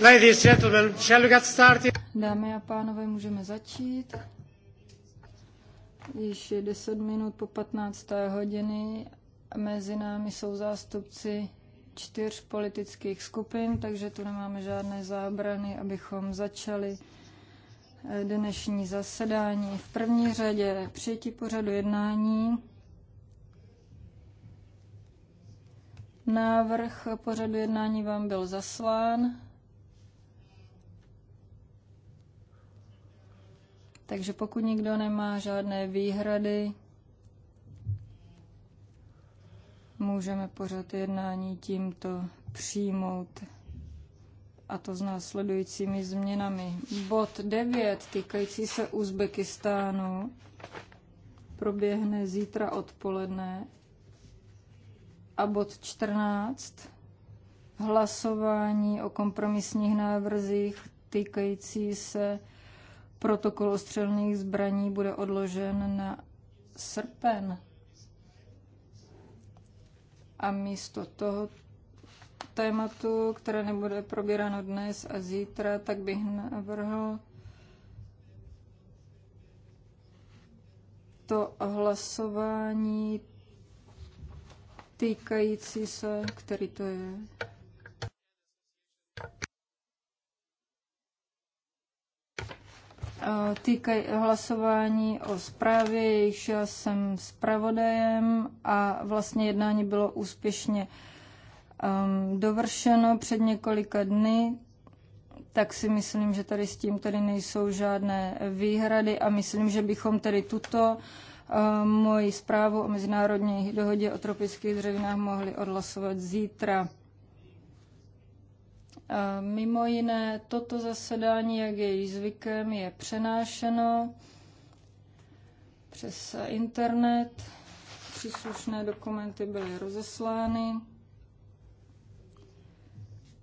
Ladies and gentlemen, shall we get started? Dámy a pánové, můžeme začít. Již je 10 minut po 15. hodiny. Mezi námi jsou zástupci čtyř politických skupin, takže tu nemáme žádné zábrany, abychom začali dnešní zasedání. V první řadě přijetí pořadu jednání. Návrh pořadu jednání vám byl zaslán. Takže pokud nikdo nemá žádné výhrady, můžeme pořád jednání tímto přijmout a to s následujícími změnami. Bod 9 týkající se Uzbekistánu proběhne zítra odpoledne a bod 14 hlasování o kompromisních návrzích týkající se Protokol o střelných zbraní bude odložen na srpen. A místo toho tématu, které nebude probíráno dnes a zítra, tak bych navrhl to hlasování týkající se, který to je. týkají hlasování o zprávě, jejichž já jsem zpravodajem a vlastně jednání bylo úspěšně um, dovršeno před několika dny, tak si myslím, že tady s tím tady nejsou žádné výhrady a myslím, že bychom tady tuto um, moji zprávu o mezinárodní dohodě o tropických dřevinách mohli odhlasovat zítra. Mimo jiné, toto zasedání, jak je již zvykem, je přenášeno přes internet. Příslušné dokumenty byly rozeslány.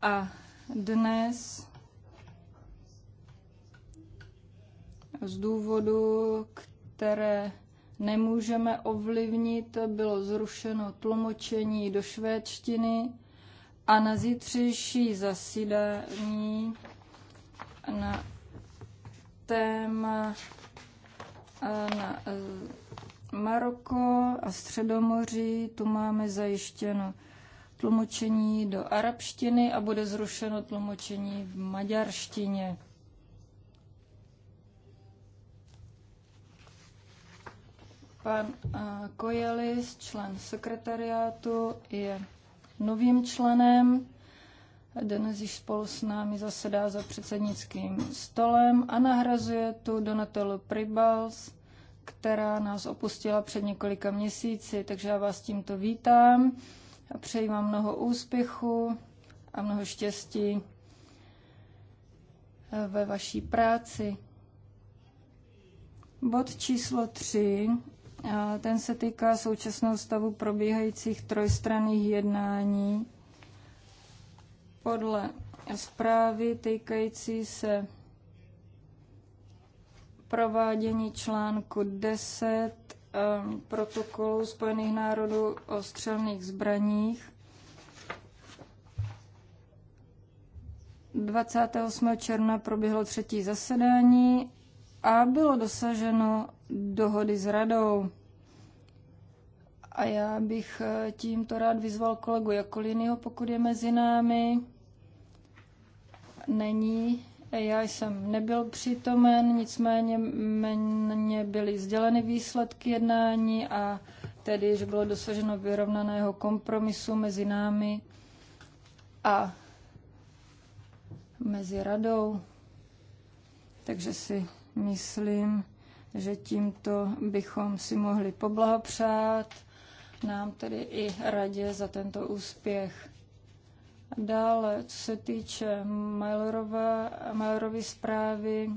A dnes z důvodu, které nemůžeme ovlivnit, bylo zrušeno tlumočení do švédštiny a na zítřejší zasedání na téma eh, na eh, Maroko a Středomoří, tu máme zajištěno tlumočení do arabštiny a bude zrušeno tlumočení v maďarštině. Pan eh, Kojelis, člen sekretariátu, je novým členem. Dnes již spolu s námi zasedá za předsednickým stolem a nahrazuje tu Donatelu Pribals, která nás opustila před několika měsíci. Takže já vás tímto vítám a přeji vám mnoho úspěchu a mnoho štěstí ve vaší práci. Bod číslo 3 ten se týká současného stavu probíhajících trojstranných jednání. Podle zprávy týkající se provádění článku 10 ehm, protokolu Spojených národů o střelných zbraních 28. června proběhlo třetí zasedání a bylo dosaženo dohody s radou. A já bych eh, tímto rád vyzval kolegu Jakolinyho, pokud je mezi námi. Není. Já jsem nebyl přítomen, nicméně mně byly sděleny výsledky jednání a tedy, že bylo dosaženo vyrovnaného kompromisu mezi námi a mezi radou. Takže si myslím, že tímto bychom si mohli poblahopřát nám tedy i radě za tento úspěch. Dále, co se týče Majorovy zprávy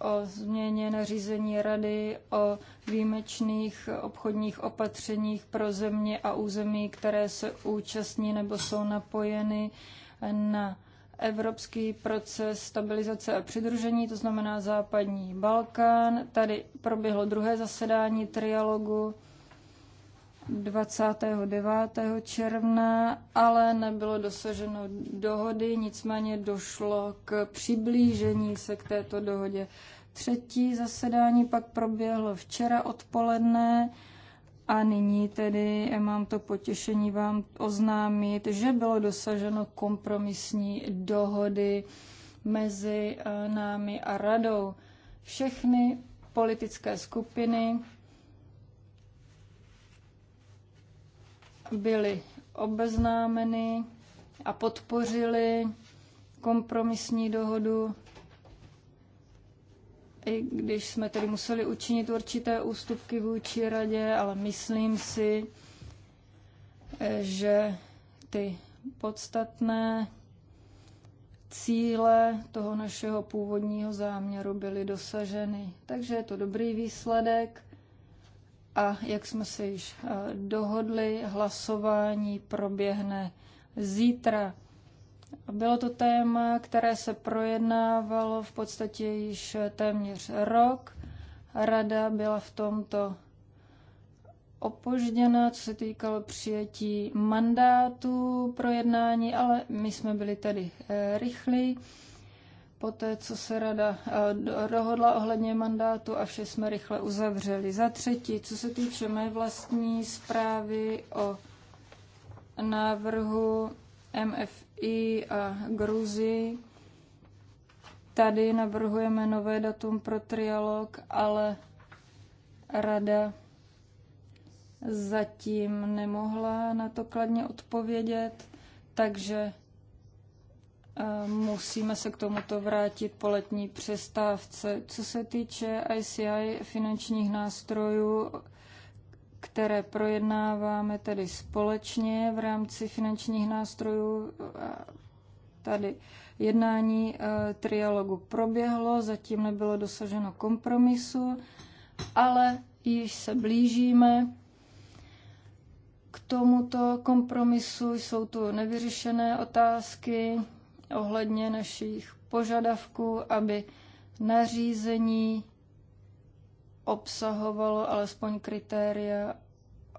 o změně nařízení Rady o výjimečných obchodních opatřeních pro země a území, které se účastní nebo jsou napojeny na evropský proces stabilizace a přidružení, to znamená západní Balkán. Tady proběhlo druhé zasedání trialogu 29. června, ale nebylo dosaženo dohody, nicméně došlo k přiblížení se k této dohodě. Třetí zasedání pak proběhlo včera odpoledne a nyní tedy mám to potěšení vám oznámit, že bylo dosaženo kompromisní dohody mezi eh, námi a radou. Všechny politické skupiny byly obeznámeny a podpořily kompromisní dohodu i když jsme tedy museli učinit určité ústupky vůči radě, ale myslím si, eh, že ty podstatné cíle toho našeho původního záměru byly dosaženy. Takže je to dobrý výsledek a jak jsme se již eh, dohodli, hlasování proběhne zítra. Bylo to téma, které se projednávalo v podstatě již téměř rok. Rada byla v tomto opožděna, co se týkalo přijetí mandátu pro jednání, ale my jsme byli tedy eh, rychlí. Poté, co se rada eh, dohodla ohledně mandátu a vše jsme rychle uzavřeli. Za třetí, co se týče mé vlastní zprávy o návrhu MFI, i Gruzii. Tady navrhujeme nové datum pro trialog, ale rada zatím nemohla na to kladně odpovědět, takže musíme se k tomuto vrátit po letní přestávce. Co se týče ICI finančních nástrojů, které projednáváme tedy společně v rámci finančních nástrojů. Tady jednání e, trialogu proběhlo, zatím nebylo dosaženo kompromisu, ale již se blížíme k tomuto kompromisu. Jsou tu nevyřešené otázky ohledně našich požadavků, aby nařízení obsahovalo alespoň kritéria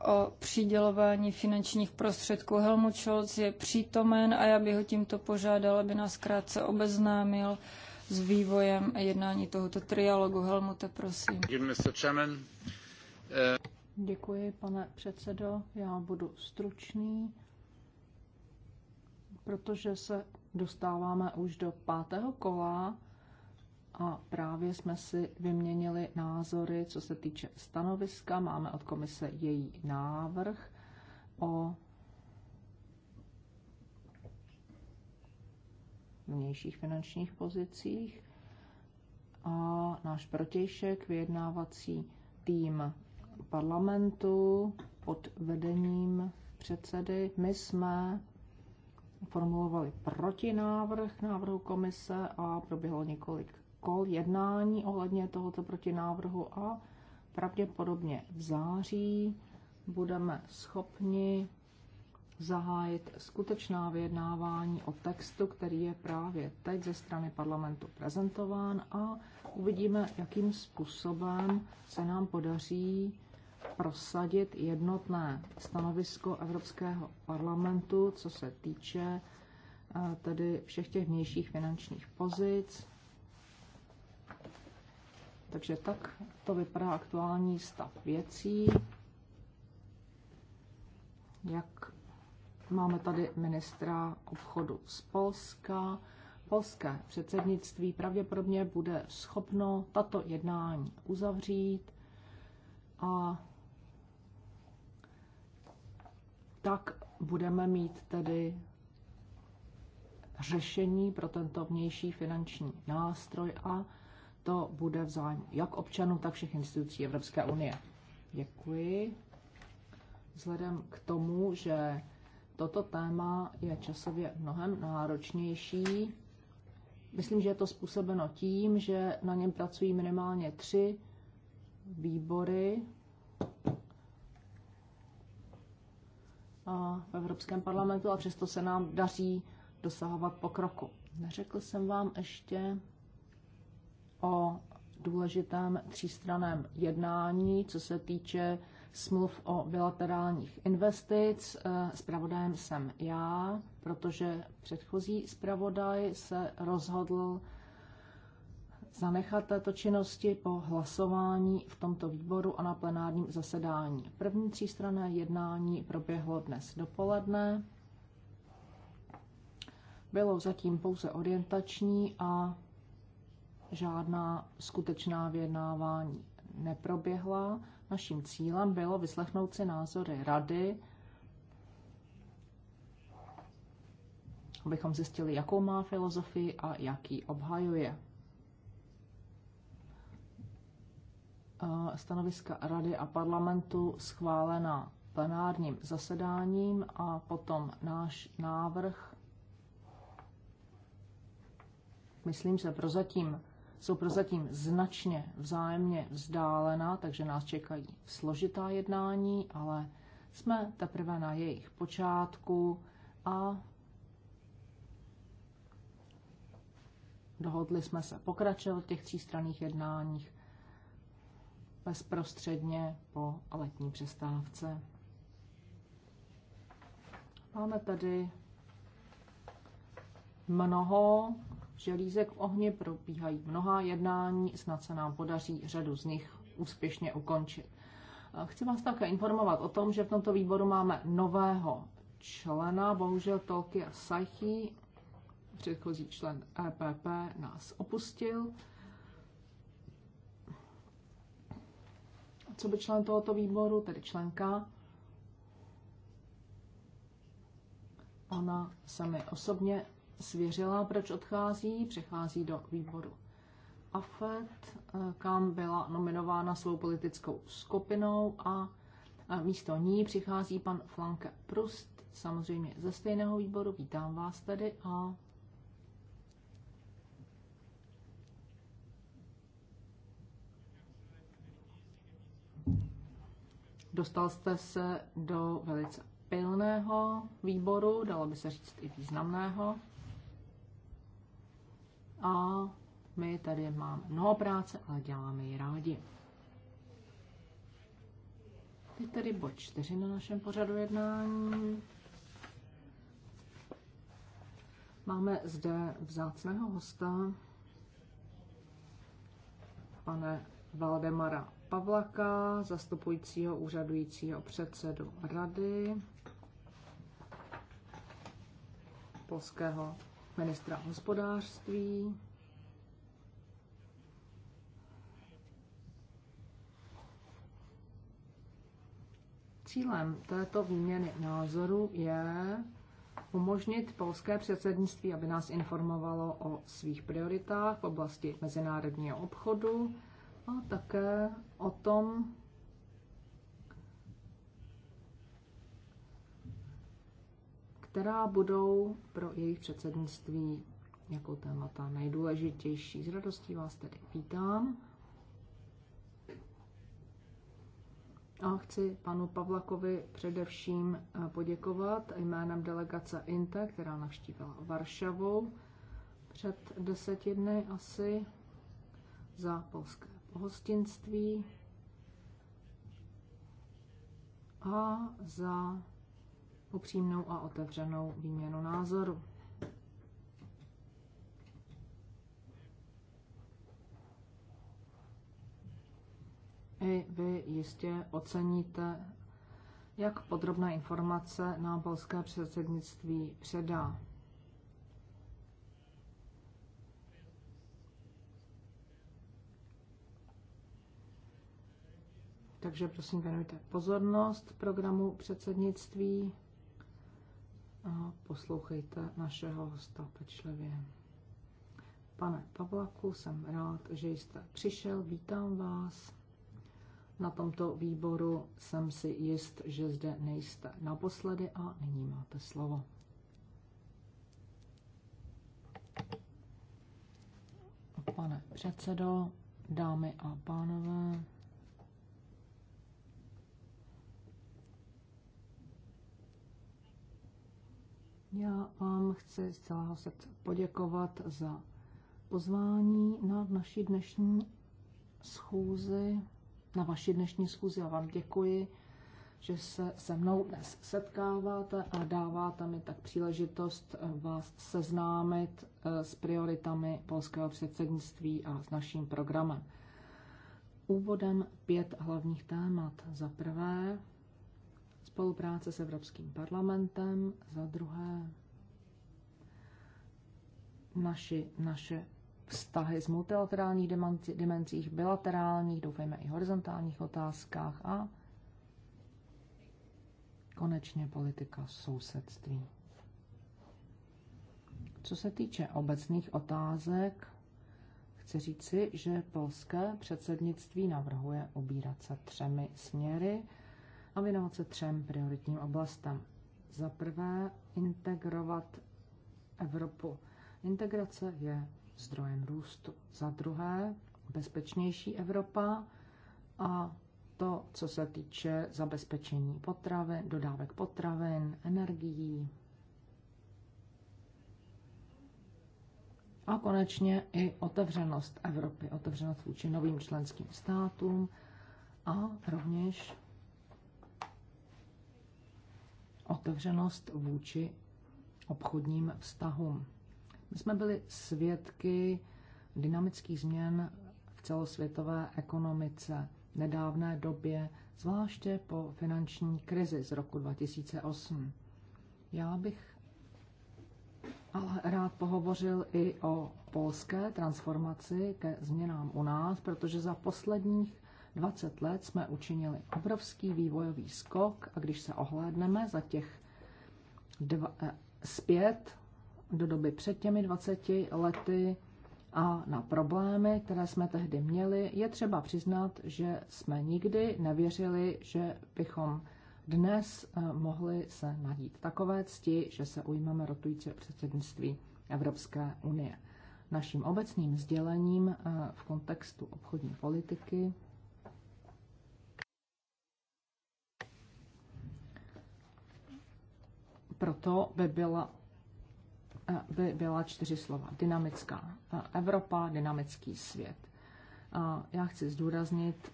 o přidělování finančních prostředků. Helmut Scholz je přítomen a já bych ho tímto požádal, aby nás krátce obeznámil s vývojem jednání tohoto trialogu. Helmute, prosím. Eh. Děkuji, pane předsedo. Já budu stručný, protože se dostáváme už do pátého kola a právě jsme si vyměnili názory, co se týče stanoviska. Máme od komise její návrh o vnějších finančních pozicích a náš protějšek, vyjednávací tým parlamentu pod vedením předsedy. My jsme formulovali protinávrh návrhu komise a proběhlo několik kol jednání ohledně tohoto protinávrhu a pravděpodobně v září budeme schopni zahájit skutečná vyjednávání o textu, který je právě teď ze strany parlamentu prezentován a uvidíme, jakým způsobem se nám podaří prosadit jednotné stanovisko Evropského parlamentu, co se týče eh, tedy všech těch vnějších finančních pozic, takže tak to vypadá aktuální stav věcí. Jak máme tady ministra obchodu z Polska. Polské předsednictví pravděpodobně bude schopno tato jednání uzavřít a tak budeme mít tedy řešení pro tento vnější finanční nástroj a to bude v zájmu jak občanů, tak všech institucí Evropské unie. Děkuji. Vzhledem k tomu, že toto téma je časově mnohem náročnější, myslím, že je to způsobeno tím, že na něm pracují minimálně tři výbory v Evropském parlamentu a přesto se nám daří dosahovat pokroku. Neřekl jsem vám ještě, o důležitém třístraném jednání, co se týče smluv o bilaterálních investic. Spravodajem eh, jsem já, protože předchozí spravodaj se rozhodl zanechat této činnosti po hlasování v tomto výboru a na plenárním zasedání. První třístrané jednání proběhlo dnes dopoledne. Bylo zatím pouze orientační a žádná skutečná vyjednávání neproběhla. Naším cílem bylo vyslechnout si názory rady, abychom zjistili, jakou má filozofii a jaký obhajuje. Eh, stanoviska rady a parlamentu schválena plenárním zasedáním a potom náš návrh, myslím, že prozatím jsou prozatím značně vzájemně vzdálená, takže nás čekají složitá jednání, ale jsme teprve na jejich počátku a dohodli jsme se pokračovat v těch třístranných jednáních bezprostředně po letní přestávce. Máme tady mnoho želízek v ohni probíhají mnoha jednání, snad se nám podaří řadu z nich úspěšně ukončit. Eh, chci vás také informovat o tom, že v tomto výboru máme nového člena, bohužel Tolky a Saichi, předchozí člen EPP, nás opustil. Co by člen tohoto výboru, tedy členka, ona se mi osobně svěřila, proč odchází, přechází do výboru AFET, kam byla nominována svou politickou skupinou a místo ní přichází pan Flanke Prust, samozřejmě ze stejného výboru. Vítám vás tady a Dostal jste se do velice pilného výboru, dalo by se říct i významného. A my tady máme mnoho práce, ale děláme ji rádi. Teď tady bod čtyři na našem pořadu jednání. Máme zde vzácného hosta, pane Valdemara Pavlaka, zastupujícího úřadujícího předsedu rady Polského ministra hospodářství. Cílem této výměny názoru je umožnit polské předsednictví, aby nás informovalo o svých prioritách v oblasti mezinárodního obchodu a také o tom, která budou pro jejich předsednictví jako témata nejdůležitější. S radostí vás tedy vítám. A chci panu Pavlakovi především eh, poděkovat jménem delegace INTE, která navštívila Varšavu před deseti dny asi za polské pohostinství a za upřímnou a otevřenou výměnu názoru. I vy jistě oceníte, jak podrobné informace na polské předsednictví předá. Takže prosím, věnujte pozornost programu předsednictví a poslouchejte našeho hosta pečlivě. Pane Pavlaku, jsem rád, že jste přišel, vítám vás. Na tomto výboru jsem si jist, že zde nejste naposledy a nyní máte slovo. Pane předsedo, dámy a pánové, Já vám chci z celého srdce poděkovat za pozvání na naší dnešní schůzi, na vaši dnešní schůzi. Já vám děkuji, že se se mnou dnes setkáváte a dáváte mi tak příležitost eh, vás seznámit eh, s prioritami polského předsednictví a s naším programem. Úvodem pět hlavních témat. Za prvé, spolupráce s Evropským parlamentem, za druhé naši, naše vztahy z multilaterálních dimenzích, bilaterálních, doufejme i horizontálních otázkách a konečně politika sousedství. Co se týče obecných otázek, chci říci, že polské předsednictví navrhuje ubírat se třemi směry a věnovat se třem prioritním oblastem. Za prvé, integrovat Evropu. Integrace je zdrojem růstu. Za druhé, bezpečnější Evropa a to, co se týče zabezpečení potravin, dodávek potravin, energií. A konečně i otevřenost Evropy, otevřenost vůči novým členským státům a rovněž otevřenost vůči obchodním vztahům. My jsme byli svědky dynamických změn v celosvětové ekonomice v nedávné době, zvláště po finanční krizi z roku 2008. Já bych ale rád pohovořil i o polské transformaci ke změnám u nás, protože za posledních 20 let jsme učinili obrovský vývojový skok a když se ohlédneme za těch dva, eh, zpět do doby před těmi 20 lety a na problémy, které jsme tehdy měli, je třeba přiznat, že jsme nikdy nevěřili, že bychom dnes eh, mohli se nadít takové cti, že se ujmeme rotujícího předsednictví Evropské unie. Naším obecným sdělením eh, v kontextu obchodní politiky proto by byla, eh, by byla čtyři slova. Dynamická eh, Evropa, dynamický svět. Já chci zdůraznit,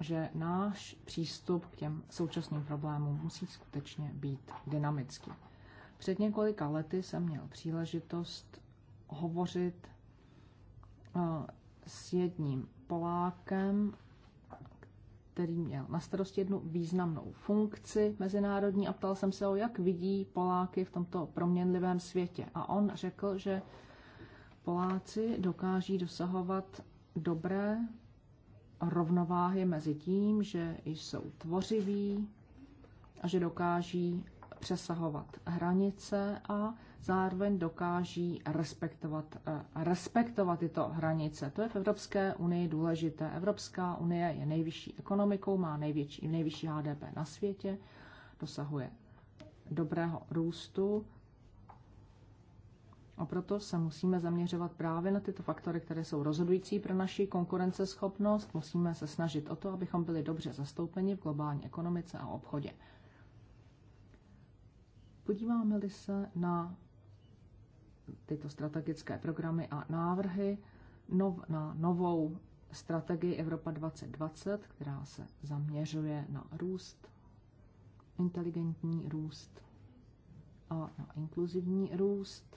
že náš přístup k těm současným problémům musí skutečně být dynamický. Před několika lety jsem měl příležitost hovořit eh, s jedním Polákem, který měl na starosti jednu významnou funkci mezinárodní a ptal jsem se ho, jak vidí Poláky v tomto proměnlivém světě. A on řekl, že Poláci dokáží dosahovat dobré rovnováhy mezi tím, že jsou tvořiví a že dokáží přesahovat hranice a zároveň dokáží respektovat, eh, respektovat tyto hranice. To je v Evropské unii důležité. Evropská unie je nejvyšší ekonomikou, má největší, nejvyšší HDP na světě, dosahuje dobrého růstu. A proto se musíme zaměřovat právě na tyto faktory, které jsou rozhodující pro naši konkurenceschopnost. Musíme se snažit o to, abychom byli dobře zastoupeni v globální ekonomice a obchodě. Podíváme-li se na tyto strategické programy a návrhy nov, na novou strategii Evropa 2020, která se zaměřuje na růst, inteligentní růst a na inkluzivní růst.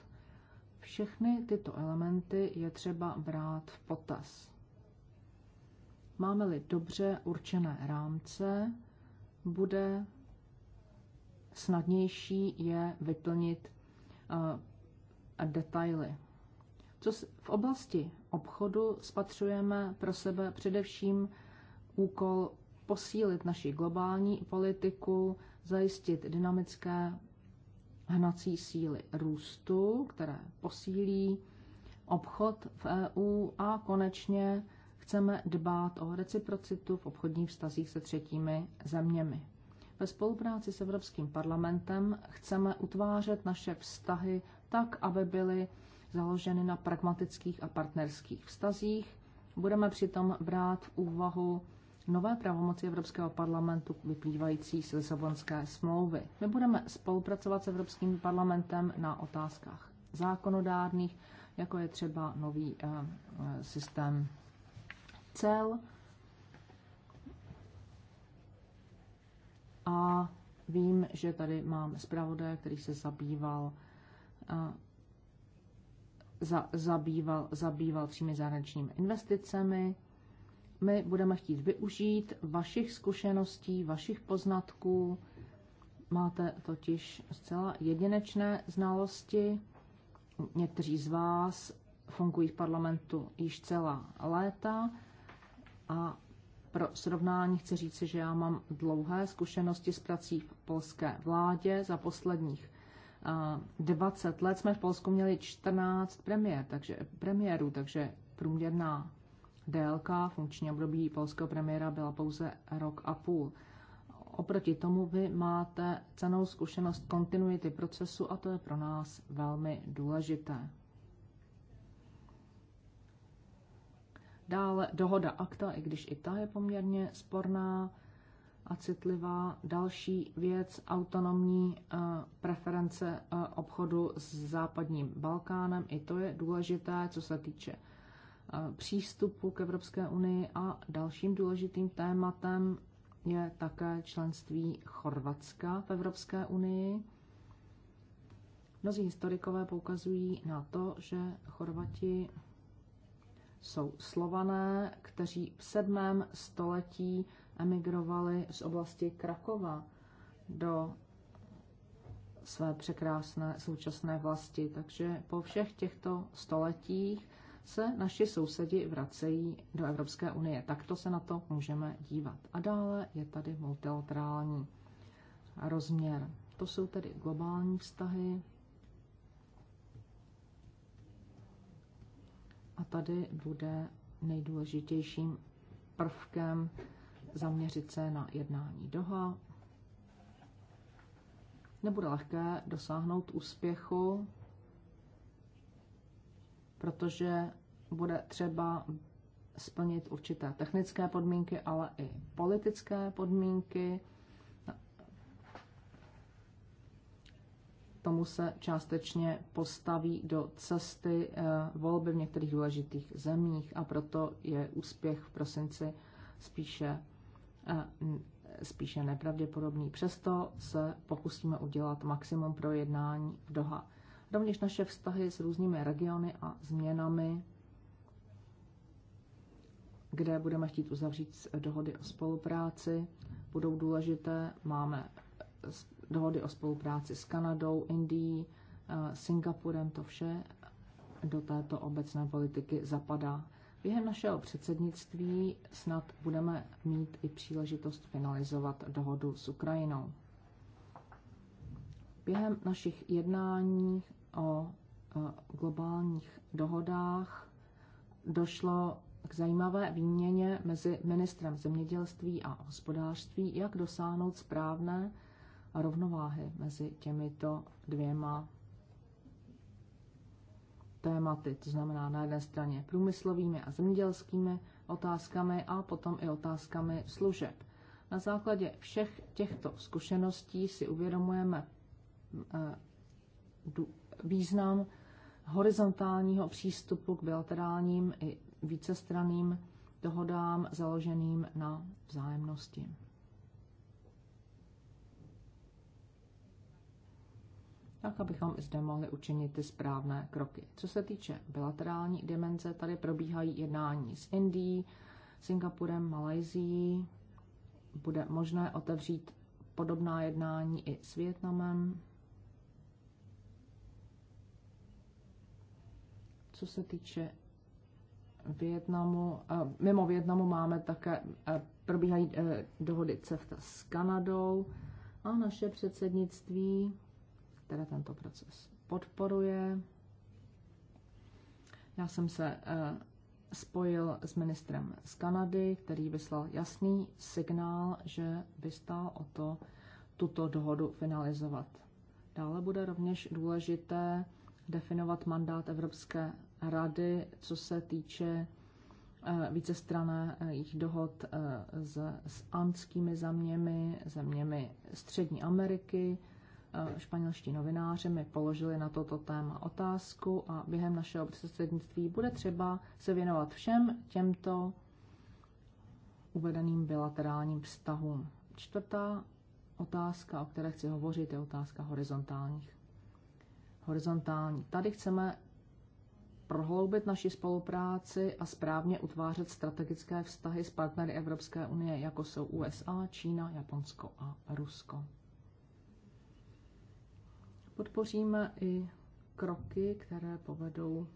Všechny tyto elementy je třeba brát v potaz. Máme-li dobře určené rámce, bude snadnější je vyplnit eh, detaily. Co v oblasti obchodu spatřujeme pro sebe především úkol posílit naši globální politiku, zajistit dynamické hnací síly růstu, které posílí obchod v EU a konečně chceme dbát o reciprocitu v obchodních vztazích se třetími zeměmi. Ve spolupráci s Evropským parlamentem chceme utvářet naše vztahy tak, aby byly založeny na pragmatických a partnerských vztazích. Budeme přitom brát v úvahu nové pravomoci Evropského parlamentu vyplývající z Lisabonské smlouvy. My budeme spolupracovat s Evropským parlamentem na otázkách zákonodárných, jako je třeba nový e, systém cel a vím, že tady mám zpravodaje, který se zabýval za, zabýval, zabýval přími zahraničními investicemi. My budeme chtít využít vašich zkušeností, vašich poznatků. Máte totiž zcela jedinečné znalosti. Někteří z vás fungují v parlamentu již celá léta a pro srovnání chci říci, že já mám dlouhé zkušenosti s prací v polské vládě za posledních 20 eh, let jsme v Polsku měli 14 premiér, takže, premiérů, takže průměrná délka funkční období polského premiéra byla pouze rok a půl. Oproti tomu vy máte cenou zkušenost kontinuity procesu a to je pro nás velmi důležité. Dále dohoda akta, i když i ta je poměrně sporná, a citlivá. Další věc, autonomní eh, preference eh, obchodu s západním Balkánem. I to je důležité, co se týče eh, přístupu k Evropské unii a dalším důležitým tématem je také členství Chorvatska v Evropské unii. Mnozí historikové poukazují na to, že Chorvati jsou slované, kteří v sedmém století emigrovali z oblasti Krakova do své překrásné současné vlasti. Takže po všech těchto stoletích se naši sousedi vracejí do Evropské unie. Takto se na to můžeme dívat. A dále je tady multilaterální rozměr. To jsou tedy globální vztahy. A tady bude nejdůležitějším prvkem zaměřit se na jednání Doha. Nebude lehké dosáhnout úspěchu, protože bude třeba splnit určité technické podmínky, ale i politické podmínky. Tomu se částečně postaví do cesty eh, volby v některých důležitých zemích a proto je úspěch v prosinci spíše Mm, spíše nepravděpodobný. Přesto se pokusíme udělat maximum pro jednání v Doha. Rovněž naše vztahy s různými regiony a změnami, kde budeme chtít uzavřít dohody o spolupráci, budou důležité. Máme dohody o spolupráci s Kanadou, Indií, Singapurem, to vše do této obecné politiky zapadá. Během našeho předsednictví snad budeme mít i příležitost finalizovat dohodu s Ukrajinou. Během našich jednání o globálních dohodách došlo k zajímavé výměně mezi ministrem zemědělství a hospodářství, jak dosáhnout správné rovnováhy mezi těmito dvěma tématy, to znamená na jedné straně průmyslovými a zemědělskými otázkami a potom i otázkami služeb. Na základě všech těchto zkušeností si uvědomujeme eh, význam horizontálního přístupu k bilaterálním i vícestranným dohodám založeným na vzájemnosti. tak abychom i zde mohli učinit ty správné kroky. Co se týče bilaterální dimenze, tady probíhají jednání s Indií, Singapurem, Malajzií. Bude možné otevřít podobná jednání i s Větnamem. Co se týče Větnamu, eh, mimo Větnamu máme také, eh, probíhají eh, dohody CEFTA s Kanadou a naše předsednictví které tento proces podporuje. Já jsem se eh, spojil s ministrem z Kanady, který vyslal jasný signál, že by stál o to tuto dohodu finalizovat. Dále bude rovněž důležité definovat mandát Evropské rady, co se týče eh, více jejich dohod eh, s, s andskými zeměmi, zeměmi Střední Ameriky, Eh, španělští novináři mi položili na toto téma otázku a během našeho předsednictví bude třeba se věnovat všem těmto uvedeným bilaterálním vztahům. Čtvrtá otázka, o které chci hovořit, je otázka horizontálních. Horizontální. Tady chceme prohloubit naši spolupráci a správně utvářet strategické vztahy s partnery Evropské unie, jako jsou USA, Čína, Japonsko a Rusko. Podpoříme i kroky, které povedou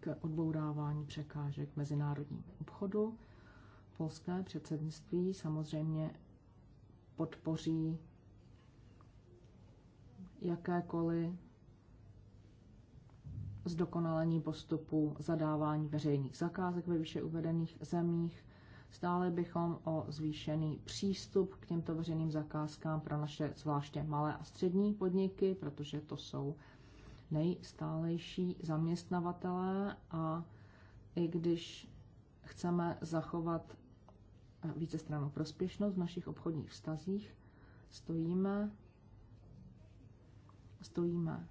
k odbourávání překážek mezinárodním obchodu. Polské předsednictví samozřejmě podpoří jakékoliv zdokonalení postupu zadávání veřejných zakázek ve výše uvedených zemích stále bychom o zvýšený přístup k těmto veřejným zakázkám pro naše zvláště malé a střední podniky, protože to jsou nejstálejší zaměstnavatelé a i když chceme zachovat stranou prospěšnost v našich obchodních vztazích, stojíme, stojíme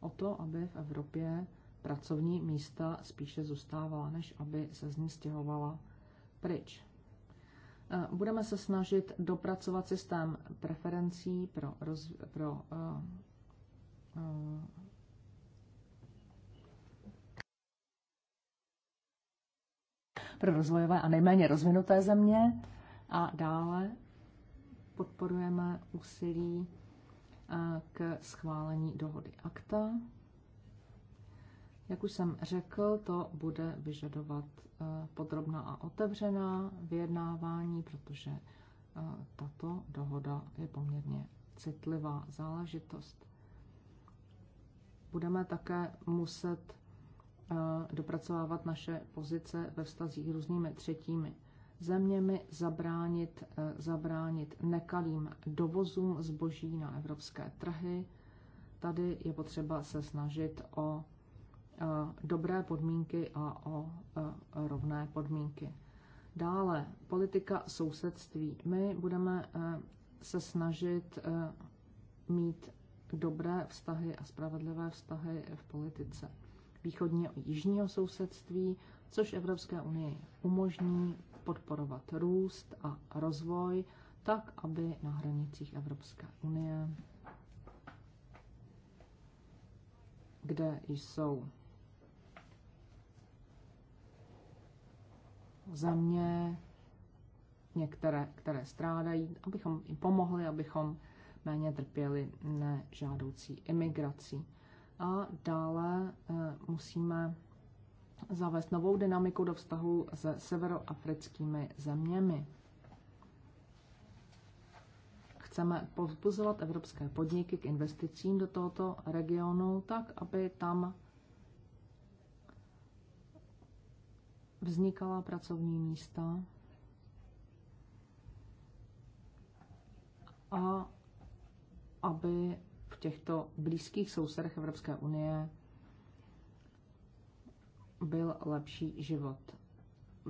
o to, aby v Evropě pracovní místa spíše zůstávala, než aby se z ní stěhovala pryč. Eh, budeme se snažit dopracovat systém preferencí pro, roz, pro uh, uh, pro rozvojové a nejméně rozvinuté země a dále podporujeme úsilí k schválení dohody akta jak už jsem řekl, to bude vyžadovat eh, podrobná a otevřená vyjednávání, protože eh, tato dohoda je poměrně citlivá záležitost. Budeme také muset eh, dopracovávat naše pozice ve vztazích různými třetími zeměmi, zabránit, zabránit nekalým dovozům zboží na evropské trhy. Tady je potřeba se snažit o Eh, dobré podmínky a o eh, rovné podmínky. Dále politika sousedství. My budeme eh, se snažit mít dobré vztahy a spravedlivé vztahy v politice východního a jižního sousedství, což Evropské unii umožní podporovat růst a rozvoj tak, aby na hranicích Evropské unie, kde jsou mě některé, které strádají, abychom jim pomohli, abychom méně trpěli nežádoucí imigrací. A dále eh, musíme zavést novou dynamiku do vztahu se severoafrickými zeměmi. Chceme povzbuzovat evropské podniky k investicím do tohoto regionu tak, aby tam vznikala pracovní místa a aby v těchto blízkých sousedech Evropské unie byl lepší život.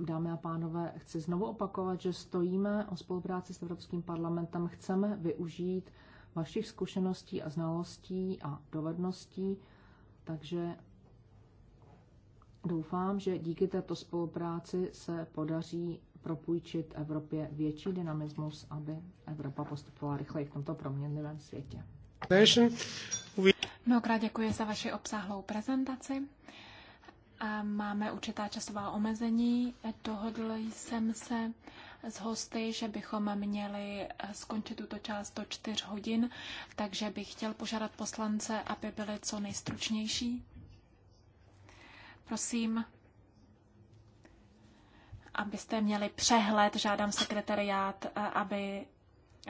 Dámy a pánové, chci znovu opakovat, že stojíme o spolupráci s Evropským parlamentem. Chceme využít vašich zkušeností a znalostí a dovedností, takže Doufám, že díky této spolupráci se podaří propůjčit Evropě větší dynamismus, aby Evropa postupovala rychleji v tomto proměnlivém světě. Mnohokrát děkuji za vaši obsáhlou prezentaci. Máme určitá časová omezení. Dohodl jsem se s hosty, že bychom měli skončit tuto část do čtyř hodin, takže bych chtěl požádat poslance, aby byli co nejstručnější. Prosím, abyste měli přehled, žádám sekretariát, eh, aby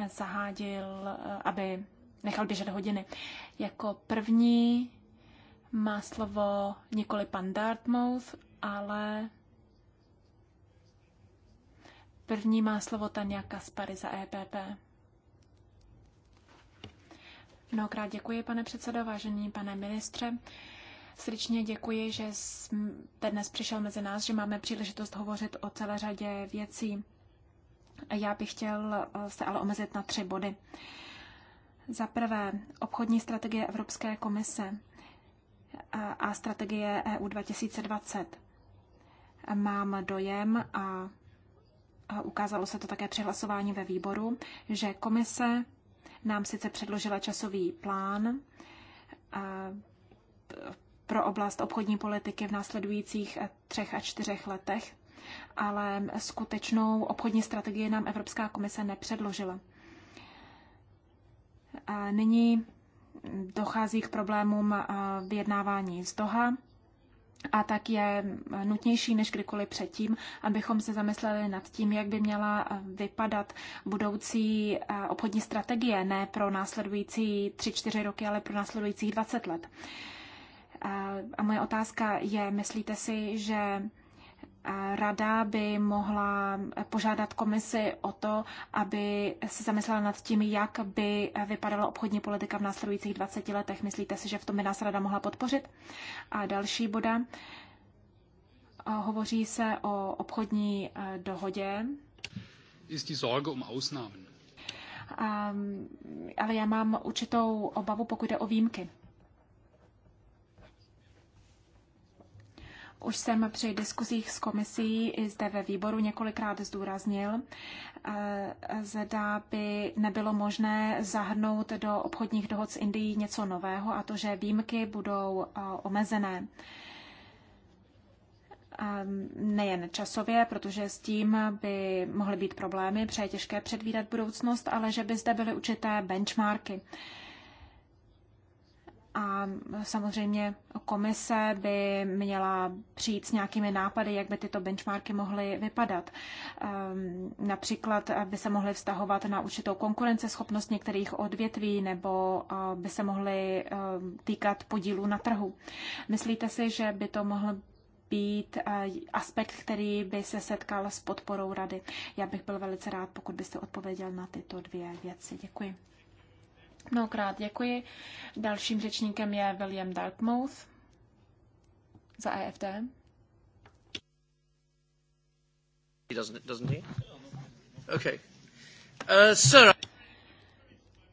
zahádil, eh, aby nechal běžet hodiny. Jako první má slovo nikoli pan Dartmouth, ale první má slovo Tania Kaspary za EPP. Mnohokrát děkuji, pane předsedo, vážený pane ministře. Srdečně děkuji, že jste dnes přišel mezi nás, že máme příležitost hovořit o celé řadě věcí. Já bych chtěl eh, se ale omezit na tři body. Za prvé, obchodní strategie Evropské komise eh, a strategie EU 2020. Mám dojem a ukázalo se to také při hlasování ve výboru, že komise nám sice předložila časový plán, pro oblast obchodní politiky v následujících eh, třech a čtyřech letech, ale skutečnou obchodní strategii nám Evropská komise nepředložila. A nyní dochází k problémům eh, vyjednávání z Doha a tak je nutnější než kdykoliv předtím, abychom se zamysleli nad tím, jak by měla eh, vypadat budoucí obchodní strategie, ne pro následující 3-4 roky, ale pro následujících 20 let. A moje otázka je, myslíte si, že rada by mohla požádat komisi o to, aby se zamyslela nad tím, jak by vypadala obchodní politika v následujících 20 letech. Myslíte si, že v tom by nás rada mohla podpořit? A další boda. Hovoří se o obchodní dohodě. Ist die Sorge um Ausnahmen. Um, ale já mám určitou obavu, pokud jde o výjimky. Už jsem při diskuzích s komisí i zde ve výboru několikrát zdůraznil, eh, zda by nebylo možné zahrnout do obchodních dohod s Indií něco nového a to, že výjimky budou eh, omezené ehm, nejen časově, protože s tím by mohly být problémy, protože je těžké předvídat budoucnost, ale že by zde byly určité benchmarky. A samozřejmě komise by měla přijít s nějakými nápady, jak by tyto benchmarky mohly vypadat. Ehm, například by se mohly vztahovat na určitou konkurenceschopnost některých odvětví nebo eh, by se mohly eh, týkat podílu na trhu. Myslíte si, že by to mohl být eh, aspekt, který by se setkal s podporou rady? Já bych byl velice rád, pokud byste odpověděl na tyto dvě věci. Děkuji. Mnohokrát děkuji. Dalším řečníkem je William Dartmouth za EFD. Uh,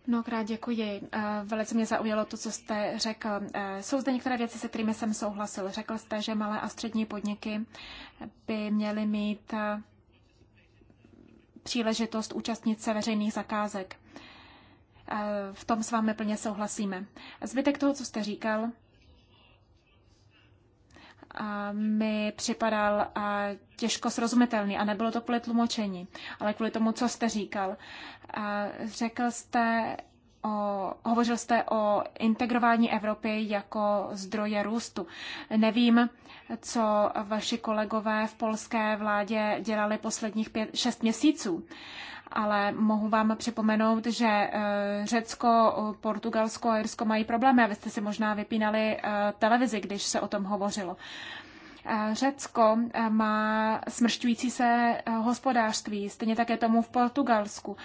Mnohokrát děkuji. Uh, velice mě zaujalo to, co jste řekl. Uh, jsou zde některé věci, se kterými jsem souhlasil. Řekl jste, že malé a střední podniky by měly mít příležitost účastnit se veřejných zakázek v tom s vámi plně souhlasíme. Zbytek toho, co jste říkal, mi připadal těžko srozumitelný a nebylo to kvůli tlumočení, ale kvůli tomu, co jste říkal. Řekl jste, o, hovořil jste o integrování Evropy jako zdroje růstu. Nevím, co vaši kolegové v polské vládě dělali posledních pět, šest měsíců. Uh, ale mohu vám připomenout, že eh, Řecko, Portugalsko a Irsko mají problémy a vy jste si možná vypínali eh, televizi, když se o tom hovořilo. Eh, Řecko má smršťující se hospodářství, stejně také tomu v Portugalsku,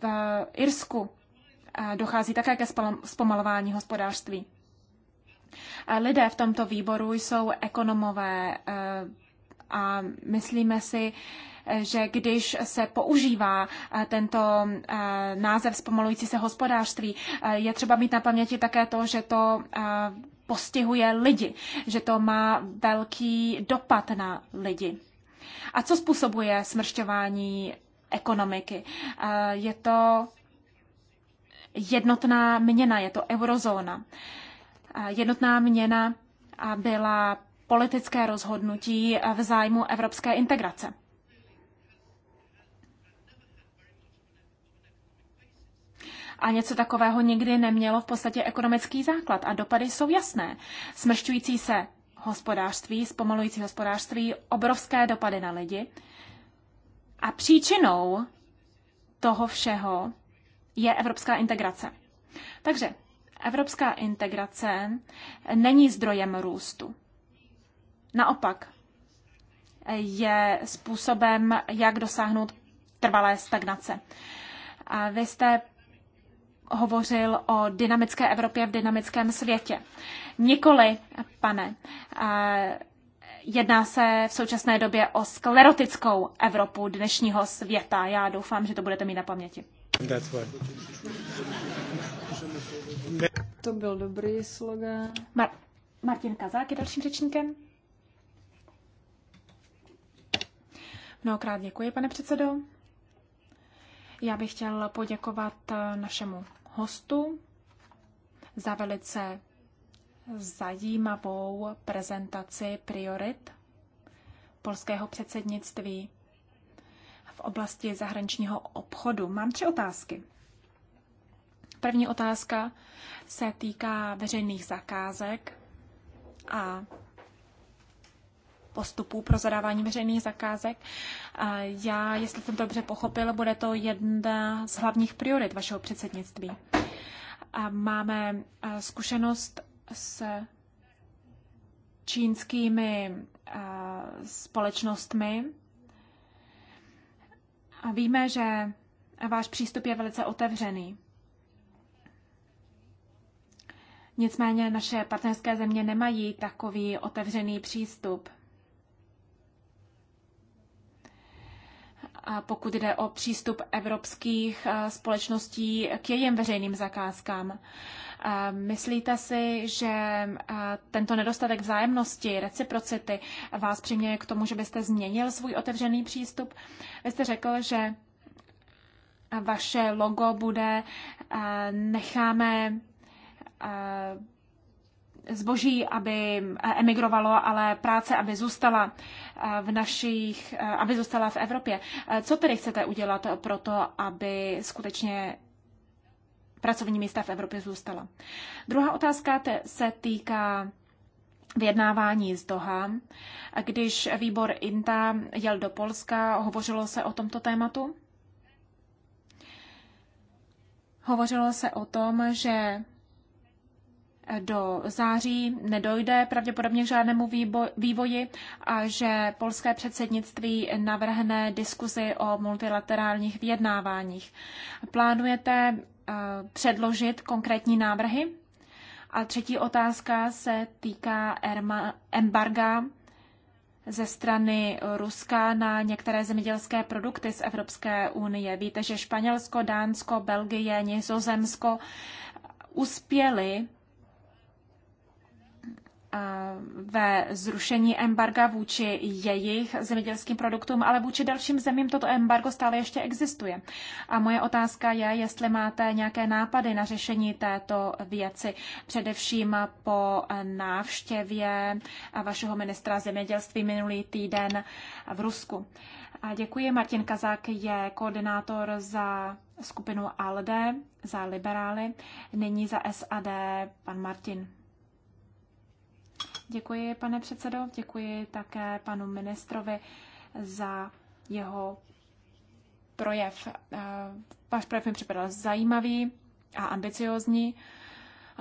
v Irsku dochází také ke zpomalování hospodářství. Lidé v tomto výboru jsou ekonomové a myslíme si, že když se používá eh, tento eh, název zpomalující se hospodářství, eh, je třeba mít na paměti také to, že to postihuje lidi, že to má velký dopad na lidi. A co způsobuje smršťování ekonomiky? Je to jednotná měna, je to eurozóna. Jednotná měna byla politické rozhodnutí v zájmu evropské integrace. a něco takového nikdy nemělo v podstatě ekonomický základ a dopady jsou jasné. Smršťující se hospodářství, zpomalující hospodářství, obrovské dopady na lidi. A příčinou toho všeho je evropská integrace. Takže evropská integrace není zdrojem růstu. Naopak, je způsobem, jak dosáhnout trvalé stagnace. A vy jste hovořil o dynamické Evropě v dynamickém světě. Nikoli, pane, jedná se v současné době o sklerotickou Evropu dnešního světa. Já doufám, že to budete mít na paměti. To byl dobrý slogan. Mar- Martin Kazák je dalším řečníkem. Mnohokrát děkuji, pane předsedo. Já bych chtěl poděkovat eh, našemu hostů za velice zajímavou prezentaci priorit polského předsednictví v oblasti zahraničního obchodu. Mám tři otázky. První otázka se týká veřejných zakázek a postupů pro zadávání veřejných zakázek. Já, jestli jsem to dobře pochopil, bude to jedna z hlavních priorit vašeho předsednictví. Máme zkušenost s čínskými společnostmi. a Víme, že váš přístup je velice otevřený. Nicméně naše partnerské země nemají takový otevřený přístup. pokud jde o přístup evropských eh, společností k jejím veřejným zakázkám. Eh, myslíte si, že eh, tento nedostatek vzájemnosti, reciprocity vás přiměje k tomu, že byste změnil svůj otevřený přístup? Vy jste řekl, že vaše logo bude necháme zboží, aby eh, emigrovalo, ale práce, aby zůstala eh, v našich, eh, aby zůstala v Evropě. Co tedy chcete udělat pro to, aby skutečně pracovní místa v Evropě zůstala? Druhá otázka se týká vyjednávání z Doha. Když výbor INTA jel do Polska, hovořilo se o tomto tématu? Hovořilo se o tom, že do září nedojde pravděpodobně k žádnému vývoji a že polské předsednictví navrhne diskuzi o multilaterálních vyjednáváních. Plánujete eh, předložit konkrétní návrhy? A třetí otázka se týká embarga ze strany Ruska na některé zemědělské produkty z Evropské unie. Víte, že Španělsko, Dánsko, Belgie, Nizozemsko eh, uspěly Eh, ve zrušení embarga vůči jejich zemědělským produktům, ale vůči dalším zemím toto embargo stále ještě existuje. A moje otázka je, jestli máte nějaké nápady na řešení této věci, především po návštěvě vašeho ministra zemědělství minulý týden v Rusku. A děkuji. Martin Kazák je koordinátor za skupinu ALDE, za liberály, nyní za SAD, pan Martin. Děkuji, pane předsedo, děkuji také panu ministrovi za jeho projev. Eh, váš projev mi připadal zajímavý a ambiciozní.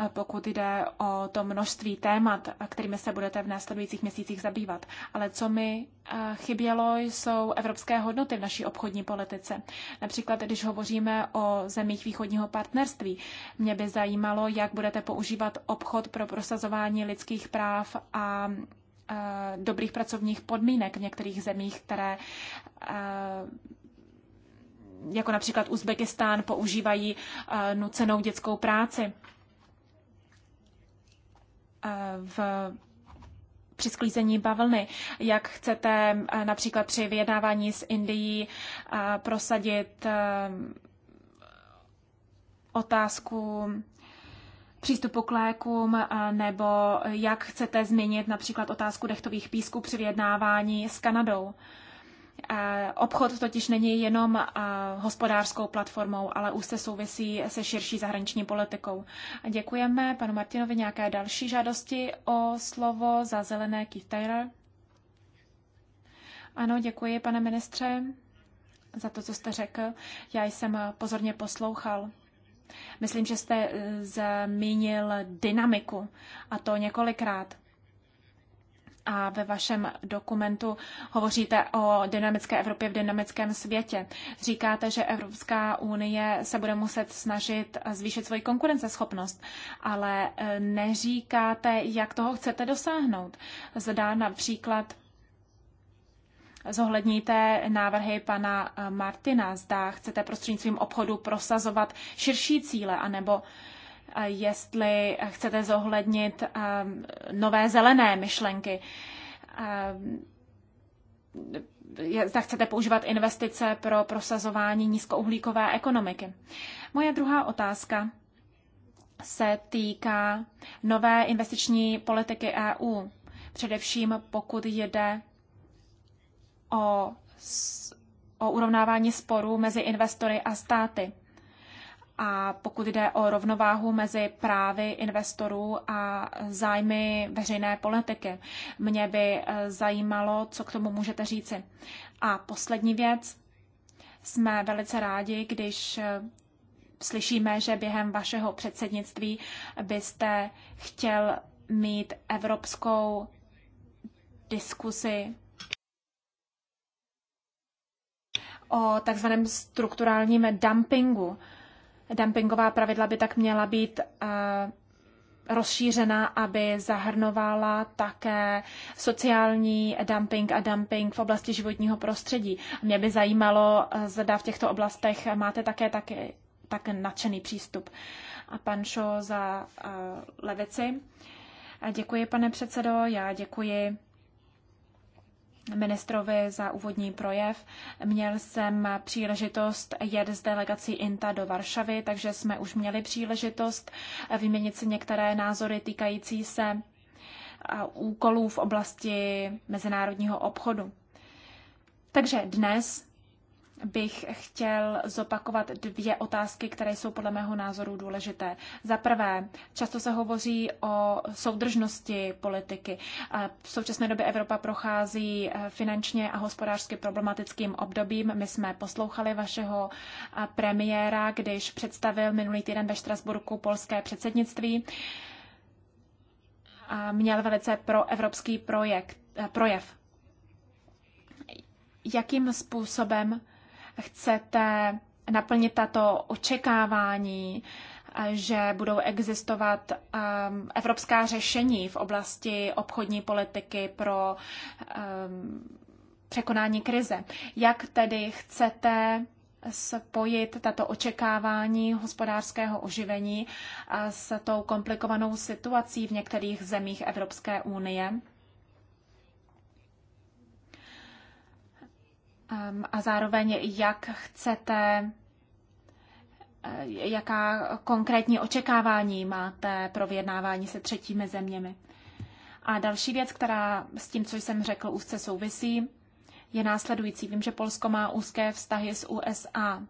Eh, pokud jde o to množství témat, eh, kterými se budete v následujících měsících zabývat. Ale co mi eh, chybělo, jsou evropské hodnoty v naší obchodní politice. Například, když hovoříme o zemích východního partnerství, mě by zajímalo, jak budete používat obchod pro prosazování lidských práv a dobrých pracovních podmínek v některých zemích, které jako například Uzbekistán používají nucenou dětskou práci. Eh, v při sklízení bavlny, jak chcete eh, například při vyjednávání s Indií eh, prosadit otázku přístupu k lékům, nebo jak chcete změnit například otázku dechtových písků při vyjednávání s Kanadou. Eh, obchod totiž není jenom eh, hospodářskou platformou, ale už se souvisí se širší zahraniční politikou. Děkujeme panu Martinovi. Nějaké další žádosti o slovo za zelené Keith Taylor? Ano, děkuji, pane ministře, za to, co jste řekl. Já jsem pozorně poslouchal. Myslím, že jste eh, zmínil dynamiku a to několikrát a ve vašem dokumentu hovoříte o dynamické Evropě v dynamickém světě. Říkáte, že Evropská unie se bude muset snažit zvýšit svoji konkurenceschopnost, ale e, neříkáte, jak toho chcete dosáhnout. Zdá například zohledníte návrhy pana e, Martina, zda chcete prostřednictvím obchodu prosazovat širší cíle, anebo jestli chcete zohlednit nové zelené myšlenky. Zda chcete používat investice pro prosazování nízkouhlíkové ekonomiky. Moje druhá otázka se týká nové investiční politiky EU, především pokud jde o, o urovnávání sporů mezi investory a státy a pokud jde o rovnováhu mezi právy investorů a zájmy veřejné politiky. Mě by eh, zajímalo, co k tomu můžete říci. A poslední věc. Jsme velice rádi, když eh, slyšíme, že během vašeho předsednictví byste chtěl mít evropskou diskusi o takzvaném strukturálním dumpingu. Dumpingová pravidla by tak měla být eh, rozšířena, aby zahrnovala také sociální dumping a dumping v oblasti životního prostředí. Mě by zajímalo, eh, zda v těchto oblastech máte také, také tak nadšený přístup. A pan Šo za eh, levici. Děkuji, pane předsedo, já děkuji ministrovi za úvodní projev. Měl jsem příležitost jet s delegací INTA do Varšavy, takže jsme už měli příležitost vyměnit si některé názory týkající se úkolů v oblasti mezinárodního obchodu. Takže dnes bych chtěl zopakovat dvě otázky, které jsou podle mého názoru důležité. Za prvé, často se hovoří o soudržnosti politiky. V současné době Evropa prochází e, finančně a hospodářsky problematickým obdobím. My jsme poslouchali vašeho e, premiéra, když představil minulý týden ve Štrasburku polské předsednictví. Měl velice proevropský projekt, e, projev jakým způsobem chcete naplnit tato očekávání, eh, že budou existovat ehm, evropská řešení v oblasti obchodní politiky pro ehm, překonání krize. Jak tedy chcete spojit tato očekávání hospodářského oživení eh, s tou komplikovanou situací v některých zemích Evropské unie? a zároveň jak chcete, eh, jaká konkrétní očekávání máte pro vyjednávání se třetími zeměmi. A další věc, která s tím, co jsem řekl, úzce souvisí, je následující. Vím, že Polsko má úzké vztahy s USA.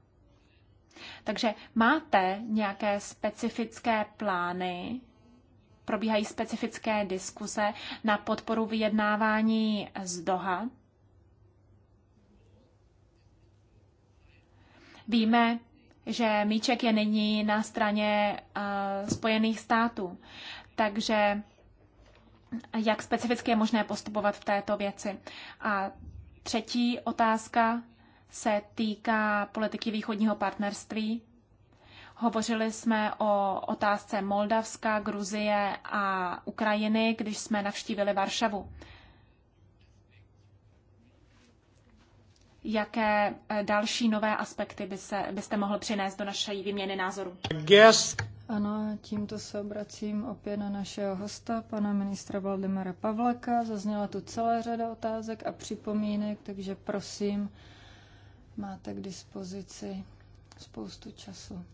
Takže máte nějaké specifické plány, probíhají specifické diskuse na podporu vyjednávání z Doha, Víme, že míček je nyní na straně eh, Spojených států. Takže jak specificky je možné postupovat v této věci? A třetí otázka se týká politiky východního partnerství. Hovořili jsme o otázce Moldavska, Gruzie a Ukrajiny, když jsme navštívili Varšavu. jaké eh, další nové aspekty by se, byste mohl přinést do naší výměny názoru. Yes. Ano, tímto se obracím opět na našeho hosta, pana ministra Valdemara Pavlaka. Zazněla tu celá řada otázek a připomínek, takže prosím, máte k dispozici spoustu času.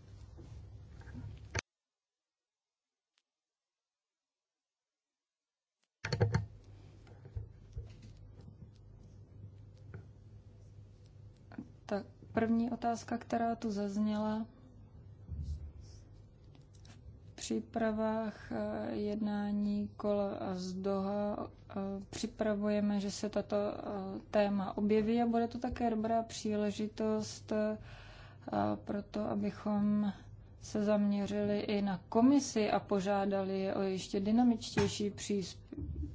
První otázka, která tu zazněla v přípravách eh, jednání kol z Doha, eh, připravujeme, že se tato eh, téma objeví a bude to také dobrá příležitost pro to, abychom se zaměřili i na komisi a požádali je o ještě dynamičtější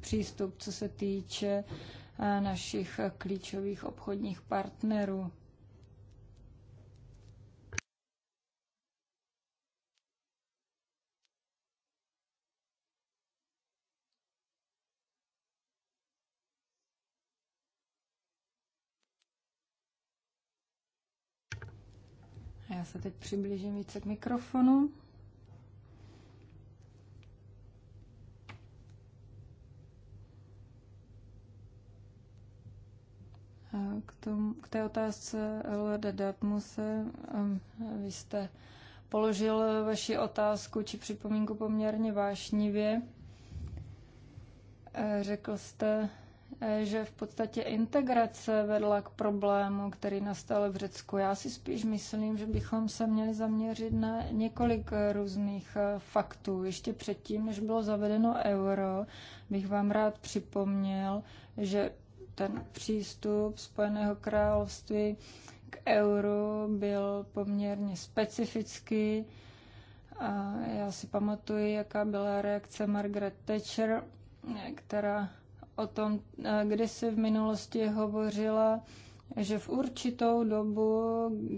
přístup, co se týče našich klíčových obchodních partnerů. Já se teď přiblížím více k mikrofonu. K, tomu, k té otázce Lorda Dartmuse, um, vy jste položil vaši otázku či připomínku poměrně vášnivě. Eh, řekl jste, že v podstatě integrace vedla k problému, který nastal v Řecku. Já si spíš myslím, že bychom se měli zaměřit na několik různých eh, faktů. Ještě předtím, než bylo zavedeno euro, bych vám rád připomněl, že ten přístup Spojeného království k euro byl poměrně specifický. A já si pamatuji, jaká byla reakce Margaret Thatcher, eh, která o tom eh, kdy se v minulosti hovořila, že v určitou dobu,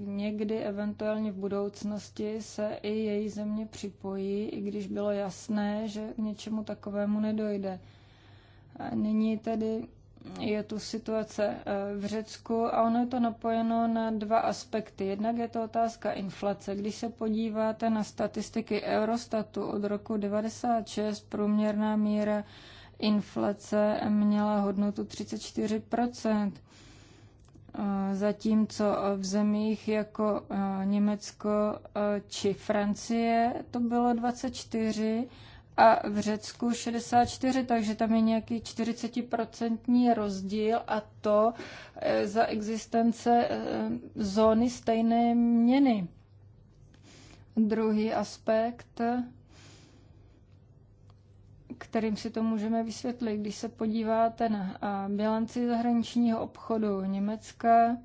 někdy eventuálně v budoucnosti, se i její země připojí, i když bylo jasné, že k něčemu takovému nedojde. A nyní tedy je tu situace eh, v Řecku a ono je to napojeno na dva aspekty. Jednak je to otázka inflace. Když se podíváte na statistiky Eurostatu od roku 96, průměrná míra inflace měla hodnotu 34 zatímco v zemích jako Německo či Francie to bylo 24 a v Řecku 64, takže tam je nějaký 40% rozdíl a to e, za existence e, zóny stejné měny. Druhý aspekt kterým si to můžeme vysvětlit. Když se podíváte na bilanci zahraničního obchodu Německa,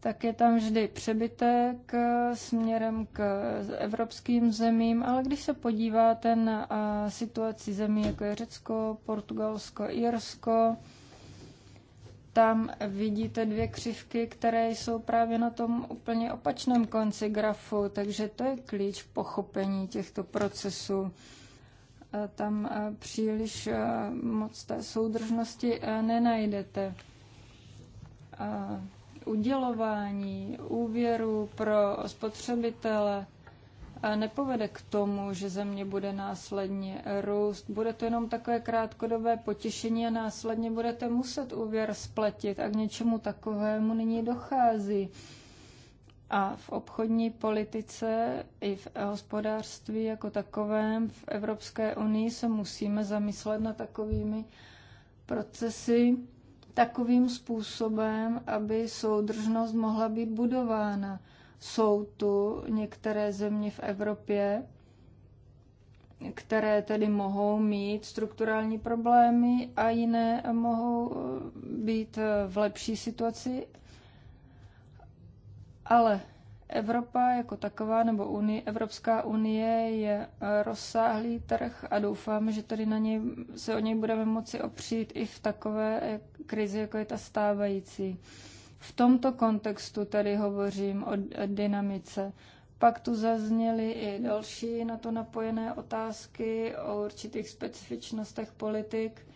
tak je tam vždy přebytek e, směrem k evropským zemím, ale když se podíváte na situaci zemí, jako je Řecko, Portugalsko, Irsko, tam vidíte dvě křivky, které jsou právě na tom úplně opačném konci grafu, takže to je klíč pochopení těchto procesů tam eh, příliš eh, moc té soudržnosti eh, nenajdete. Udělování úvěru pro spotřebitele nepovede k tomu, že země bude následně růst. Bude to jenom takové krátkodobé potěšení a následně budete muset úvěr splatit a k něčemu takovému nyní dochází. A v obchodní politice i v hospodářství jako takovém v Evropské unii se musíme zamyslet na takovými procesy takovým způsobem, aby soudržnost mohla být budována. Jsou tu některé země v Evropě, které tedy mohou mít strukturální problémy a jiné mohou eh, být eh, v lepší situaci ale Evropa jako taková nebo unie, Evropská unie je rozsáhlý trh a doufám, že tady na něj, se o něj budeme moci opřít i v takové krizi, jako je ta stávající. V tomto kontextu tady hovořím o dynamice. Pak tu zazněly i další na to napojené otázky o určitých specifičnostech politik.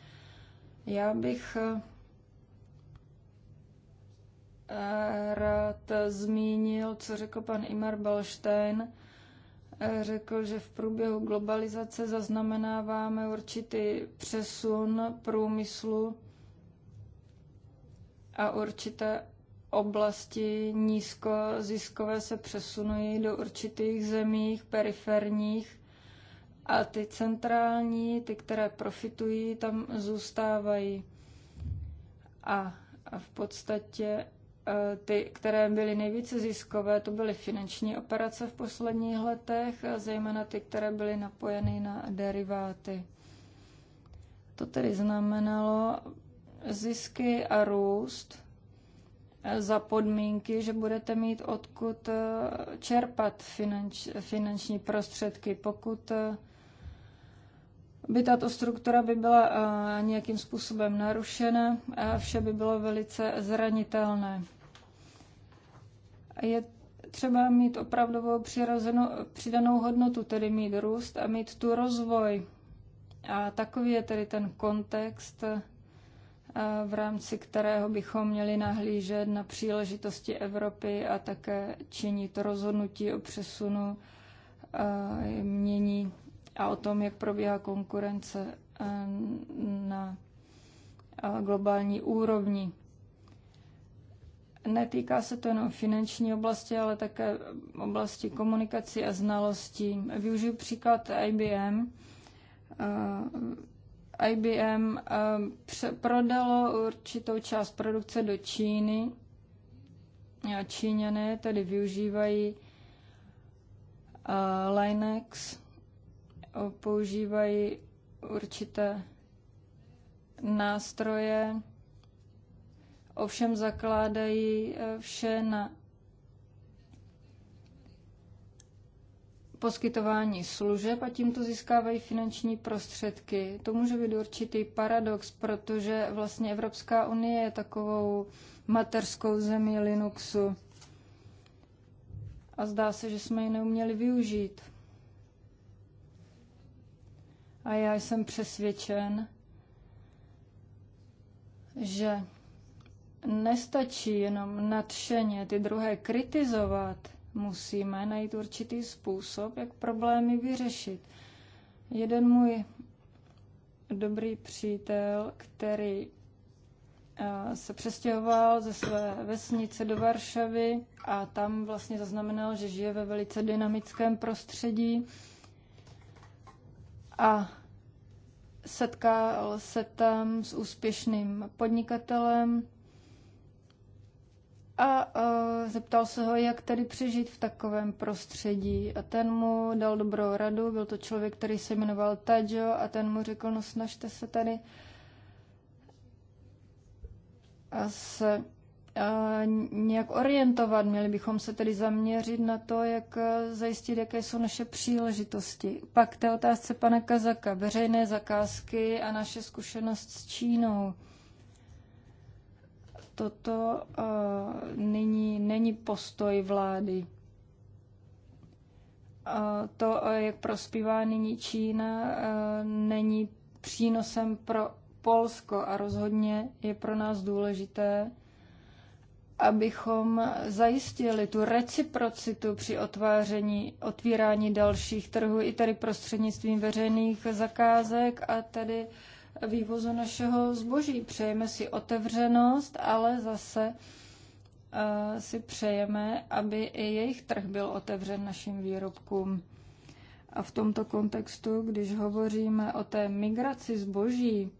Já bych rád zmínil, co řekl pan Imar Balštejn. Řekl, že v průběhu globalizace zaznamenáváme určitý přesun průmyslu a určité oblasti nízkoziskové se přesunují do určitých zemích periferních a ty centrální, ty, které profitují, tam zůstávají. A, a v podstatě Eh, ty, které byly nejvíce ziskové, to byly finanční operace v posledních letech, zejména ty, které byly napojeny na deriváty. To tedy znamenalo zisky a růst eh, za podmínky, že budete mít odkud eh, čerpat finanč, finanční prostředky. Pokud by tato struktura by byla nějakým způsobem narušena, a vše by bylo velice zranitelné. Je třeba mít opravdovou přirozenou, přidanou hodnotu, tedy mít růst a mít tu rozvoj. A takový je tedy ten kontext, eh, v rámci kterého bychom měli nahlížet na příležitosti Evropy a také činit rozhodnutí o přesunu eh, mění a o tom, jak probíhá konkurence eh, na globální úrovni. Netýká se to jenom finanční oblasti, ale také oblasti komunikací a znalostí. Využiju příklad IBM. Eh, IBM eh, prodalo určitou část produkce do Číny. Eh, Číňané tedy využívají Linux, používají určité nástroje, ovšem zakládají eh, vše na poskytování služeb a tímto získávají finanční prostředky. To může být určitý paradox, protože vlastně Evropská unie je takovou materskou zemí Linuxu. A zdá se, že jsme ji neuměli využít. A já jsem přesvědčen, že nestačí jenom nadšeně ty druhé kritizovat. Musíme najít určitý způsob, jak problémy vyřešit. Jeden můj dobrý přítel, který eh, se přestěhoval ze své vesnice do Varšavy a tam vlastně zaznamenal, že žije ve velice dynamickém prostředí a setkal se tam s úspěšným podnikatelem, a uh, zeptal se ho, jak tady přežít v takovém prostředí. A ten mu dal dobrou radu, byl to člověk, který se jmenoval Tajo a ten mu řekl, no snažte se tady a se uh, nějak orientovat. Měli bychom se tedy zaměřit na to, jak zajistit, jaké jsou naše příležitosti. Pak té otázce pana Kazaka, veřejné zakázky a naše zkušenost s Čínou. Toto uh, není postoj vlády. Eh, to, eh, jak prospívá nyní Čína, není přínosem pro Polsko a rozhodně je pro nás důležité, abychom zajistili tu reciprocitu při otváření, otvírání dalších trhů, i tady prostřednictvím veřejných zakázek a tedy vývozu našeho zboží. Přejeme si otevřenost, ale zase eh, si přejeme, aby i jejich trh byl otevřen našim výrobkům. A v tomto kontextu, když hovoříme o té migraci zboží,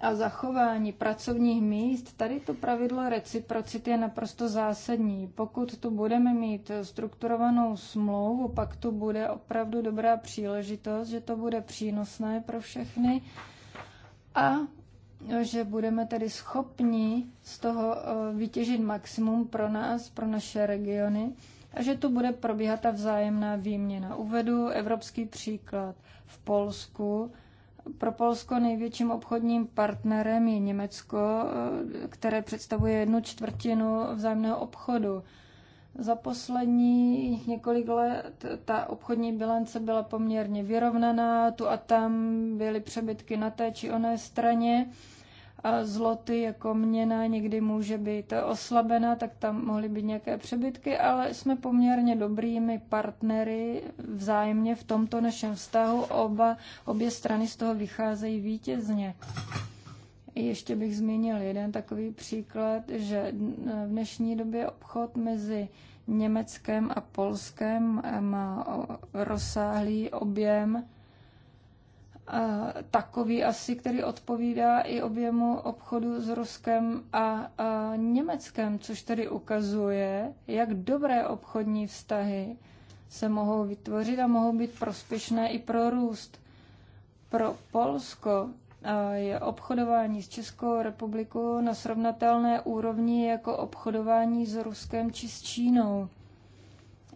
a zachování pracovních míst, tady to pravidlo reciprocity je naprosto zásadní. Pokud tu budeme mít strukturovanou smlouvu, pak tu bude opravdu dobrá příležitost, že to bude přínosné pro všechny a že budeme tedy schopni z toho eh, vytěžit maximum pro nás, pro naše regiony a že tu bude probíhat ta vzájemná výměna. Uvedu evropský příklad. V Polsku pro Polsko největším obchodním partnerem je Německo, eh, které představuje jednu čtvrtinu vzájemného obchodu. Za posledních několik let ta obchodní bilance byla poměrně vyrovnaná, tu a tam byly přebytky na té či oné straně zloty jako měna někdy může být oslabena, tak tam mohly být nějaké přebytky, ale jsme poměrně dobrými partnery vzájemně v tomto našem vztahu. Oba, obě strany z toho vycházejí vítězně. Ještě bych zmínil jeden takový příklad, že v dnešní době obchod mezi Německem a Polskem má rozsáhlý objem takový asi, který odpovídá i objemu obchodu s Ruskem a, a Německem, což tedy ukazuje, jak dobré obchodní vztahy se mohou vytvořit a mohou být prospěšné i pro růst. Pro Polsko je obchodování s Českou republikou na srovnatelné úrovni jako obchodování s Ruskem či s Čínou.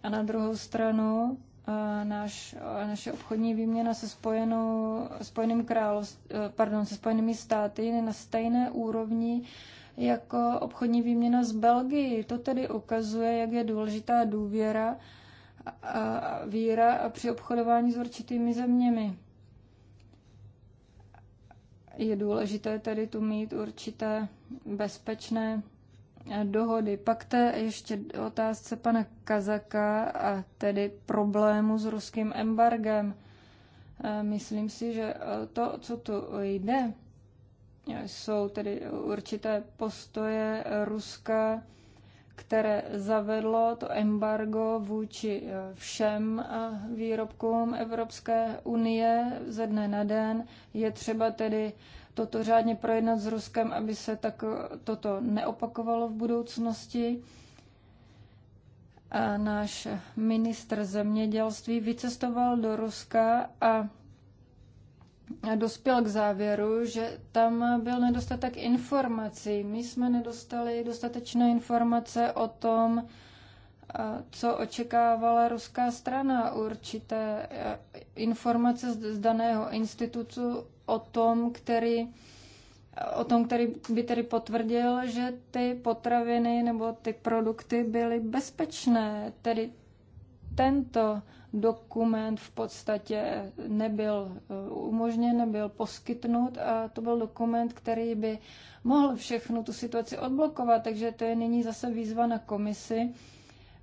A na druhou stranu Eh, náš, eh, naše obchodní výměna se spojenou, spojeným královst, eh, pardon, se spojenými státy je na stejné úrovni jako obchodní výměna s Belgií. To tedy ukazuje, jak je důležitá důvěra a víra při obchodování s určitými zeměmi. Je důležité tedy tu mít určité bezpečné Eh, dohody. Pak to ještě otázce pana Kazaka a tedy problému s ruským embargem. Eh, myslím si, že eh, to, co tu jde, jsou tedy určité postoje Ruska, které zavedlo to embargo vůči všem výrobkům Evropské unie ze dne na den. Je třeba tedy toto řádně projednat s Ruskem, aby se tak eh, toto neopakovalo v budoucnosti. A náš ministr zemědělství vycestoval do Ruska a dospěl k závěru, že tam byl nedostatek informací. My jsme nedostali dostatečné informace o tom, co očekávala ruská strana, určité eh, informace z daného institutu o tom, který o tom, který by tedy potvrdil, že ty potraviny nebo ty produkty byly bezpečné. Tedy tento dokument v podstatě nebyl eh, umožněn, nebyl poskytnut a to byl dokument, který by mohl všechnu tu situaci odblokovat. Takže to je nyní zase výzva na komisi,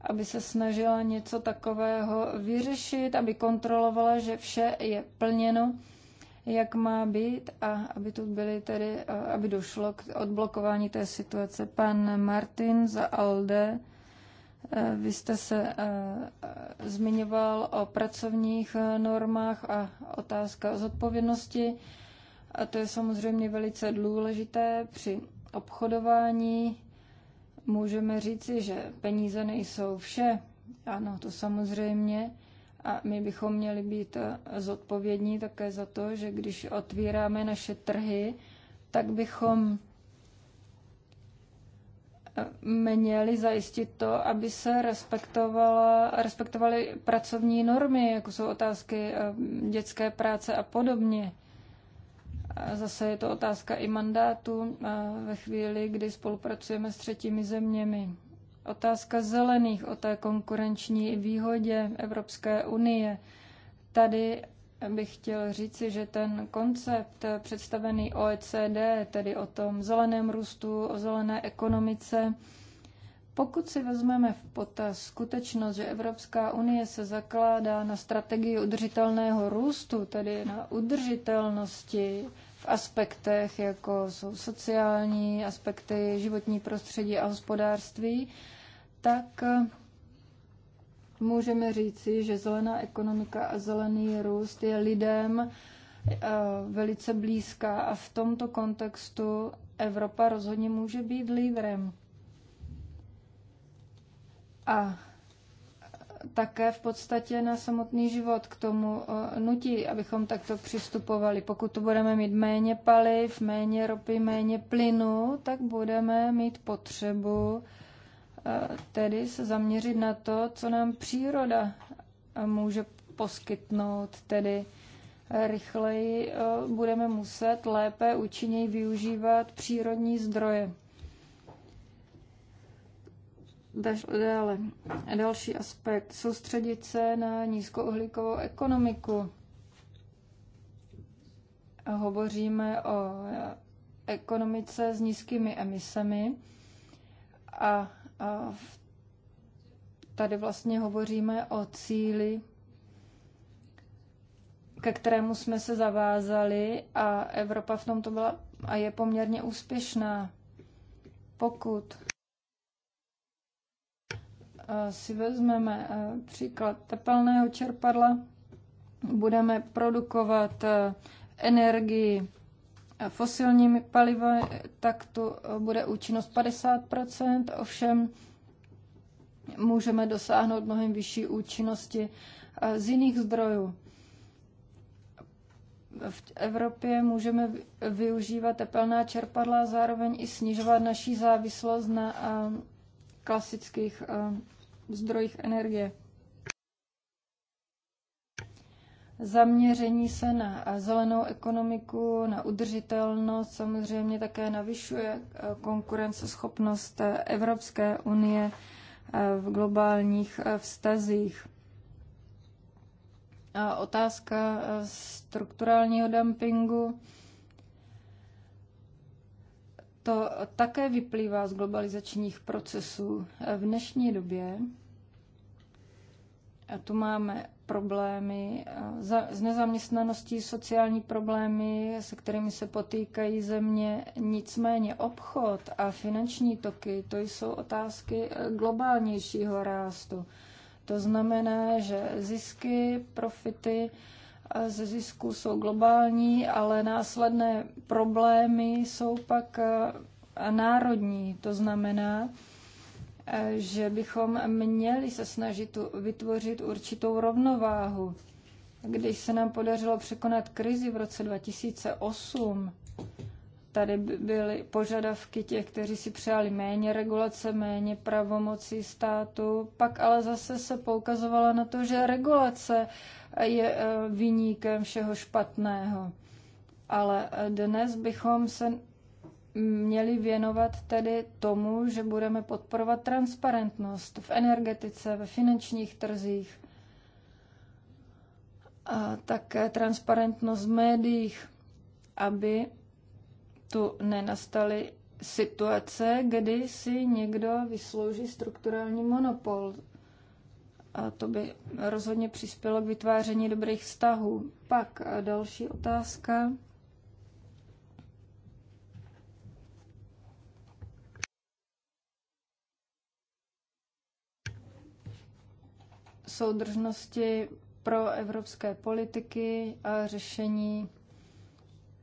aby se snažila něco takového vyřešit, aby kontrolovala, že vše je plněno, jak má být a aby tu byly tedy, aby došlo k odblokování té situace. Pan Martin za ALDE, eh, vy jste se eh, zmiňoval o pracovních eh, normách a otázka o zodpovědnosti. A to je samozřejmě velice důležité při obchodování Můžeme říci, že peníze nejsou vše. Ano, to samozřejmě. A my bychom měli být zodpovědní také za to, že když otvíráme naše trhy, tak bychom eh, měli zajistit to, aby se respektovala, respektovaly pracovní normy, jako jsou otázky eh, dětské práce a podobně. Zase je to otázka i mandátu ve chvíli, kdy spolupracujeme s třetími zeměmi. Otázka zelených o té konkurenční výhodě Evropské unie. Tady bych chtěl říci, že ten koncept představený OECD, tedy o tom zeleném růstu, o zelené ekonomice, pokud si vezmeme v potaz skutečnost, že Evropská unie se zakládá na strategii udržitelného růstu, tedy na udržitelnosti v aspektech, jako jsou sociální aspekty, životní prostředí a hospodářství, tak eh, můžeme říci, že zelená ekonomika a zelený růst je lidem eh, velice blízká a v tomto kontextu Evropa rozhodně může být lídrem a také v podstatě na samotný život k tomu eh, nutí, abychom takto přistupovali. Pokud tu budeme mít méně paliv, méně ropy, méně plynu, tak budeme mít potřebu eh, tedy se zaměřit na to, co nám příroda eh, může poskytnout, tedy rychleji budeme muset lépe účinněji využívat přírodní zdroje. Dále, další aspekt, soustředit se na nízkouhlíkovou ekonomiku. Hovoříme o ekonomice s nízkými emisemi a, a tady vlastně hovoříme o cíli, ke kterému jsme se zavázali a Evropa v tomto byla a je poměrně úspěšná. Pokud si vezmeme e, příklad tepelného čerpadla, budeme produkovat e, energii e, fosilními palivy, tak to bude účinnost 50 ovšem můžeme dosáhnout mnohem vyšší účinnosti z jiných zdrojů. V Evropě můžeme využívat tepelná čerpadla a zároveň i snižovat naší závislost na klasických zdrojích energie. Zaměření se na zelenou ekonomiku, na udržitelnost samozřejmě také navyšuje eh, konkurenceschopnost eh, Evropské unie eh, v globálních vztazích. A otázka strukturálního dumpingu. To také vyplývá z globalizačních procesů. V dnešní době a tu máme problémy s nezaměstnaností, sociální problémy, se kterými se potýkají země. Nicméně obchod a finanční toky, to jsou otázky e, globálnějšího rástu. To znamená, že zisky, profity e, ze zisku jsou globální, ale následné problémy jsou pak e, národní. To znamená, že bychom měli se snažit vytvořit určitou rovnováhu. Když se nám podařilo překonat krizi v roce 2008, tady byly požadavky těch, kteří si přáli méně regulace, méně pravomocí státu. Pak ale zase se poukazovalo na to, že regulace je eh, vyníkem všeho špatného. Ale eh, dnes bychom se měli věnovat tedy tomu, že budeme podporovat transparentnost v energetice, ve finančních trzích, a také transparentnost v médiích, aby tu nenastaly situace, kdy si někdo vyslouží strukturální monopol. A to by rozhodně přispělo k vytváření dobrých vztahů. Pak další otázka. soudržnosti pro evropské politiky a řešení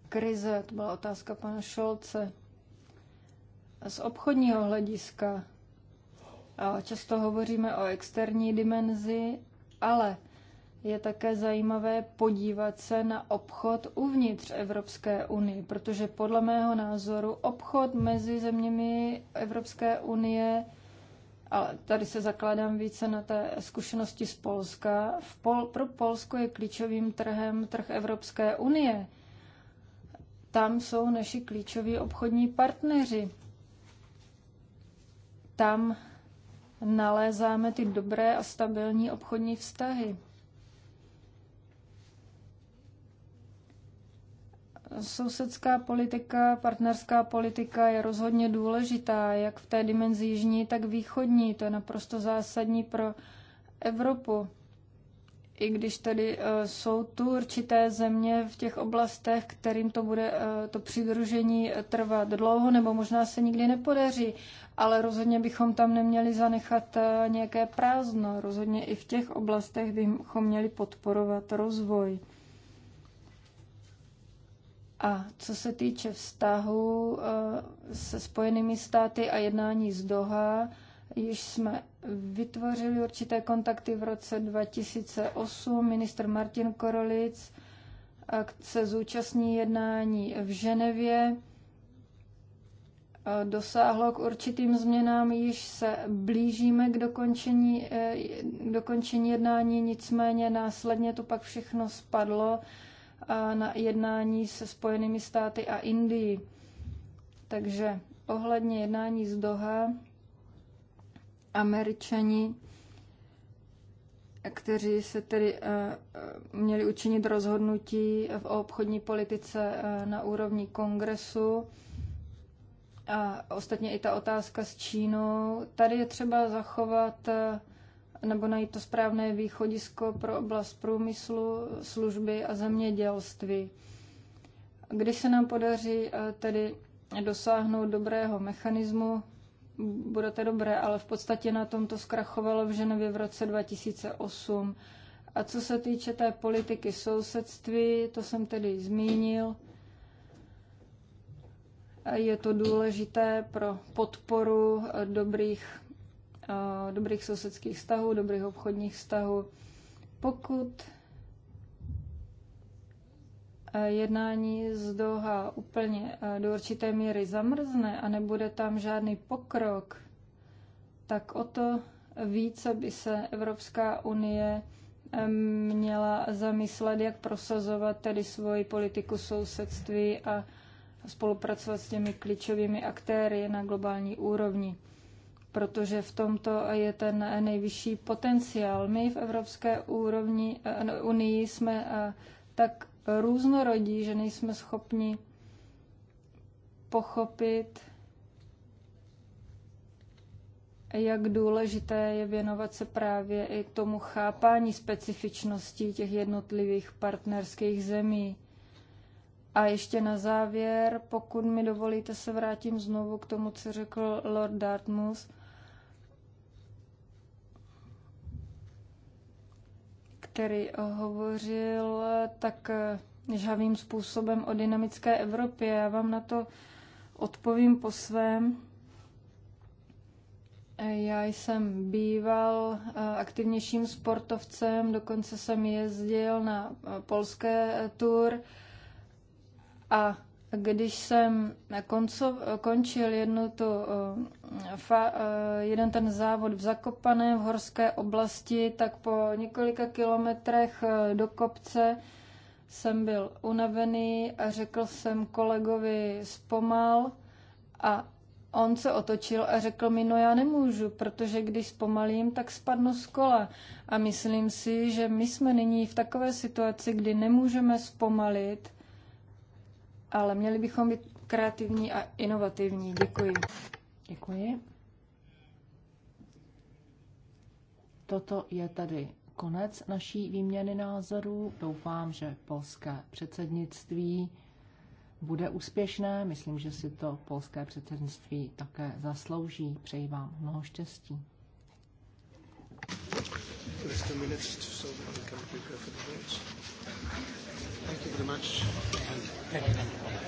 krize. To byla otázka pana Šolce. Z obchodního hlediska často hovoříme o externí dimenzi, ale je také zajímavé podívat se na obchod uvnitř Evropské unie, protože podle mého názoru obchod mezi zeměmi Evropské unie a tady se zakládám více na té zkušenosti z Polska. V Pol, pro Polsko je klíčovým trhem trh Evropské unie. Tam jsou naši klíčoví obchodní partneři. Tam nalézáme ty dobré a stabilní obchodní vztahy. Sousedská politika, partnerská politika je rozhodně důležitá, jak v té dimenzi jižní, tak východní. To je naprosto zásadní pro Evropu. I když tedy eh, jsou tu určité země v těch oblastech, kterým to bude eh, to přidružení eh, trvat dlouho, nebo možná se nikdy nepodaří, ale rozhodně bychom tam neměli zanechat nějaké prázdno. Rozhodně i v těch oblastech bychom měli podporovat rozvoj. A co se týče vztahu eh, se Spojenými státy a jednání z Doha, již jsme vytvořili určité kontakty v roce 2008. Minister Martin Korolic eh, se zúčastní jednání v Ženevě. Eh, dosáhlo k určitým změnám, již se blížíme k dokončení, k dokončení jednání, nicméně následně to pak všechno spadlo na jednání se Spojenými státy a Indií. Takže ohledně jednání z Doha, američani, kteří se tedy eh, eh, měli učinit rozhodnutí v obchodní politice eh, na úrovni kongresu, a ostatně i ta otázka s Čínou, tady je třeba zachovat nebo najít to správné východisko pro oblast průmyslu, služby a zemědělství. Když se nám podaří eh, tedy dosáhnout dobrého mechanismu, bude to dobré, ale v podstatě na tom to zkrachovalo v Ženevě v roce 2008. A co se týče té politiky sousedství, to jsem tedy zmínil. Je to důležité pro podporu eh, dobrých Eh, dobrých sousedských vztahů, dobrých obchodních vztahů. Pokud eh, jednání z Doha úplně eh, do určité míry zamrzne a nebude tam žádný pokrok, tak o to více by se Evropská unie měla zamyslet, jak prosazovat tedy svoji politiku sousedství a spolupracovat s těmi klíčovými aktéry na globální úrovni protože v tomto je ten nejvyšší potenciál. My v Evropské úrovni, eh, no, unii jsme eh, tak různorodí, že nejsme schopni pochopit, jak důležité je věnovat se právě i tomu chápání specifičností těch jednotlivých partnerských zemí. A ještě na závěr, pokud mi dovolíte, se vrátím znovu k tomu, co řekl Lord Dartmouth který eh, hovořil eh, tak eh, žhavým způsobem o dynamické Evropě. Já vám na to odpovím po svém. Já jsem býval aktivnějším sportovcem, dokonce jsem jezdil na polské tour a když jsem konco, končil jednu tu, eh, fa, eh, jeden ten závod v Zakopané v horské oblasti, tak po několika kilometrech eh, do kopce jsem byl unavený a řekl jsem kolegovi zpomal a on se otočil a řekl mi, no já nemůžu, protože když zpomalím, tak spadnu z kola. A myslím si, že my jsme nyní v takové situaci, kdy nemůžeme zpomalit, ale měli bychom být kreativní a inovativní. Děkuji. Děkuji. Toto je tedy konec naší výměny názorů. Doufám, že polské předsednictví bude úspěšné. Myslím, že si to polské předsednictví také zaslouží. Přeji vám mnoho štěstí. so we can prepare for the votes. Thank you very much. And thank you.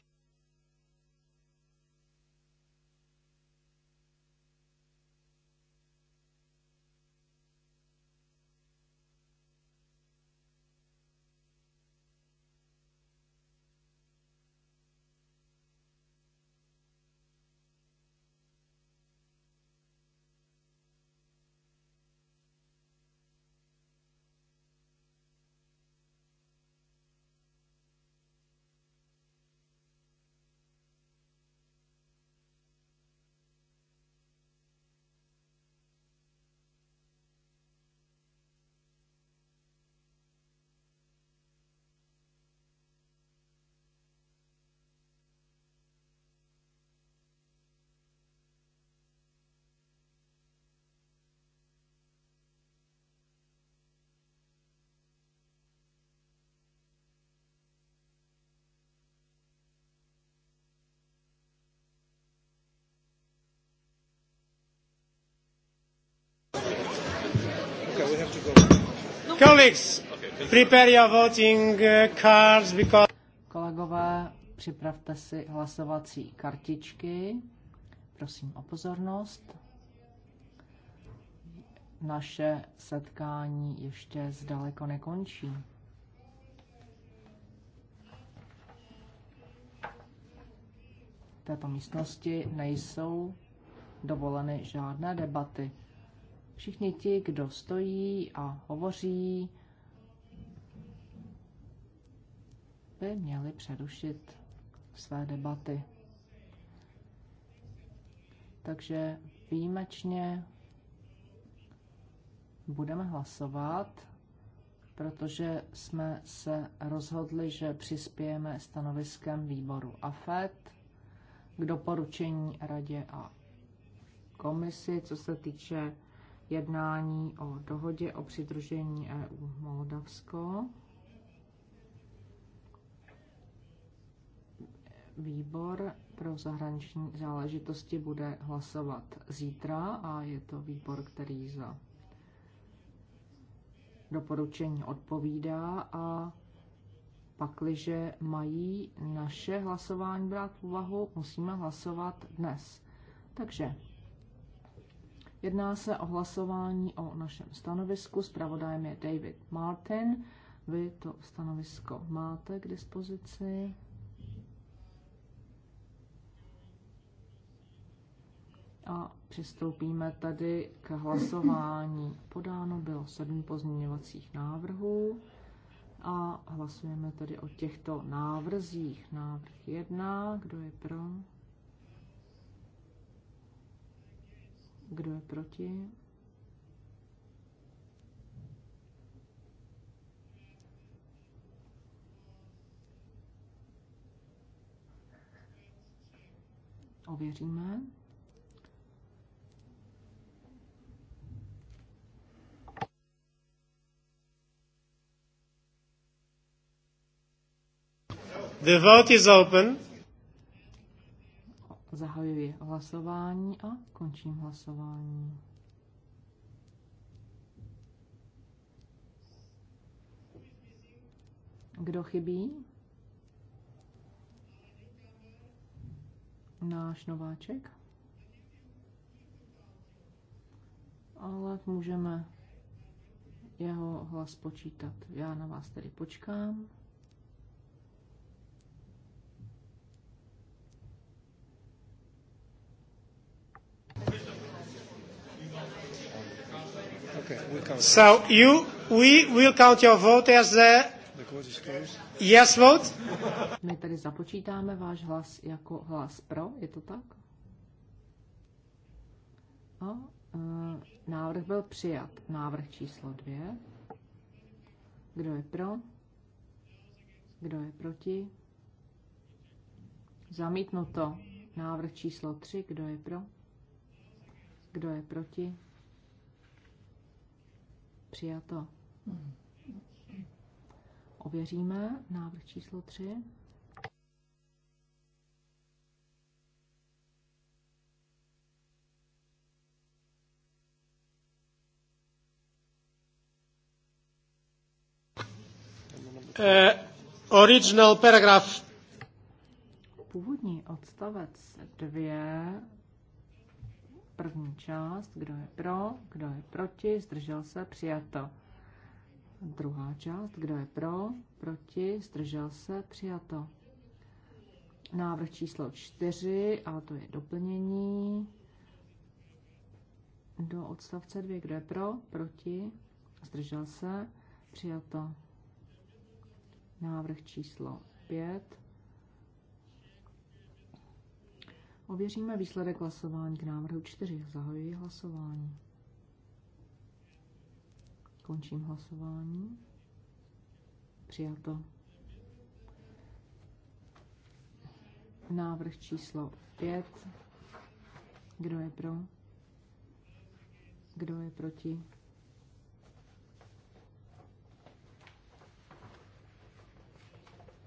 Colleagues, prepare your voting uh, cards because... Kolegové, připravte si hlasovací kartičky. Prosím o pozornost. Naše setkání ještě zdaleko nekončí. V této místnosti nejsou dovoleny žádné debaty. Všichni ti, kdo stojí a hovoří, by měli přerušit své debaty. Takže výjimečně budeme hlasovat, protože jsme se rozhodli, že přispějeme stanoviskem výboru AFET k doporučení radě a komisi, co se týče jednání o dohodě o přidružení EU Moldavsko. Výbor pro zahraniční záležitosti bude hlasovat zítra a je to výbor, který za doporučení odpovídá a pakliže mají naše hlasování brát v úvahu, musíme hlasovat dnes. Takže Jedná se o hlasování o našem stanovisku. Zpravodajem je David Martin. Vy to stanovisko máte k dispozici. A přistoupíme tady k hlasování. Podáno bylo sedm pozměňovacích návrhů a hlasujeme tedy o těchto návrzích. Návrh 1, kdo je pro? Kdo je proti? Ověříme. The vote is open. Zahajuji hlasování a končím hlasování. Kdo chybí? Náš nováček. Ale můžeme jeho hlas počítat. Já na vás tedy počkám. So you, we will count your vote as the yes vote. My tedy započítáme váš hlas jako hlas pro, je to tak? No, návrh byl přijat. Návrh číslo dvě. Kdo je pro? Kdo je proti? Zamítnuto. Návrh číslo 3. Kdo je pro? Kdo je proti? Přijato. Ověříme návrh číslo 3. Uh, eh, original paragraph. Původní odstavec 2 První část, kdo je pro, kdo je proti, zdržel se, přijato. Druhá část, kdo je pro, proti, zdržel se, přijato. Návrh číslo čtyři, a to je doplnění do odstavce dvě, kdo je pro, proti, zdržel se, přijato. Návrh číslo pět. Ověříme výsledek hlasování k návrhu 4. Zahajuji hlasování. Končím hlasování. Přijato. Návrh číslo 5. Kdo je pro? Kdo je proti?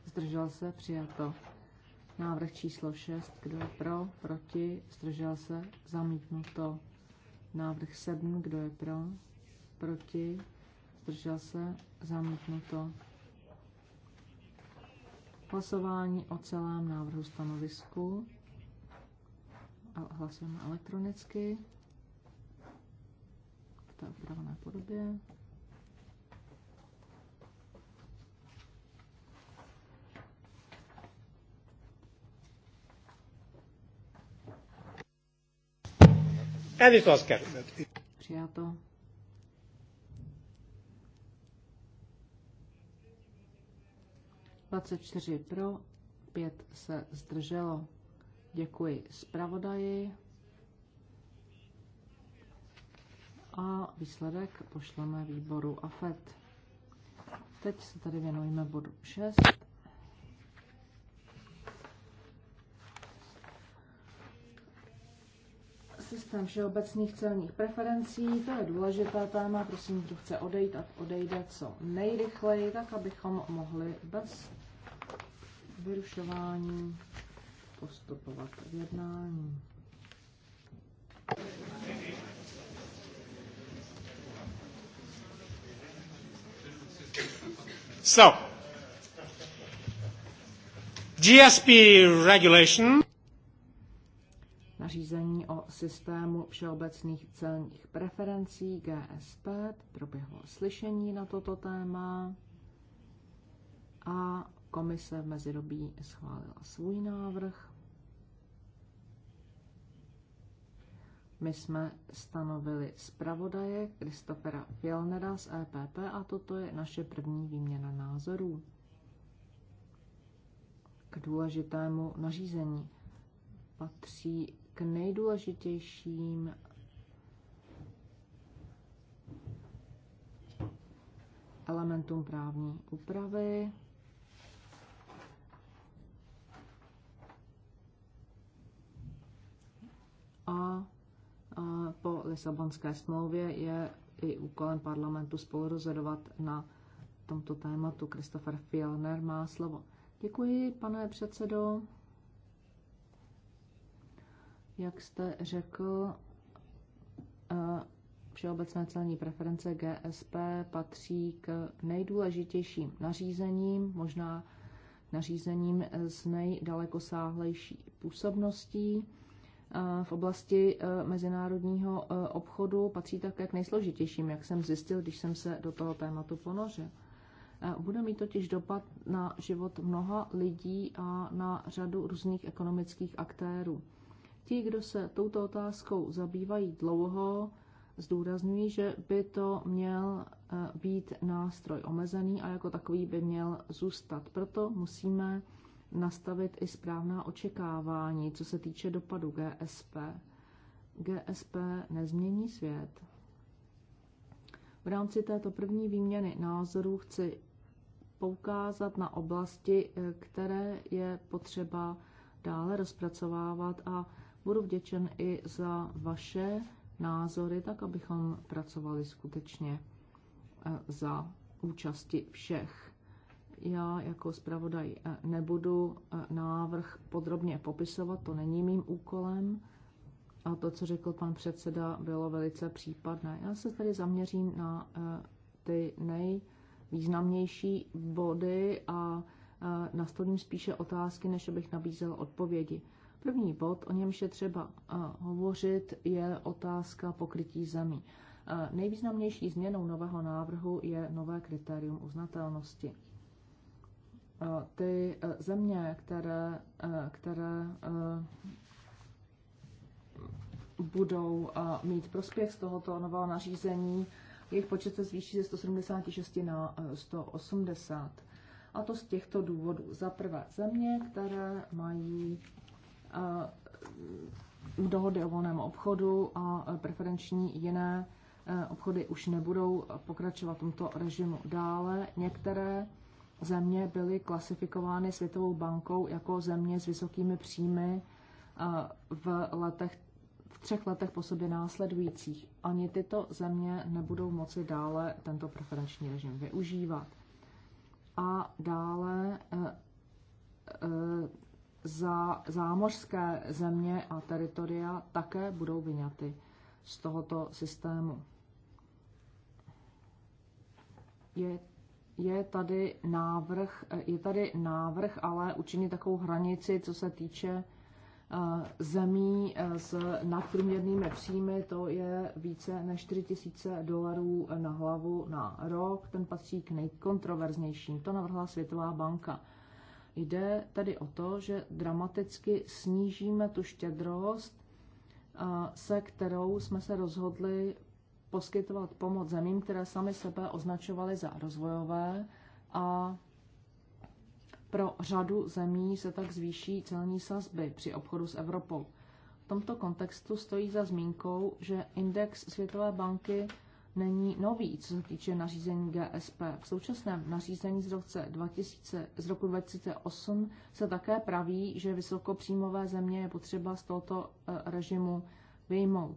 Zdržel se? Přijato. Návrh číslo 6, kdo je pro, proti, zdržel se, zamítnuto. Návrh 7, kdo je pro, proti, zdržel se, zamítnuto. Hlasování o celém návrhu stanovisku. Hlasujeme elektronicky v té upravené podobě. And it Přijato. pro, pět se zdrželo. Děkuji zpravodaji. A výsledek pošleme výboru AFET. Teď se tady věnujeme bodu 6. systém všeobecných celních preferencí, to je důležité téma, prosím, kdo chce odejít, a odejde co nejrychleji, tak abychom mohli bez vyrušování postupovat v jednání. So, GSP regulation řízení o systému všeobecných celních preferencí GSP. Proběhlo slyšení na toto téma a komise v mezidobí schválila svůj návrh. My jsme stanovili zpravodaje Kristofera Fjellnera z EPP a toto je naše první výměna názorů k důležitému nařízení. Patří k nejdůležitějším elementům právní úpravy. A po Lisabonské smlouvě je i úkolem parlamentu spolurozhodovat na tomto tématu. Christopher Fielner má slovo. Děkuji, pane předsedo. Jak jste řekl, eh, Všeobecné celní preference GSP patří k nejdůležitějším nařízením, možná nařízením s nejdalekosáhlejší působností. Eh, v oblasti eh, mezinárodního obchodu patří také k nejsložitějším, jak jsem zjistil, když jsem se do toho tématu ponořil. Bude mít totiž dopad na život mnoha lidí a na řadu různých ekonomických aktérů. Ti, kdo se touto otázkou zabývají dlouho, zdůrazňují, že by to měl eh, být nástroj omezený a jako takový by měl zůstat. Proto musíme nastavit i správná očekávání, co se týče dopadu GSP. GSP nezmění svět. V rámci této první výměny názorů chci poukázat na oblasti, eh, které je potřeba dále rozpracovávat a Budu vděčen i za vaše názory, tak abychom pracovali skutečně eh, za účasti všech. Já jako zpravodaj eh, nebudu eh, návrh podrobně popisovat, to není mým úkolem. A to, co řekl pan předseda, bylo velice případné. Já se tady zaměřím na ty nejvýznamnější body a nastolím spíše otázky, než abych nabízel odpovědi. První bod, o němž je třeba eh, hovořit, je otázka pokrytí zemí. Eh, nejvýznamnější změnou nového návrhu je nové kritérium uznatelnosti. Eh, ty země, které, které budou mít prospěch z tohoto nového nařízení, jejich počet se zvýší ze 176 na 180. A to z těchto důvodů. Za prvé země, které mají Eh, dohody o volném obchodu a preferenční jiné eh, obchody už nebudou pokračovat v tomto režimu dále. Některé země byly klasifikovány Světovou bankou jako země s vysokými příjmy eh, v, letech, v třech letech po sobě následujících. Ani tyto země nebudou moci dále tento preferenční režim využívat. A dále za zámořské země a teritoria také budou vyňaty z tohoto systému. Je, je tady návrh, je tady návrh, ale učinit takovou hranici, co se týče eh, zemí eh, s nadprůměrnými příjmy, to je více než 4 000 dolarů na hlavu na rok. Ten patří k nejkontroverznějším. To navrhla Světová banka. Jde tedy o to, že dramaticky snížíme tu štědrost, se kterou jsme se rozhodli poskytovat pomoc zemím, které sami sebe označovaly za rozvojové a pro řadu zemí se tak zvýší celní sazby při obchodu s Evropou. V tomto kontextu stojí za zmínkou, že index Světové banky není nový, co se týče nařízení GSP. V současném nařízení z, roce 2000, z roku 2008 se také praví, že vysokopříjmové země je potřeba z tohoto eh, režimu vyjmout.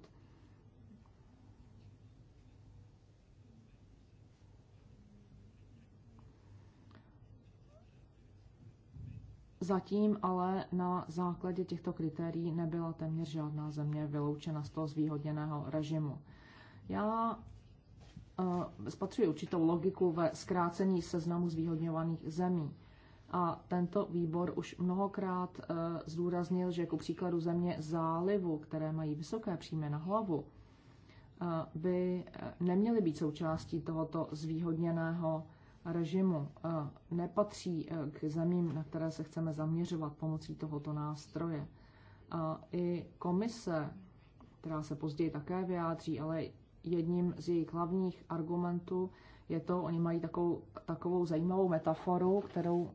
Zatím ale na základě těchto kritérií nebyla téměř žádná země vyloučena z toho zvýhodněného režimu. Já Eh, spatřuje určitou logiku ve zkrácení seznamu zvýhodňovaných zemí. A tento výbor už mnohokrát eh, zdůraznil, že jako příkladu země zálivu, které mají vysoké příjmy na hlavu, eh, by neměly být součástí tohoto zvýhodněného režimu. Nepatří k zemím, na které se chceme zaměřovat pomocí tohoto nástroje. I komise, která se později také vyjádří, ale jedním z jejich hlavních argumentů je to, oni mají takovou, takovou zajímavou metaforu, kterou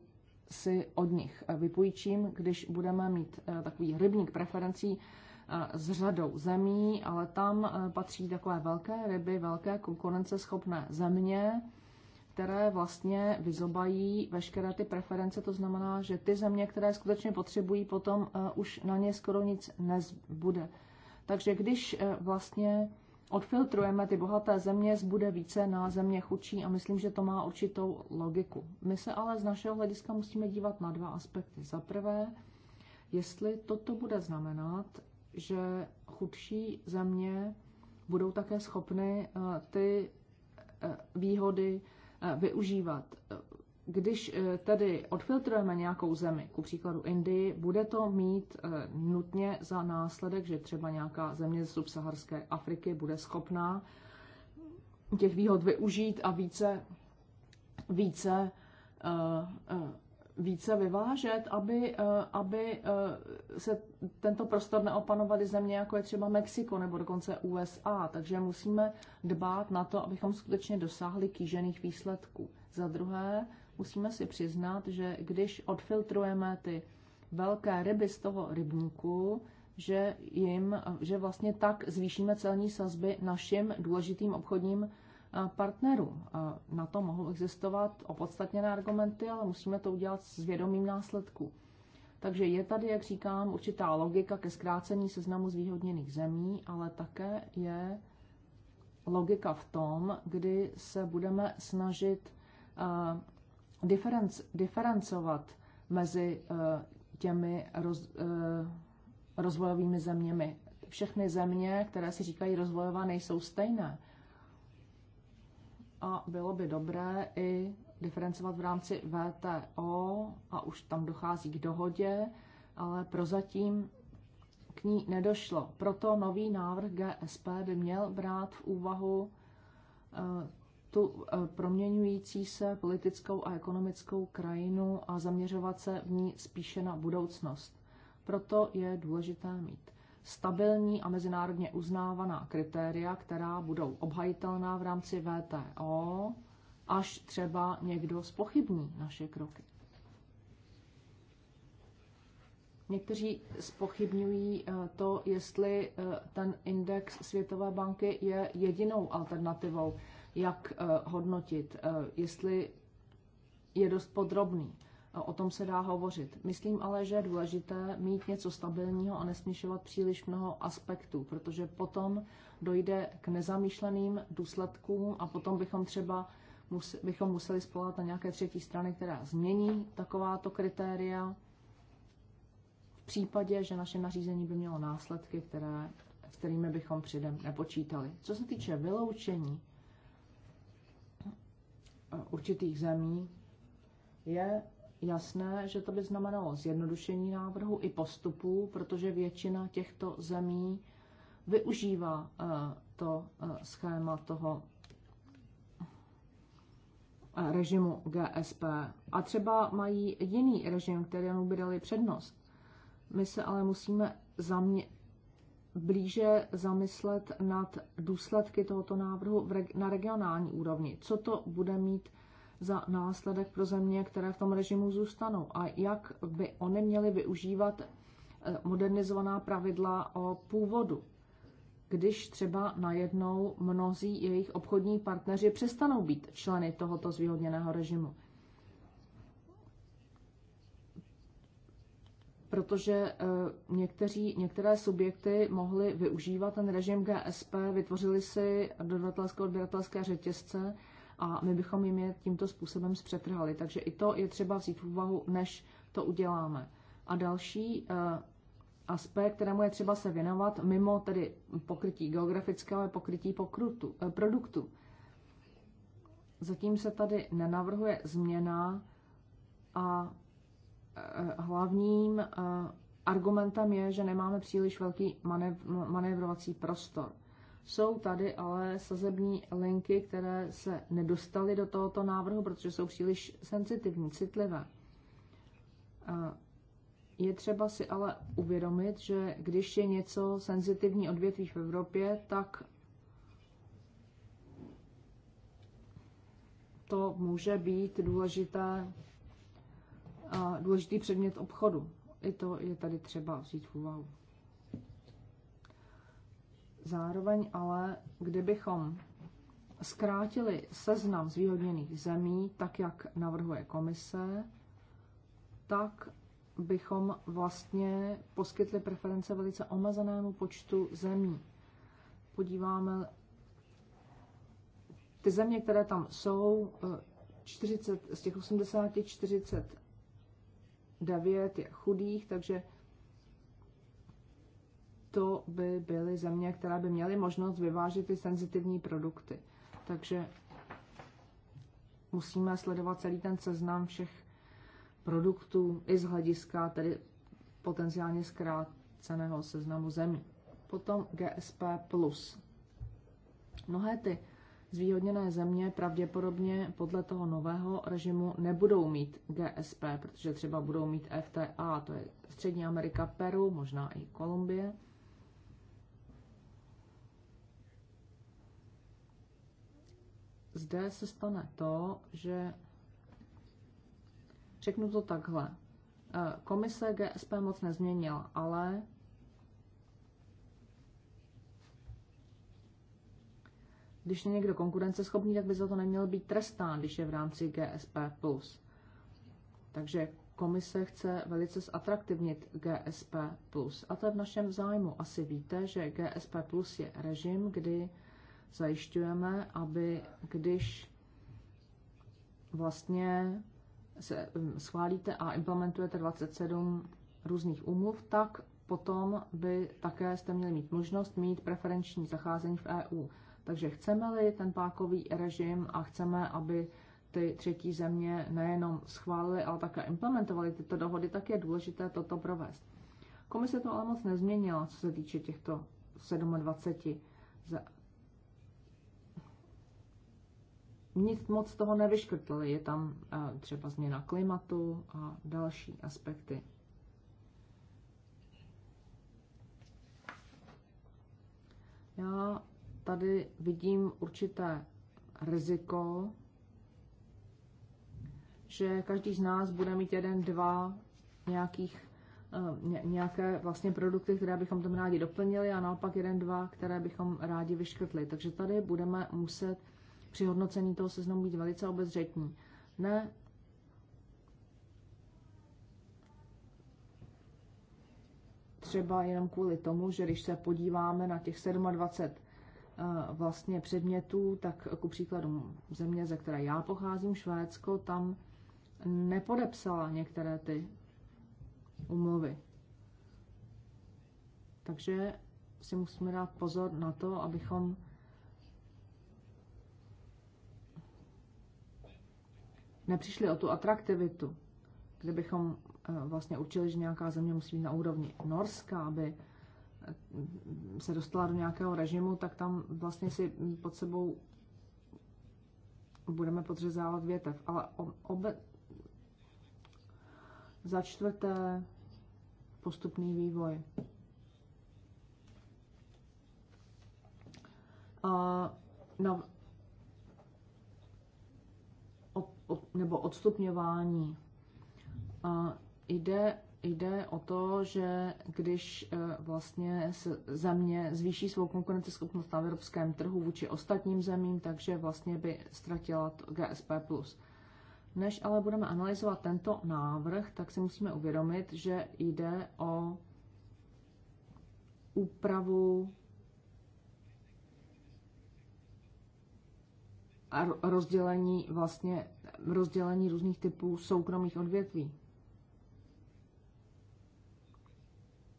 si od nich eh, vypůjčím, když budeme mít eh, takový rybník preferencí s eh, řadou zemí, ale tam patří takové velké ryby, velké konkurenceschopné země, které vlastně vyzobají veškeré ty preference. To znamená, že ty země, které skutečně potřebují, potom už na ně skoro nic nezbude. Takže když vlastně odfiltrujeme ty bohaté země, zbude více na země chudší a myslím, že to má určitou logiku. My se ale z našeho hlediska musíme dívat na dva aspekty. Za prvé, jestli toto bude znamenat, že chudší země budou také schopny eh, ty eh, výhody eh, využívat když eh, tedy odfiltrujeme nějakou zemi, ku příkladu Indii, bude to mít eh, nutně za následek, že třeba nějaká země z subsaharské Afriky bude schopná těch výhod využít a více, více, eh, více vyvážet, aby, aby se tento prostor neopanovaly země, jako je třeba Mexiko nebo dokonce USA. Takže musíme dbát na to, abychom skutečně dosáhli kýžených výsledků. Za druhé, musíme si přiznat, že když odfiltrujeme ty velké ryby z toho rybníku, že jim, že vlastně tak zvýšíme celní sazby našim důležitým obchodním eh, partnerům. Na to mohou existovat opodstatněné argumenty, ale musíme to udělat s vědomým následku. Takže je tady, jak říkám, určitá logika ke zkrácení seznamu zvýhodněných zemí, ale také je logika v tom, kdy se budeme snažit eh, diferenc, diferencovat mezi eh, těmi roz, eh, rozvojovými zeměmi. Všechny země, které si říkají rozvojová, nejsou stejné. A bylo by dobré i diferencovat v rámci VTO a už tam dochází k dohodě, ale prozatím k ní nedošlo. Proto nový návrh GSP by měl brát v úvahu eh, tu eh, proměňující se politickou a ekonomickou krajinu a zaměřovat se v ní spíše na budoucnost. Proto je důležité mít stabilní a mezinárodně uznávaná kritéria, která budou obhajitelná v rámci VTO, až třeba někdo spochybní naše kroky. Někteří spochybňují eh, to, jestli eh, ten index Světové banky je jedinou alternativou jak eh, hodnotit, eh, jestli je dost podrobný. Eh, o tom se dá hovořit. Myslím ale, že je důležité mít něco stabilního a nesměšovat příliš mnoho aspektů, protože potom dojde k nezamýšleným důsledkům a potom bychom třeba bychom museli spolat na nějaké třetí strany, která změní takováto kritéria v případě, že naše nařízení by mělo následky, které, s kterými bychom předem nepočítali. Co se týče vyloučení, určitých zemí, je jasné, že to by znamenalo zjednodušení návrhu i postupů, protože většina těchto zemí využívá eh, to eh, schéma toho eh, režimu GSP. A třeba mají jiný režim, kterému by dali přednost. My se ale musíme zamě- blíže zamyslet nad důsledky tohoto návrhu na regionální úrovni. Co to bude mít za následek pro země, které v tom režimu zůstanou a jak by oni měli využívat eh, modernizovaná pravidla o původu. Když třeba najednou mnozí jejich obchodní partneři přestanou být členy tohoto zvýhodněného režimu. protože eh, někteří, některé subjekty mohly využívat ten režim GSP, vytvořili si dodatelské odběratelské řetězce a my bychom jim je tímto způsobem zpřetrhali. Takže i to je třeba vzít v úvahu, než to uděláme. A další eh, aspekt, kterému je třeba se věnovat, mimo tedy pokrytí geografického, je pokrytí pokrutu, eh, produktu. Zatím se tady nenavrhuje změna a Eh, hlavním eh, argumentem je, že nemáme příliš velký manév, manévrovací prostor. Jsou tady ale sazební linky, které se nedostaly do tohoto návrhu, protože jsou příliš senzitivní, citlivé. Eh, je třeba si ale uvědomit, že když je něco senzitivní odvětví v Evropě, tak to může být důležité důležitý předmět obchodu. I to je tady třeba vzít v úvahu. Zároveň ale, kdybychom zkrátili seznam zvýhodněných zemí, tak jak navrhuje komise, tak bychom vlastně poskytli preference velice omezenému počtu zemí. Podíváme, ty země, které tam jsou, 40, eh, z těch 80, 40 devět je chudých, takže to by byly země, které by měly možnost vyvážet ty senzitivní produkty. Takže musíme sledovat celý ten seznam všech produktů i z hlediska tedy potenciálně zkráceného seznamu zemí. Potom GSP+. Mnohé ty Zvýhodněné země pravděpodobně podle toho nového režimu nebudou mít GSP, protože třeba budou mít FTA, to je Střední Amerika, Peru, možná i Kolumbie. Zde se stane to, že řeknu to takhle. Eh, komise GSP moc nezměnila, ale Když je někdo konkurenceschopný, tak by za to neměl být trestán, když je v rámci GSP+. Takže komise chce velice zatraktivnit GSP+. A to je v našem zájmu. Asi víte, že GSP+, je režim, kdy zajišťujeme, aby když vlastně se um, schválíte a implementujete 27 různých úmluv, tak potom by také jste měli mít možnost mít preferenční zacházení v EU. Takže chceme-li ten pákový režim a chceme, aby ty třetí země nejenom schválili, ale také implementovaly tyto dohody, tak je důležité toto provést. Komise to ale moc nezměnila, co se týče těchto 27. Nic moc z toho nevyškrtli. Je tam eh, třeba změna klimatu a další aspekty. Já tady vidím určité riziko, že každý z nás bude mít jeden, dva nějakých, eh, nějaké vlastně produkty, které bychom tam rádi doplnili a naopak jeden, dva, které bychom rádi vyškrtli. Takže tady budeme muset při hodnocení toho seznamu být velice obezřetní. Ne třeba jenom kvůli tomu, že když se podíváme na těch 27 Eh, vlastně předmětů, tak ku příkladu země, ze které já pocházím, Švédsko, tam nepodepsala některé ty umluvy. Takže si musíme dát pozor na to, abychom nepřišli o tu atraktivitu, kdybychom eh, vlastně určili, že nějaká země musí být na úrovni Norska, aby se dostala do nějakého režimu, tak tam vlastně si pod sebou budeme podřezávat větev. Ale obe... za čtvrté postupný vývoj. A na, no, nebo odstupňování. A jde jde o to, že když e, vlastně země zvýší svou konkurenceschopnost na evropském trhu vůči ostatním zemím, takže vlastně by ztratila GSP+. Než ale budeme analyzovat tento návrh, tak si musíme uvědomit, že jde o úpravu a rozdělení vlastně rozdělení různých typů soukromých odvětví.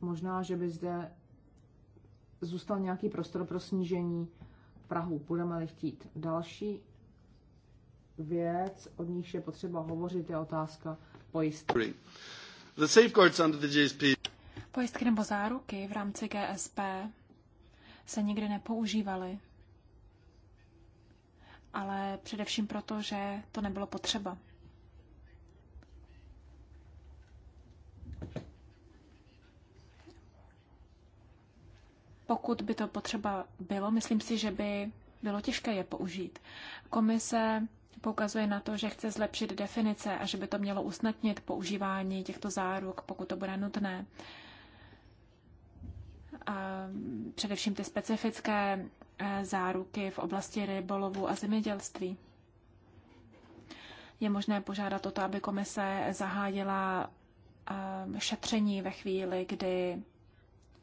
Možná, že by zde zůstal nějaký prostor pro snížení Prahu. Budeme-li chtít další věc, od níž je potřeba hovořit, je otázka pojistky. The safeguards under the GSP. Pojistky nebo záruky v rámci GSP se nikdy nepoužívaly, ale především proto, že to nebylo potřeba. Pokud by to potřeba bylo, myslím si, že by bylo těžké je použít. Komise poukazuje na to, že chce zlepšit definice a že by to mělo usnadnit používání těchto záruk, pokud to bude nutné. A především ty specifické eh, záruky v oblasti rybolovu a zemědělství. Je možné požádat o to, aby komise zahájila eh, šetření ve chvíli, kdy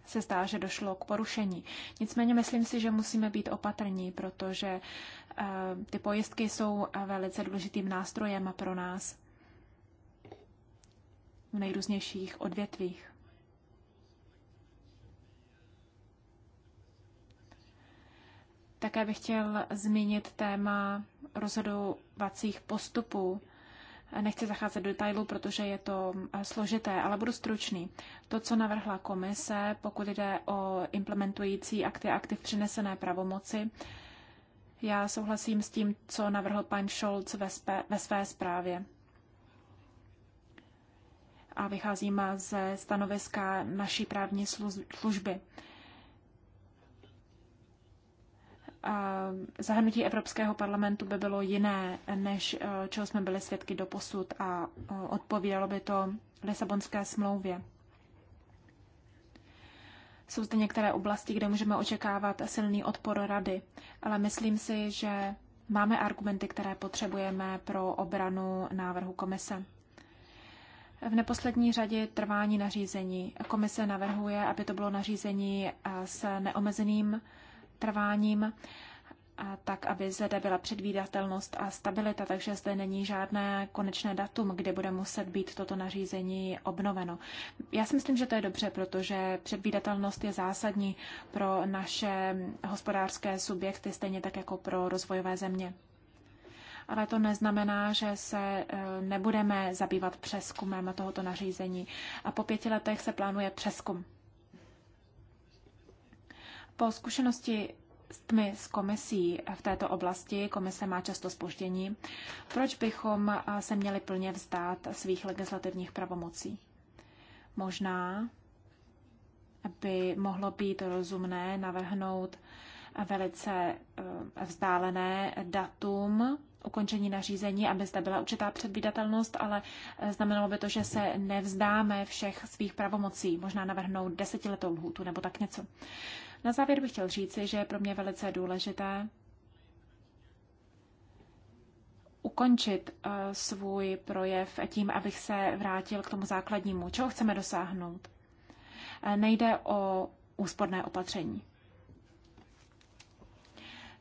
se zdá, že došlo k porušení. Nicméně myslím si, že musíme být opatrní, protože eh, ty pojistky jsou velice důležitým nástrojem pro nás v nejrůznějších odvětvích. Také bych chtěl zmínit téma rozhodovacích postupů Nechci zacházet do detailů, protože je to eh, složité, ale budu stručný. To, co navrhla komise, pokud jde o implementující akty a aktiv přinesené pravomoci, já souhlasím s tím, co navrhl pan Scholz ve, spe, ve své zprávě. A vycházím ze stanoviska naší právní služby. zahrnutí Evropského parlamentu by bylo jiné, než eh, čeho jsme byli svědky do posud a eh, odpovídalo by to Lisabonské smlouvě. Jsou zde některé oblasti, kde můžeme očekávat silný odpor rady, ale myslím si, že máme argumenty, které potřebujeme pro obranu návrhu komise. V neposlední řadě trvání nařízení. Komise navrhuje, aby to bylo nařízení eh, s neomezeným trváním, tak aby zde byla předvídatelnost a stabilita, takže zde není žádné konečné datum, kde bude muset být toto nařízení obnoveno. Já si myslím, že to je dobře, protože předvídatelnost je zásadní pro naše hospodářské subjekty, stejně tak jako pro rozvojové země. Ale to neznamená, že se e, nebudeme zabývat přeskumem tohoto nařízení. A po pěti letech se plánuje přeskum. Po zkušenosti s tmy s komisí v této oblasti, komise má často spoždění, proč bychom se měli plně vzdát svých legislativních pravomocí? Možná by mohlo být rozumné navrhnout velice e, vzdálené datum ukončení nařízení, aby zde byla určitá předvídatelnost, ale e, znamenalo by to, že se nevzdáme všech svých pravomocí, možná navrhnout desetiletou lhůtu nebo tak něco. Na závěr bych chtěl říci, že je pro mě velice důležité ukončit eh, svůj projev tím, abych se vrátil k tomu základnímu, čeho chceme dosáhnout. Eh, nejde o úsporné opatření.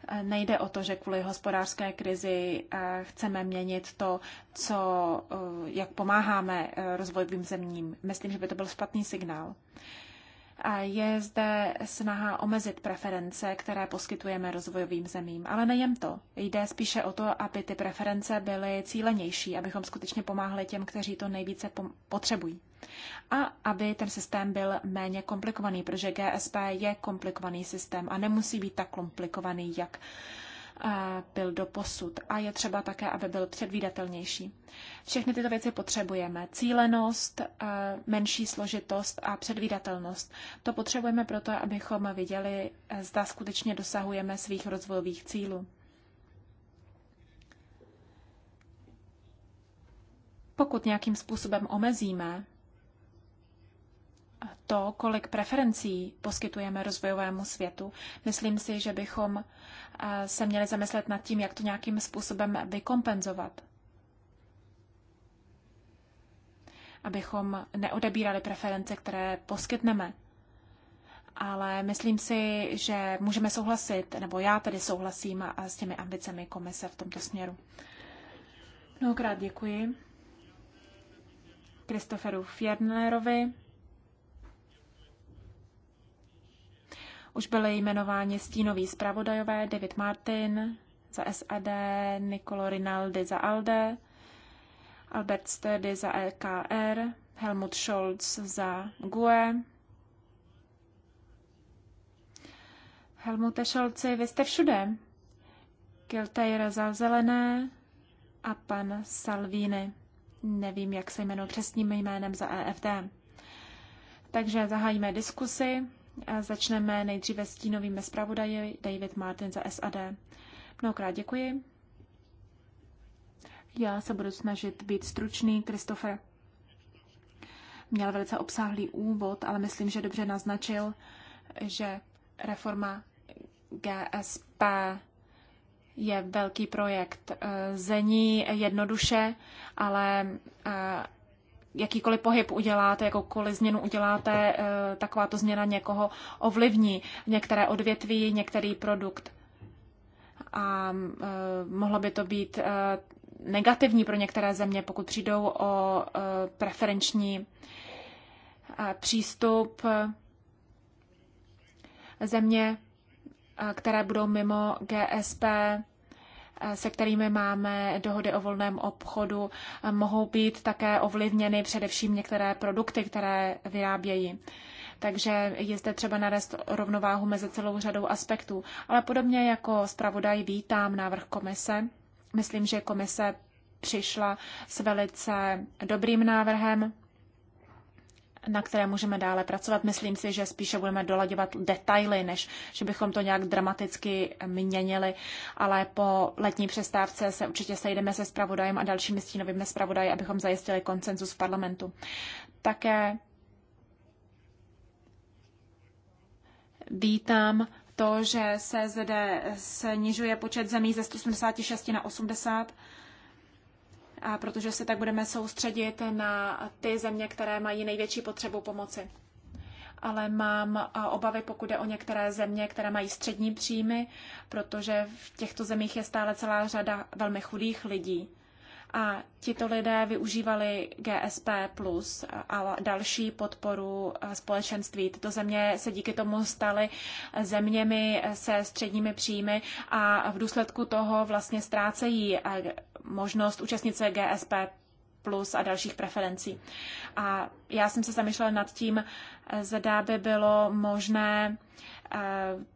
Eh, nejde o to, že kvůli hospodářské krizi chceme měnit to, co, jak pomáháme rozvojovým zemím. Myslím, že by to byl špatný signál je zde snaha omezit preference, které poskytujeme rozvojovým zemím. Ale nejen to. Jde spíše o to, aby ty preference byly cílenější, abychom skutečně pomáhali těm, kteří to nejvíce potřebují. A aby ten systém byl méně komplikovaný, protože GSP je komplikovaný systém a nemusí být tak komplikovaný, jak uh, Eh, byl do posud a je třeba také, aby byl předvídatelnější. Všechny tyto věci potřebujeme. Cílenost, eh, menší složitost a předvídatelnost. To potřebujeme proto, abychom viděli, eh, zda skutečně dosahujeme svých rozvojových cílů. Pokud nějakým způsobem omezíme to, kolik preferencí poskytujeme rozvojovému světu. Myslím si, že bychom eh, se měli zamyslet nad tím, jak to nějakým způsobem vykompenzovat. Abychom neodebírali preference, které poskytneme. Ale myslím si, že můžeme souhlasit, nebo já tedy souhlasím a s těmi ambicemi komise v tomto směru. Mnohokrát děkuji Kristoferu Fjernerovi. Už byly jmenováni stínoví zpravodajové David Martin za SAD, Nicolo Rinaldi za ALDE, Albert Sturdy za LKR, e Helmut Scholz za GUE. Helmute Scholzi, vy jste všude. Kiltejra za zelené a pan Salvini. Nevím, jak se jmenuje přesným jménem za EFD. Takže zahájíme diskusi. Začneme nejdříve s tínovým zpravodaji David Martin za SAD. Mnohokrát děkuji. Já se budu snažit být stručný, Kristofer. Měl velice obsáhlý úvod, ale myslím, že dobře naznačil, že reforma GSP je velký projekt. Eh, zení jednoduše, ale eh, jakýkoliv pohyb uděláte, jakoukoliv změnu uděláte, eh, takováto změna někoho ovlivní, některé odvětví, některý produkt. A eh, mohlo by to být eh, negativní pro některé země, pokud přijdou o preferenční přístup země, které budou mimo GSP, se kterými máme dohody o volném obchodu, mohou být také ovlivněny především některé produkty, které vyrábějí. Takže je zde třeba narest rovnováhu mezi celou řadou aspektů. Ale podobně jako zpravodaj vítám návrh komise. Myslím, že komise přišla s velice dobrým návrhem na které můžeme dále pracovat. Myslím si, že spíše budeme dolaďovat detaily, než že bychom to nějak dramaticky měnili, ale po letní přestávce se určitě sejdeme se spravodajem a dalšími stínovými spravodaji, abychom zajistili koncenzus v parlamentu. Také vítám to, že se zde snižuje počet zemí ze 186 na 80 protože se tak budeme soustředit na ty země, které mají největší potřebu pomoci. Ale mám obavy, pokud jde o některé země, které mají střední příjmy, protože v těchto zemích je stále celá řada velmi chudých lidí a tito lidé využívali GSP plus a další podporu eh, společenství. Tyto země se díky tomu staly zeměmi se středními příjmy a v důsledku toho vlastně ztrácejí eh, možnost účastnit se GSP plus a dalších preferencí. A já jsem se zamýšlela nad tím, eh, zda by bylo možné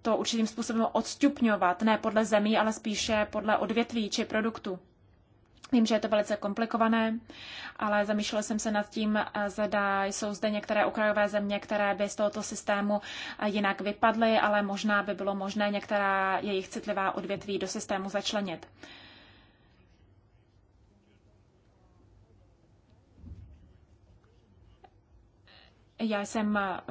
to určitým způsobem odstupňovat, ne podle zemí, ale spíše podle odvětví či produktu. Vím, že je to velice komplikované, ale zamýšlela jsem se nad tím, eh, zda jsou zde některé okrajové země, které by z tohoto systému eh, jinak vypadly, ale možná by bylo možné některá jejich citlivá odvětví do systému začlenit. Já jsem eh,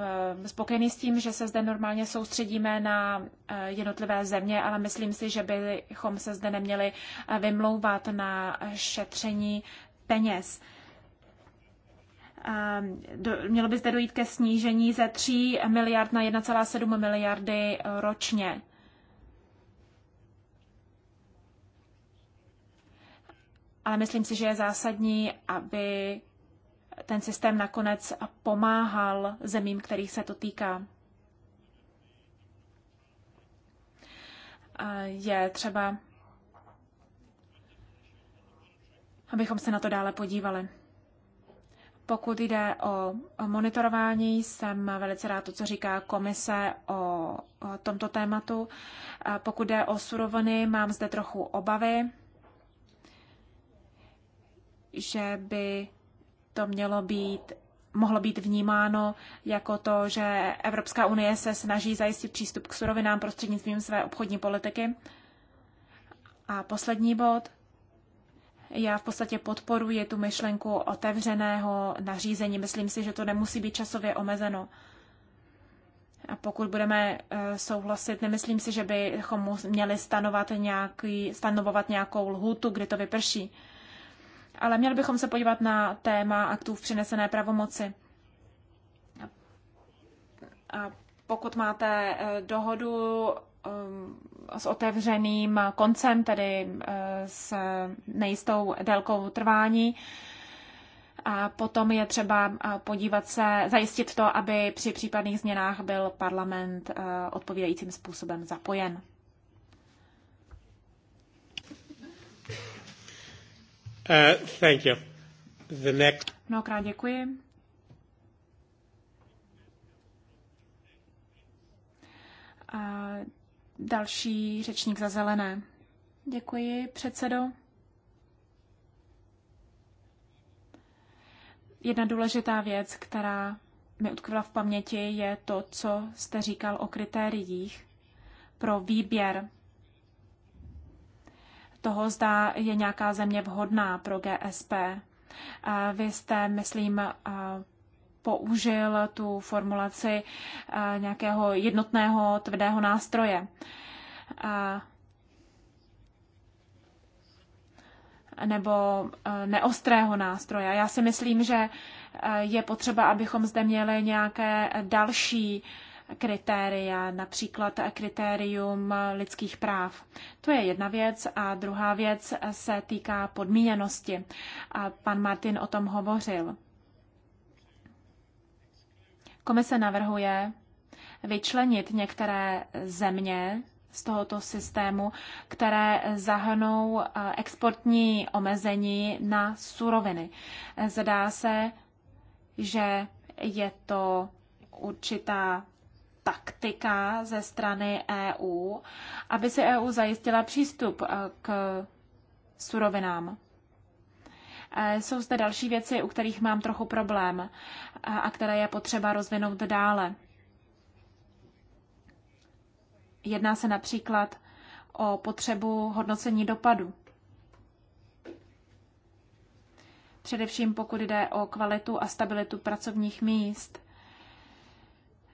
spokojený s tím, že se zde normálně soustředíme na eh, jednotlivé země, ale myslím si, že bychom se zde neměli eh, vymlouvat na šetření peněz. Ehm, mělo by zde dojít ke snížení ze 3 miliard na 1,7 miliardy ročně. Ale myslím si, že je zásadní, aby ten systém nakonec pomáhal zemím, kterých se to týká. Je třeba, abychom se na to dále podívali. Pokud jde o monitorování, jsem velice rád to, co říká komise o tomto tématu. Pokud jde o suroviny, mám zde trochu obavy, že by to mělo být mohlo být vnímáno jako to, že Evropská unie se snaží zajistit přístup k surovinám prostřednictvím své obchodní politiky. A poslední bod. Já v podstatě podporuji tu myšlenku otevřeného nařízení. Myslím si, že to nemusí být časově omezeno. A pokud budeme eh, souhlasit, nemyslím si, že bychom měli stanovat nějaký, stanovovat nějakou lhůtu, kdy to vyprší ale měli bychom se podívat na téma aktů v přinesené pravomoci. A pokud máte eh, dohodu eh, s otevřeným koncem, tedy eh, s nejistou délkou trvání, a potom je třeba podívat se, zajistit to, aby při případných změnách byl parlament odpovídajícím způsobem zapojen. Uh, thank you. The next... Mnohokrát děkuji. A další řečník za zelené. Děkuji, předsedo. Jedna důležitá věc, která mi utkvila v paměti, je to, co jste říkal o kritériích pro výběr toho, zda je nějaká země vhodná pro GSP. Vy jste, myslím, použil tu formulaci nějakého jednotného tvrdého nástroje. Nebo neostrého nástroje. Já si myslím, že je potřeba, abychom zde měli nějaké další uh, kritéria, například kritérium lidských práv. To je jedna věc. A druhá věc se týká podmíněnosti. A pan Martin o tom hovořil. Komise navrhuje vyčlenit některé země z tohoto systému, které zahrnou eh, exportní omezení na suroviny. Zdá se, že je to určitá taktika ze strany EU, aby si EU zajistila přístup eh, k surovinám. Eh, jsou zde další věci, u kterých mám trochu problém eh, a které je potřeba rozvinout dále. Jedná se například o potřebu hodnocení dopadu. Především pokud jde o kvalitu a stabilitu pracovních míst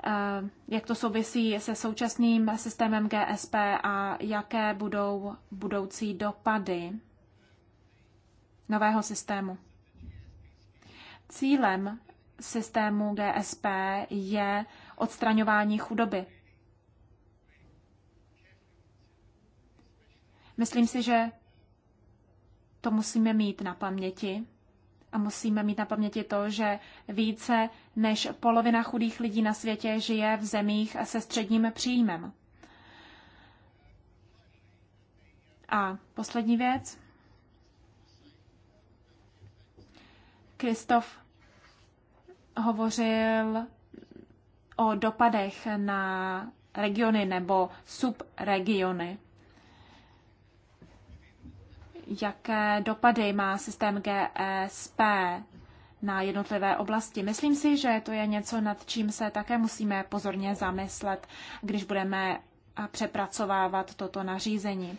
Eh, jak to souvisí se současným systémem GSP a jaké budou budoucí dopady nového systému. Cílem systému GSP je odstraňování chudoby. Myslím si, že to musíme mít na paměti. A musíme mít na paměti to, že více než polovina chudých lidí na světě žije v zemích se středním příjmem. A poslední věc. Kristof hovořil o dopadech na regiony nebo subregiony jaké dopady má systém GSP e na jednotlivé oblasti. Myslím si, že to je něco, nad čím se také musíme pozorně zamyslet, když budeme přepracovávat toto nařízení.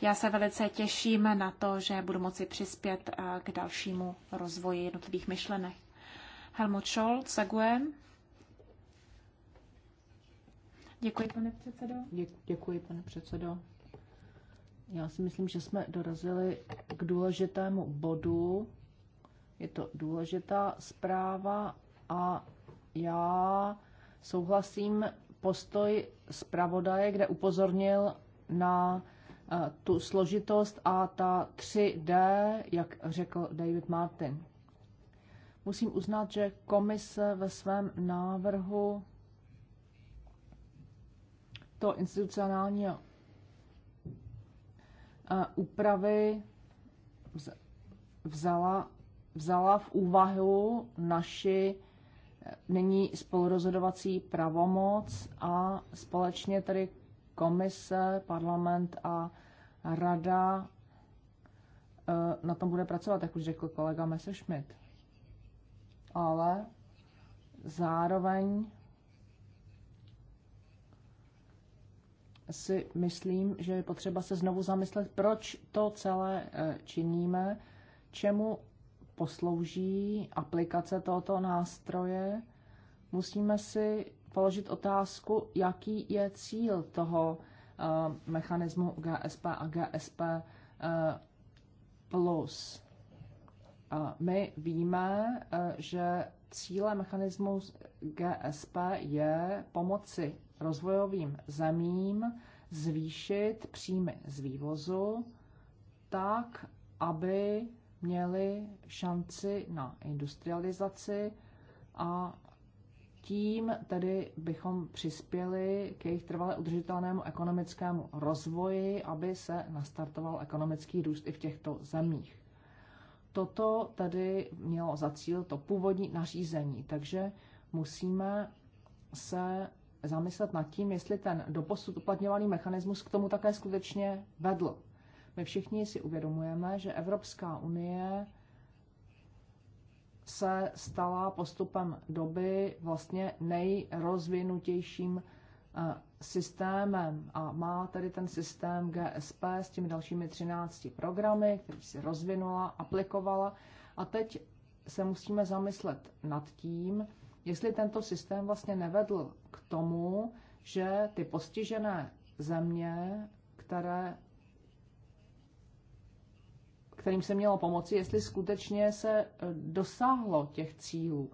Já se velice těším na to, že budu moci přispět k dalšímu rozvoji jednotlivých myšlenek. Helmut Scholz, Segue. Děkuji, pane předsedo. Děkuji, pane předsedo. Já si myslím, že jsme dorazili k důležitému bodu. Je to důležitá zpráva a já souhlasím postoj zpravodaje, kde upozornil na eh, tu složitost a ta 3D, jak řekl David Martin. Musím uznat, že komise ve svém návrhu to institucionálního Eh, úpravy vzala, vzala v úvahu naši eh, nyní spolurozhodovací pravomoc a společně tedy komise, parlament a rada eh, na tom bude pracovat, jak už řekl kolega Messerschmidt. Ale zároveň si myslím, že je potřeba se znovu zamyslet, proč to celé eh, činíme, čemu poslouží aplikace tohoto nástroje. Musíme si položit otázku, jaký je cíl toho eh, mechanismu GSP a GSP eh, plus. My víme, že cílem mechanismu GSP je pomoci rozvojovým zemím zvýšit příjmy z vývozu tak, aby měli šanci na industrializaci a tím tedy bychom přispěli k jejich trvale udržitelnému ekonomickému rozvoji, aby se nastartoval ekonomický růst i v těchto zemích. Toto tedy mělo za cíl to původní nařízení, takže musíme se zamyslet nad tím, jestli ten doposud uplatňovaný mechanismus k tomu také skutečně vedl. My všichni si uvědomujeme, že Evropská unie se stala postupem doby vlastně nejrozvinutějším eh, systémem a má tedy ten systém GSP s těmi dalšími 13 programy, který si rozvinula, aplikovala a teď se musíme zamyslet nad tím, jestli tento systém vlastně nevedl k tomu, že ty postižené země, které kterým se mělo pomoci, jestli skutečně se eh, dosáhlo těch cílů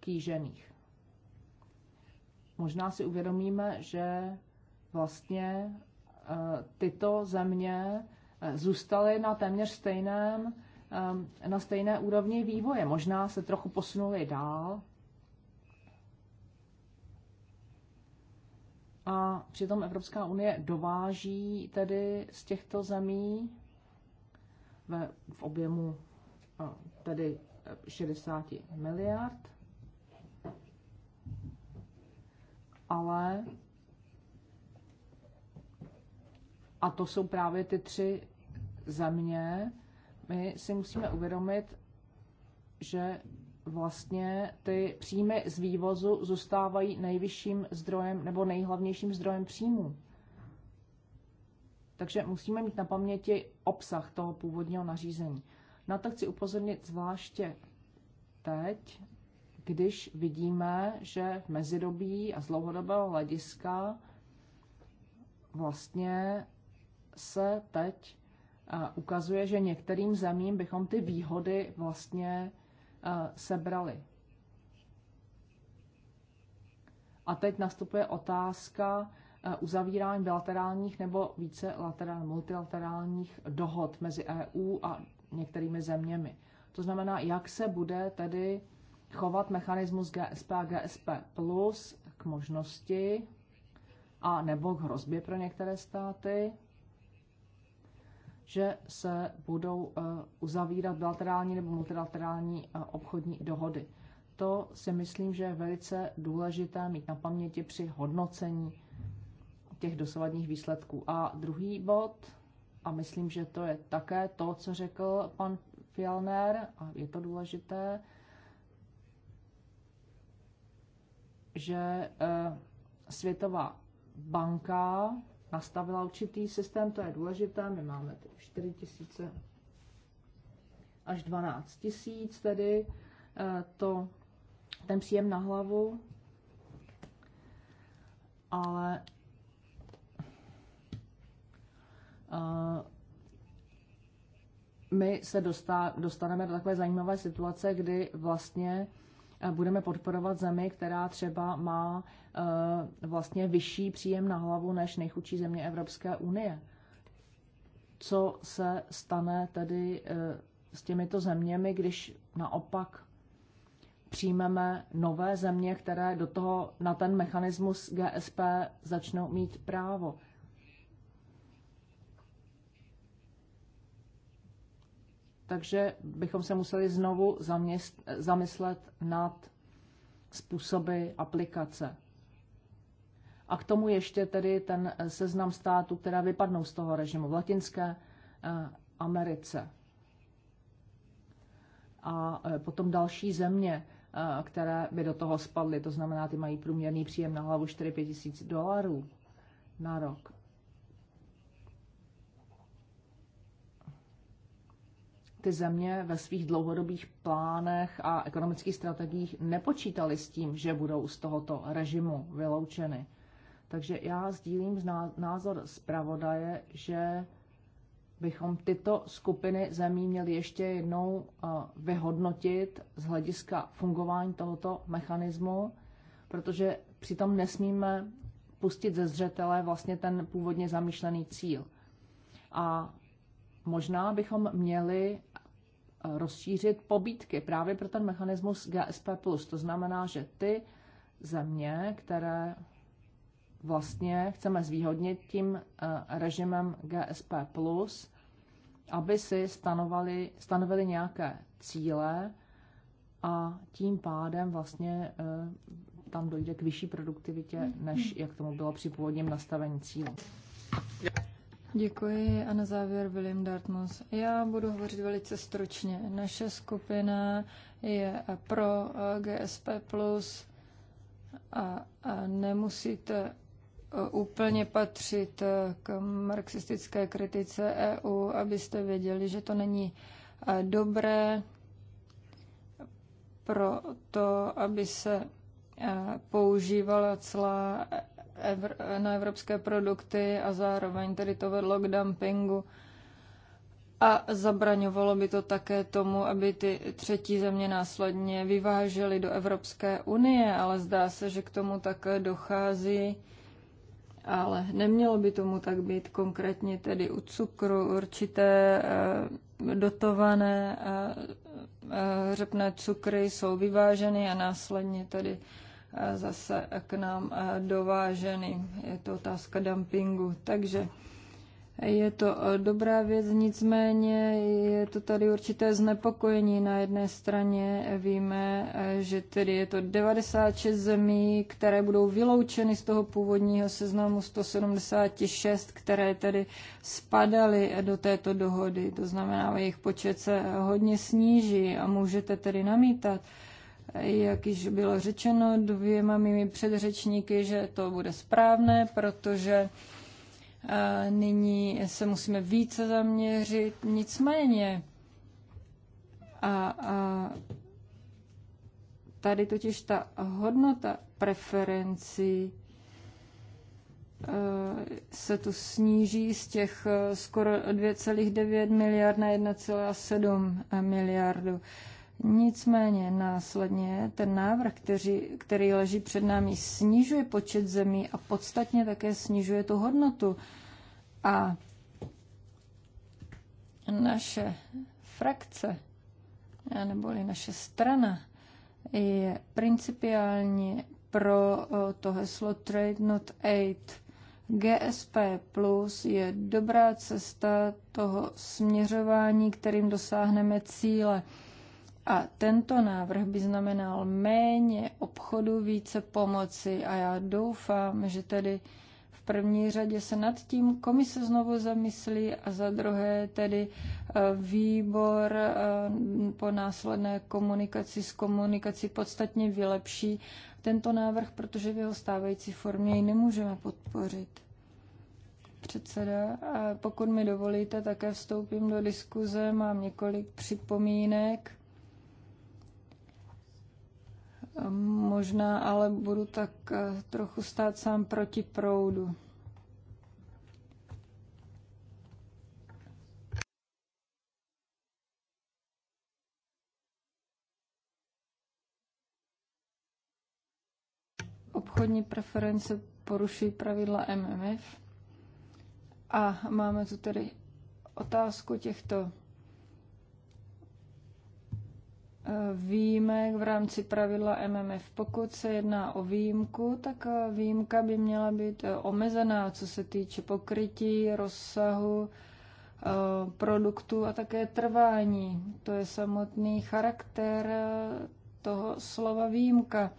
kýžených. Možná si uvědomíme, že vlastně eh, tyto země eh, zůstaly na téměř stejném, na stejné úrovni vývoje. Možná se trochu posunuli dál, a přitom Evropská unie dováží tedy z těchto zemí ve, v objemu tedy 60 e, miliard, ale a to jsou právě ty tři země, my si musíme uvědomit, že vlastně ty příjmy z vývozu zůstávají nejvyšším zdrojem nebo nejhlavnějším zdrojem příjmů. Takže musíme mít na paměti obsah toho původního nařízení. Na to chci upozornit zvláště teď, když vidíme, že v mezidobí a z dlouhodobého hlediska vlastně se teď eh, ukazuje, že některým zemím bychom ty výhody vlastně Eh, sebrali. A teď nastupuje otázka eh, uzavírání bilaterálních nebo více laterál, multilaterálních dohod mezi EU a některými zeměmi. To znamená, jak se bude tedy chovat mechanismus GSP a GSP plus k možnosti a nebo k hrozbě pro některé státy, že se budou eh, uzavírat bilaterální nebo multilaterální eh, obchodní dohody. To si myslím, že je velice důležité mít na paměti při hodnocení těch dosavadních výsledků. A druhý bod, a myslím, že to je také to, co řekl pan Fialner, a je to důležité, že eh, Světová banka nastavila určitý systém, to je důležité. My máme tedy 4 tisíce až 12 tisíc, tedy eh, to, ten příjem na hlavu. Ale eh, my se dostaneme do takové zajímavé situace, kdy vlastně Eh, budeme podporovat zemi, která třeba má eh, vlastně vyšší příjem na hlavu než nejchudší země Evropské unie. Co se stane tedy eh, s těmito zeměmi, když naopak přijmeme nové země, které do toho na ten mechanismus GSP začnou mít právo. Takže bychom se museli znovu zaměst, zamyslet nad způsoby aplikace. A k tomu ještě tedy ten seznam států, které vypadnou z toho režimu v Latinské eh, Americe. A eh, potom další země, eh, které by do toho spadly, to znamená, ty mají průměrný příjem na hlavu 4-5 tisíc dolarů na rok. ty země ve svých dlouhodobých plánech a ekonomických strategiích nepočítali s tím, že budou z tohoto režimu vyloučeny. Takže já sdílím názor zpravodaje, že bychom tyto skupiny zemí měli ještě jednou eh, vyhodnotit z hlediska fungování tohoto mechanismu, protože přitom nesmíme pustit ze zřetele vlastně ten původně zamýšlený cíl. A možná bychom měli rozšířit pobídky právě pro ten mechanismus GSP+. To znamená, že ty země, které vlastně chceme zvýhodnit tím eh, režimem GSP+, aby si stanovali, stanovili nějaké cíle a tím pádem vlastně eh, tam dojde k vyšší produktivitě, mm-hmm. než jak tomu bylo při původním nastavení cílu. Děkuji a na závěr William Dartmus. Já budu hovořit velice stručně. Naše skupina je pro eh, GSP+, a, a nemusíte eh, úplně patřit eh, k marxistické kritice EU, abyste věděli, že to není dobré pro to, aby se používala celá evr- na evropské produkty a zároveň tedy to vedlo k dumpingu. A zabraňovalo by to také tomu, aby ty třetí země následně vyvážely do Evropské unie, ale zdá se, že k tomu také dochází. Ale nemělo by tomu tak být konkrétně tedy u cukru určité eh, dotované eh, eh, řepné cukry jsou vyváženy a následně tedy zase k nám dováženy. Je to otázka dumpingu. Takže je to dobrá věc, nicméně je to tady určité znepokojení. Na jedné straně víme, že tedy je to 96 zemí, které budou vyloučeny z toho původního seznamu 176, které tedy spadaly do této dohody. To znamená, jejich počet se hodně sníží a můžete tedy namítat, jak již bylo řečeno dvěma mými předřečníky, že to bude správné, protože eh, nyní se musíme více zaměřit. Nicméně, a, a tady totiž ta hodnota preferenci eh, se tu sníží z těch eh, skoro 2,9 miliard na 1,7 miliardu. Nicméně následně ten návrh, který, který leží před námi, snižuje počet zemí a podstatně také snižuje tu hodnotu. A naše frakce, eh, neboli naše strana, je principiálně pro eh, to heslo Trade Not Aid. GSP Plus je dobrá cesta toho směřování, kterým dosáhneme cíle. A tento návrh by znamenal méně obchodu, více pomoci a já doufám, že tedy v první řadě se nad tím komise znovu zamyslí a za druhé tedy eh, výbor eh, po následné komunikaci s komunikací podstatně vylepší tento návrh, protože v jeho stávající formě ji nemůžeme podpořit předseda. A pokud mi dovolíte, také vstoupím do diskuze. Mám několik připomínek Možná ale budu tak eh, trochu stát sám proti proudu. Obchodní preference porušují pravidla MMF. A máme tu tedy otázku těchto výjimek v rámci pravidla MMF. Pokud se jedná o výjimku, tak eh, výjimka by měla být eh, omezená, co se týče pokrytí, rozsahu eh, produktů a také trvání. To je samotný charakter toho slova výjimka.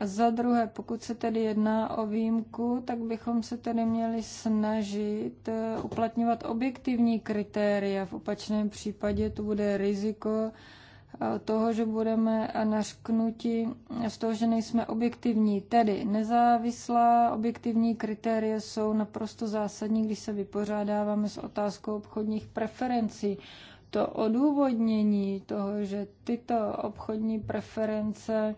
A za druhé, pokud se tedy jedná o výjimku, tak bychom se tedy měli snažit uplatňovat objektivní kritéria. V opačném případě to bude riziko, Eh, toho, že budeme nařknuti z toho, že nejsme objektivní. Tedy nezávislá objektivní kritérie jsou naprosto zásadní, když se vypořádáváme s otázkou obchodních preferencí. To odůvodnění toho, že tyto obchodní preference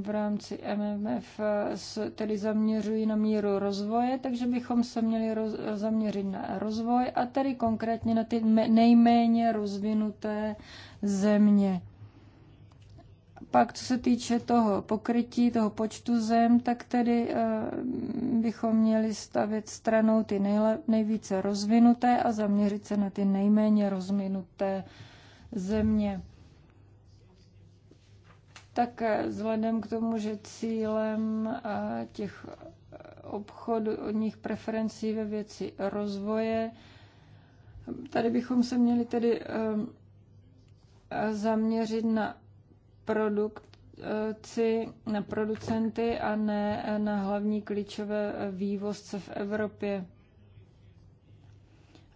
v rámci MMF se tedy zaměřují na míru rozvoje, takže bychom se měli roz, zaměřit na rozvoj a tedy konkrétně na ty nejméně rozvinuté země. Pak, co se týče toho pokrytí, toho počtu zem, tak tedy eh, bychom měli stavět stranou ty nejle, nejvíce rozvinuté a zaměřit se na ty nejméně rozvinuté země. Tak vzhledem k tomu, že cílem eh, těch eh, obchodů, od nich preferencí ve věci rozvoje, tady bychom se měli tedy eh, zaměřit na produkci, na producenty a ne na hlavní klíčové vývozce v Evropě.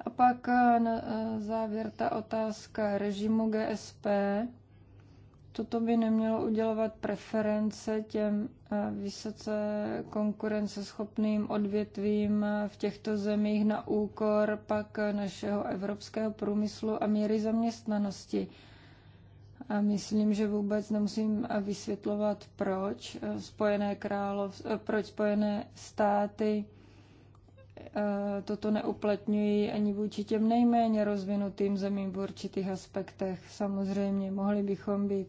A pak na závěr ta otázka režimu GSP toto by nemělo udělovat preference těm eh, vysoce konkurenceschopným odvětvím eh, v těchto zemích na úkor pak eh, našeho evropského průmyslu a míry zaměstnanosti. A myslím, že vůbec nemusím vysvětlovat, proč Spojené, králov, proč Spojené státy Eh, toto neuplatňují ani vůči těm nejméně rozvinutým zemím v určitých aspektech. Samozřejmě mohli bychom být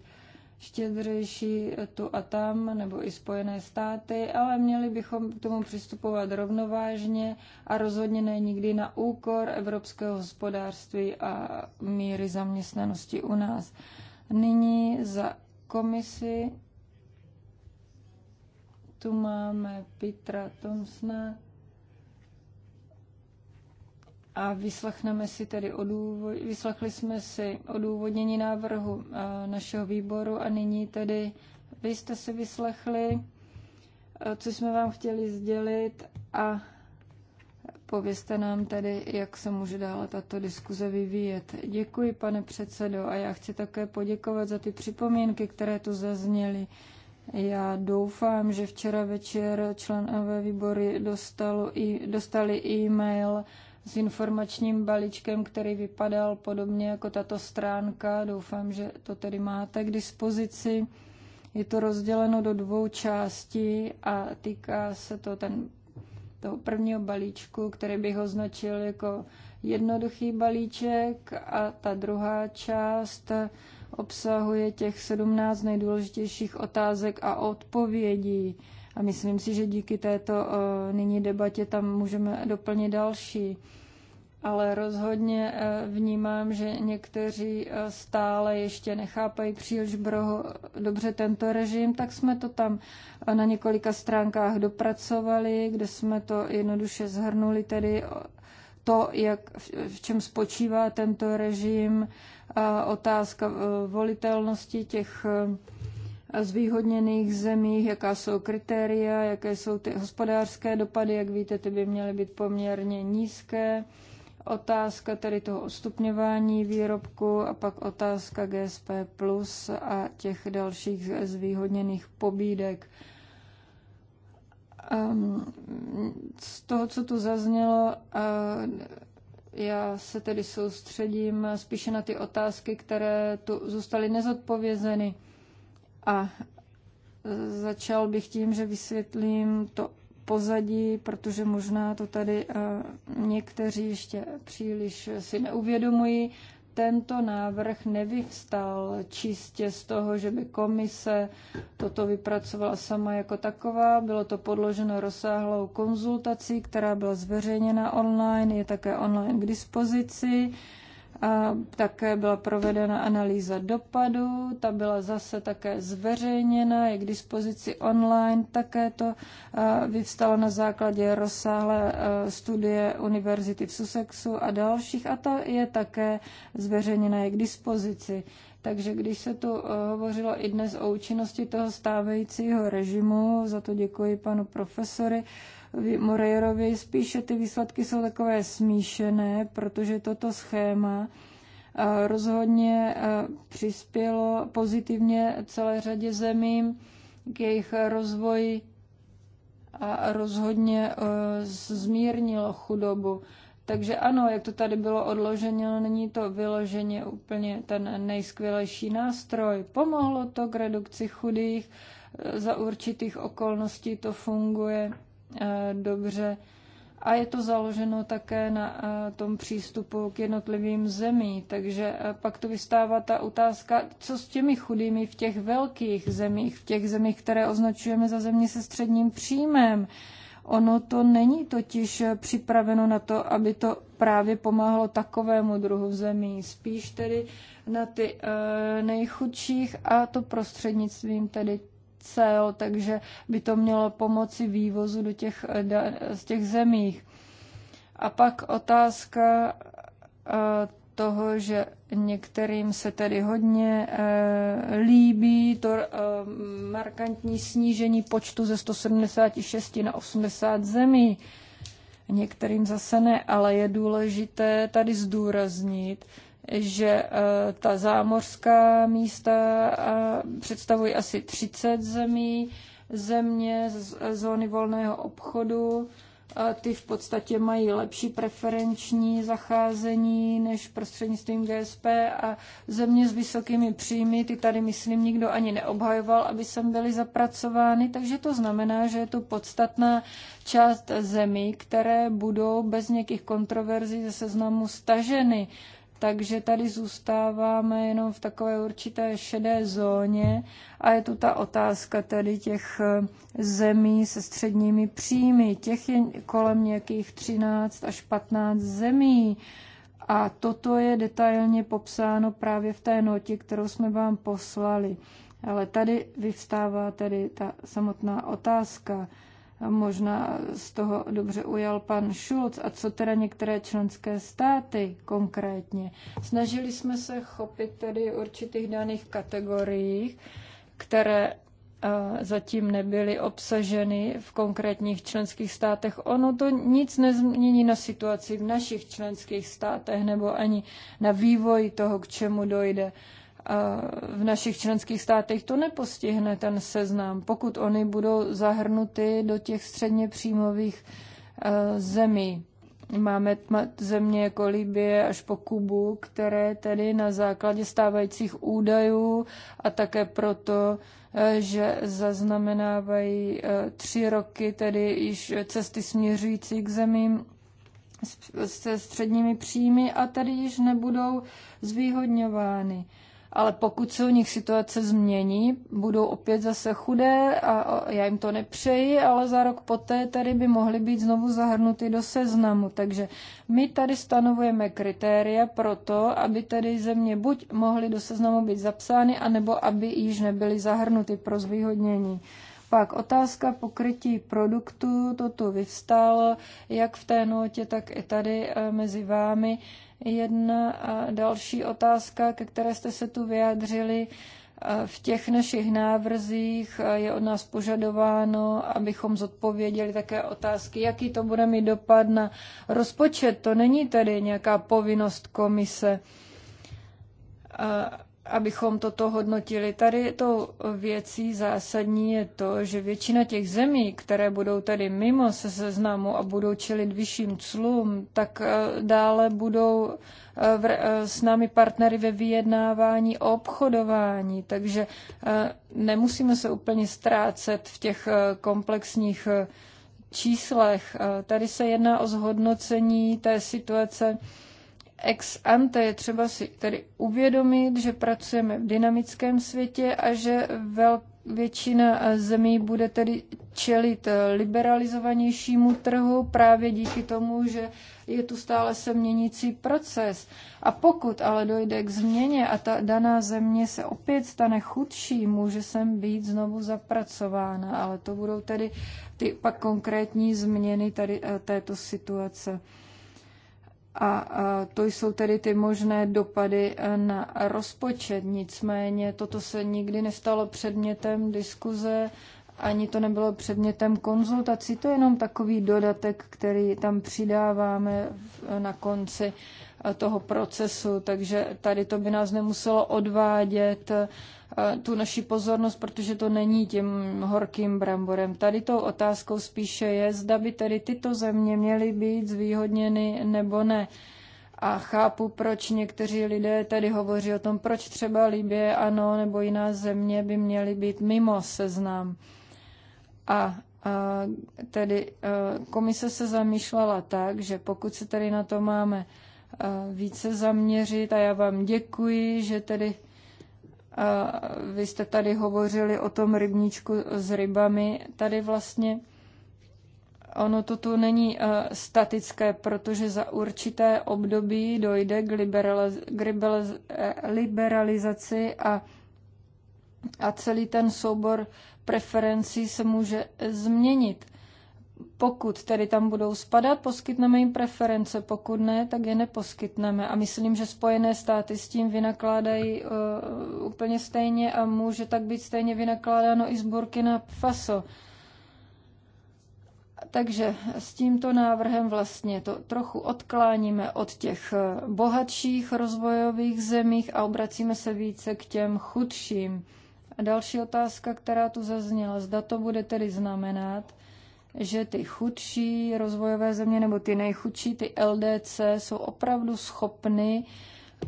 štědřejší tu a tam, nebo i Spojené státy, ale měli bychom k tomu přistupovat rovnovážně a rozhodně ne nikdy na úkor evropského hospodářství a míry zaměstnanosti u nás. Nyní za komisi tu máme Petra Tomsna a vyslechneme si tedy odůvod, vyslechli jsme si odůvodnění návrhu eh, našeho výboru a nyní tedy vy jste si vyslechli, eh, co jsme vám chtěli sdělit a povězte nám tedy, jak se může dále tato diskuze vyvíjet. Děkuji, pane předsedo, a já chci také poděkovat za ty připomínky, které tu zazněly. Já doufám, že včera večer členové výbory dostalo, dostali e-mail s informačním balíčkem, který vypadal podobně jako tato stránka. Doufám, že to tedy máte k dispozici. Je to rozděleno do dvou částí a týká se to ten, toho prvního balíčku, který bych označil jako jednoduchý balíček a ta druhá část obsahuje těch 17 nejdůležitějších otázek a odpovědí. A myslím si, že díky této eh, nyní debatě tam můžeme doplnit další ale rozhodně eh, vnímám, že někteří eh, stále ještě nechápají příliš broho, dobře tento režim, tak jsme to tam na několika stránkách dopracovali, kde jsme to jednoduše zhrnuli, tedy to, jak, v čem spočívá tento režim, otázka volitelnosti těch zvýhodněných zemích, jaká jsou kritéria, jaké jsou ty hospodářské dopady, jak víte, ty by měly být poměrně nízké. Otázka tedy toho odstupňování výrobku a pak otázka GSP plus a těch dalších zvýhodněných pobídek. Ehm, z toho, co tu zaznělo, já se tedy soustředím spíše na ty otázky, které tu zůstaly nezodpovězeny. A e, začal bych tím, že vysvětlím to pozadí, protože možná to tady e, někteří ještě příliš si neuvědomují. Tento návrh nevyvstal čistě z toho, že by komise toto vypracovala sama jako taková. Bylo to podloženo rozsáhlou konzultací, která byla zveřejněna online, je také online k dispozici. Také byla provedena analýza dopadu, ta byla zase také zveřejněna, je k dispozici online, také to vyvstalo na základě rozsáhlé studie Univerzity v Sussexu a dalších a ta je také zveřejněna, je k dispozici. Takže když se tu hovořilo i dnes o účinnosti toho stávajícího režimu, za to děkuji panu profesory, Moreirovi. Spíše ty výsledky jsou takové smíšené, protože toto schéma eh, rozhodně eh, přispělo pozitivně celé řadě zemím k jejich rozvoji a rozhodně eh, zmírnilo chudobu. Takže ano, jak to tady bylo odloženo, no není to vyloženě úplně ten nejskvělejší nástroj. Pomohlo to k redukci chudých, za určitých okolností to funguje. Eh, dobře. A je to založeno také na eh, tom přístupu k jednotlivým zemí. Takže eh, pak to vystává ta otázka, co s těmi chudými v těch velkých zemích, v těch zemích, které označujeme za země se středním příjmem. Ono to není totiž připraveno na to, aby to právě pomáhalo takovému druhu zemí, spíš tedy na ty nejchudších a to prostřednictvím tedy cel, takže by to mělo pomoci vývozu do těch, z těch zemích. A pak otázka eh, toho, že některým se tedy hodně e, líbí to e, markantní snížení počtu ze 176 na 80 zemí. Některým zase ne, ale je důležité tady zdůraznit, že eh, ta zámořská místa eh, představují asi 30 zemí, země z eh, zóny volného obchodu, ty v podstatě mají lepší preferenční zacházení než prostřednictvím GSP a země s vysokými příjmy, ty tady, myslím, nikdo ani neobhajoval, aby sem byly zapracovány, takže to znamená, že je to podstatná část zemí, které budou bez nějakých kontroverzí ze seznamu staženy takže tady zůstáváme jenom v takové určité šedé zóně a je tu ta otázka tady těch eh, zemí se středními příjmy. Těch je kolem nějakých 13 až 15 zemí. A toto je detailně popsáno právě v té notě, kterou jsme vám poslali. Ale tady vyvstává tedy ta samotná otázka možná z toho dobře ujal pan Schulz. A co teda některé členské státy konkrétně? Snažili jsme se chopit tedy určitých daných kategoriích, které eh, zatím nebyly obsaženy v konkrétních členských státech. Ono to nic nezmění na situaci v našich členských státech nebo ani na vývoji toho, k čemu dojde v našich členských státech to nepostihne ten seznam, pokud oni budou zahrnuty do těch středně příjmových e, zemí. Máme země jako Libie až po Kubu, které tedy na základě stávajících údajů a také proto, e, že zaznamenávají e, tři roky tedy již cesty směřující k zemím se středními příjmy a tady již nebudou zvýhodňovány ale pokud se u nich situace změní, budou opět zase chudé a já jim to nepřeji, ale za rok poté tady by mohly být znovu zahrnuty do seznamu. Takže my tady stanovujeme kritéria pro to, aby tady země buď mohly do seznamu být zapsány, anebo aby již nebyly zahrnuty pro zvýhodnění. Pak otázka pokrytí produktu, to tu vyvstalo, jak v té notě, tak i tady eh, mezi vámi. Jedna a další otázka, ke které jste se tu vyjádřili, eh, v těch našich návrzích eh, je od nás požadováno, abychom zodpověděli také otázky, jaký to bude mít dopad na rozpočet. To není tedy nějaká povinnost komise. Eh, abychom toto hodnotili. Tady to věcí zásadní je to, že většina těch zemí, které budou tady mimo se seznamu a budou čelit vyšším clům, tak eh, dále budou eh, eh, s námi partnery ve vyjednávání o obchodování. Takže nemusíme se úplně ztrácet v těch komplexních číslech. Tady se jedná o zhodnocení té situace ex ante je třeba si tedy uvědomit, že pracujeme v dynamickém světě a že velk, většina eh, zemí bude tedy čelit eh, liberalizovanějšímu trhu právě díky tomu, že je tu stále se měnící proces. A pokud ale dojde k změně a ta daná země se opět stane chudší, může sem být znovu zapracována, ale to budou tedy ty pak konkrétní změny tady eh, této situace. A to jsou tedy ty možné dopady e, na rozpočet. Nicméně toto se nikdy nestalo předmětem diskuze, ani to nebylo předmětem konzultací. To je jenom takový dodatek, který tam přidáváme na konci e, toho procesu. Takže tady to by nás nemuselo odvádět Eh, tu naši pozornost, protože to není tím horkým bramborem. Tady tou otázkou spíše je, zda by tedy tyto země měly být zvýhodněny nebo ne. A chápu, proč někteří lidé tady hovoří o tom, proč třeba Libie ano, nebo jiná země by měly být mimo seznam. A a tedy eh, komise se zamýšlela tak, že pokud se tady na to máme eh, více zaměřit, a já vám děkuji, že tedy vy jste tady hovořili o tom rybníčku s rybami. Tady vlastně ono to tu není eh, statické, protože za určité období dojde k, eh, liberalizaci a, a celý ten soubor preferencí se může změnit. Pokud tedy tam budou spadat, poskytneme jim preference, pokud ne, tak je neposkytneme. A myslím, že Spojené státy s tím vynakládají uh, úplně stejně a může tak být stejně vynakládáno i z Burkina Faso. Takže s tímto návrhem vlastně to trochu odkláníme od těch eh, bohatších rozvojových zemích a obracíme se více k těm chudším. A další otázka, která tu zazněla, zda to bude tedy znamenat, že ty chudší rozvojové země nebo ty nejchudší, ty LDC, jsou opravdu schopny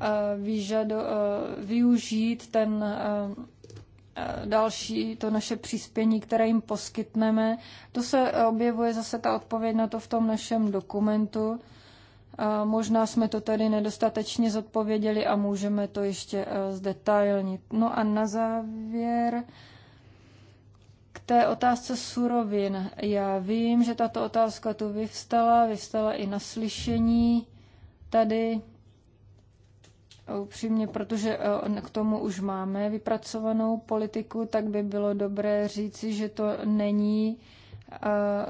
eh, vyžado, eh, využít ten eh, další, to naše příspění, které jim poskytneme. To se objevuje zase ta odpověď na to v tom našem dokumentu. A možná jsme to tady nedostatečně zodpověděli a můžeme to ještě zdetailnit. No a na závěr té otázce surovin. Já vím, že tato otázka tu vyvstala, vyvstala i na slyšení tady, upřímně, protože eh, k tomu už máme vypracovanou politiku, tak by bylo dobré říci, že to není eh,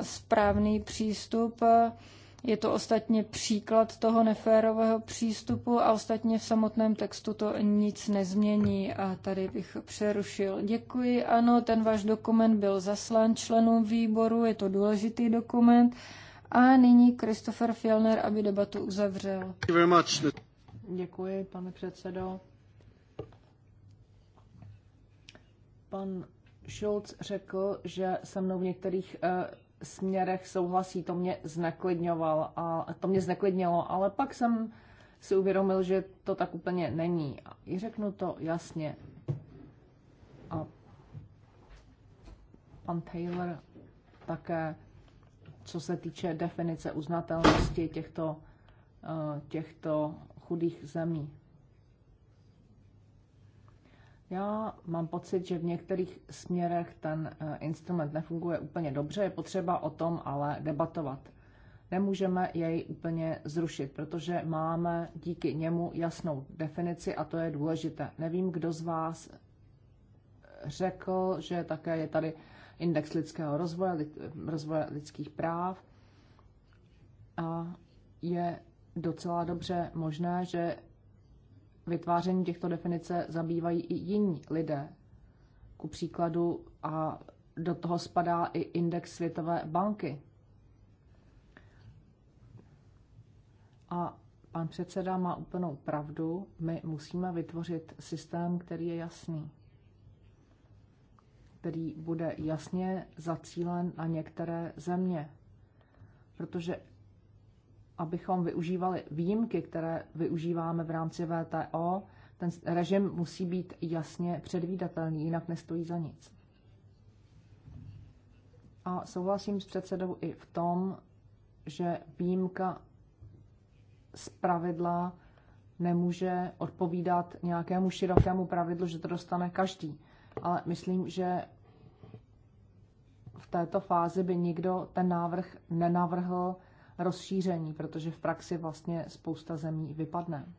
správný přístup je to ostatně příklad toho neférového přístupu a ostatně v samotném textu to nic nezmění a tady bych přerušil. Děkuji, ano, ten váš dokument byl zaslán členům výboru, je to důležitý dokument. A nyní Christopher Fielner, aby debatu uzavřel. Děkuji, pane předsedo. Pan Schulz řekl, že se mnou v některých eh, směrech souhlasí, to mě zneklidňoval a to mě zneklidnilo, ale pak jsem si uvědomil, že to tak úplně není. A i řeknu to jasně. A pan Taylor také, co se týče definice uznatelnosti těchto, eh, těchto chudých zemí. Já mám pocit, že v některých směrech ten eh, instrument nefunguje úplně dobře. Je potřeba o tom ale debatovat. Nemůžeme jej úplně zrušit, protože máme díky němu jasnou definici a to je důležité. Nevím, kdo z vás řekl, že také je tady index lidského rozvoje, rozvoje lidských práv a je docela dobře možné, že vytváření těchto definice zabývají i jiní lidé. Ku příkladu a do toho spadá i index Světové banky. A pan předseda má úplnou pravdu, my musíme vytvořit systém, který je jasný, který bude jasně zacílen na některé země, protože abychom využívali výjimky, které využíváme v rámci VTO, ten režim musí být jasně předvídatelný, jinak nestojí za nic. A souhlasím s předsedou i v tom, že výjimka z pravidla nemůže odpovídat nějakému širokému pravidlu, že to dostane každý. Ale myslím, že v této fázi by nikdo ten návrh nenavrhl rozšíření, protože v praxi vlastně spousta zemí vypadne.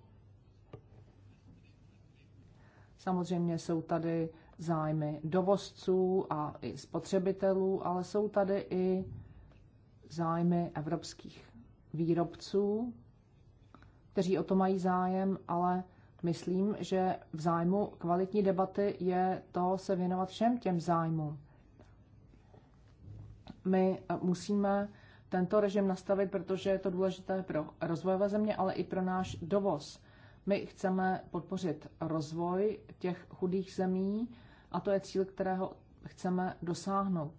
Samozřejmě jsou tady zájmy dovozců a i spotřebitelů, ale jsou tady i zájmy evropských výrobců, kteří o to mají zájem, ale myslím, že v zájmu kvalitní debaty je to se věnovat všem těm zájmům. My musíme tento režim nastavit, protože je to důležité pro rozvojové země, ale i pro náš dovoz. My chceme podpořit rozvoj těch chudých zemí a to je cíl, kterého chceme dosáhnout.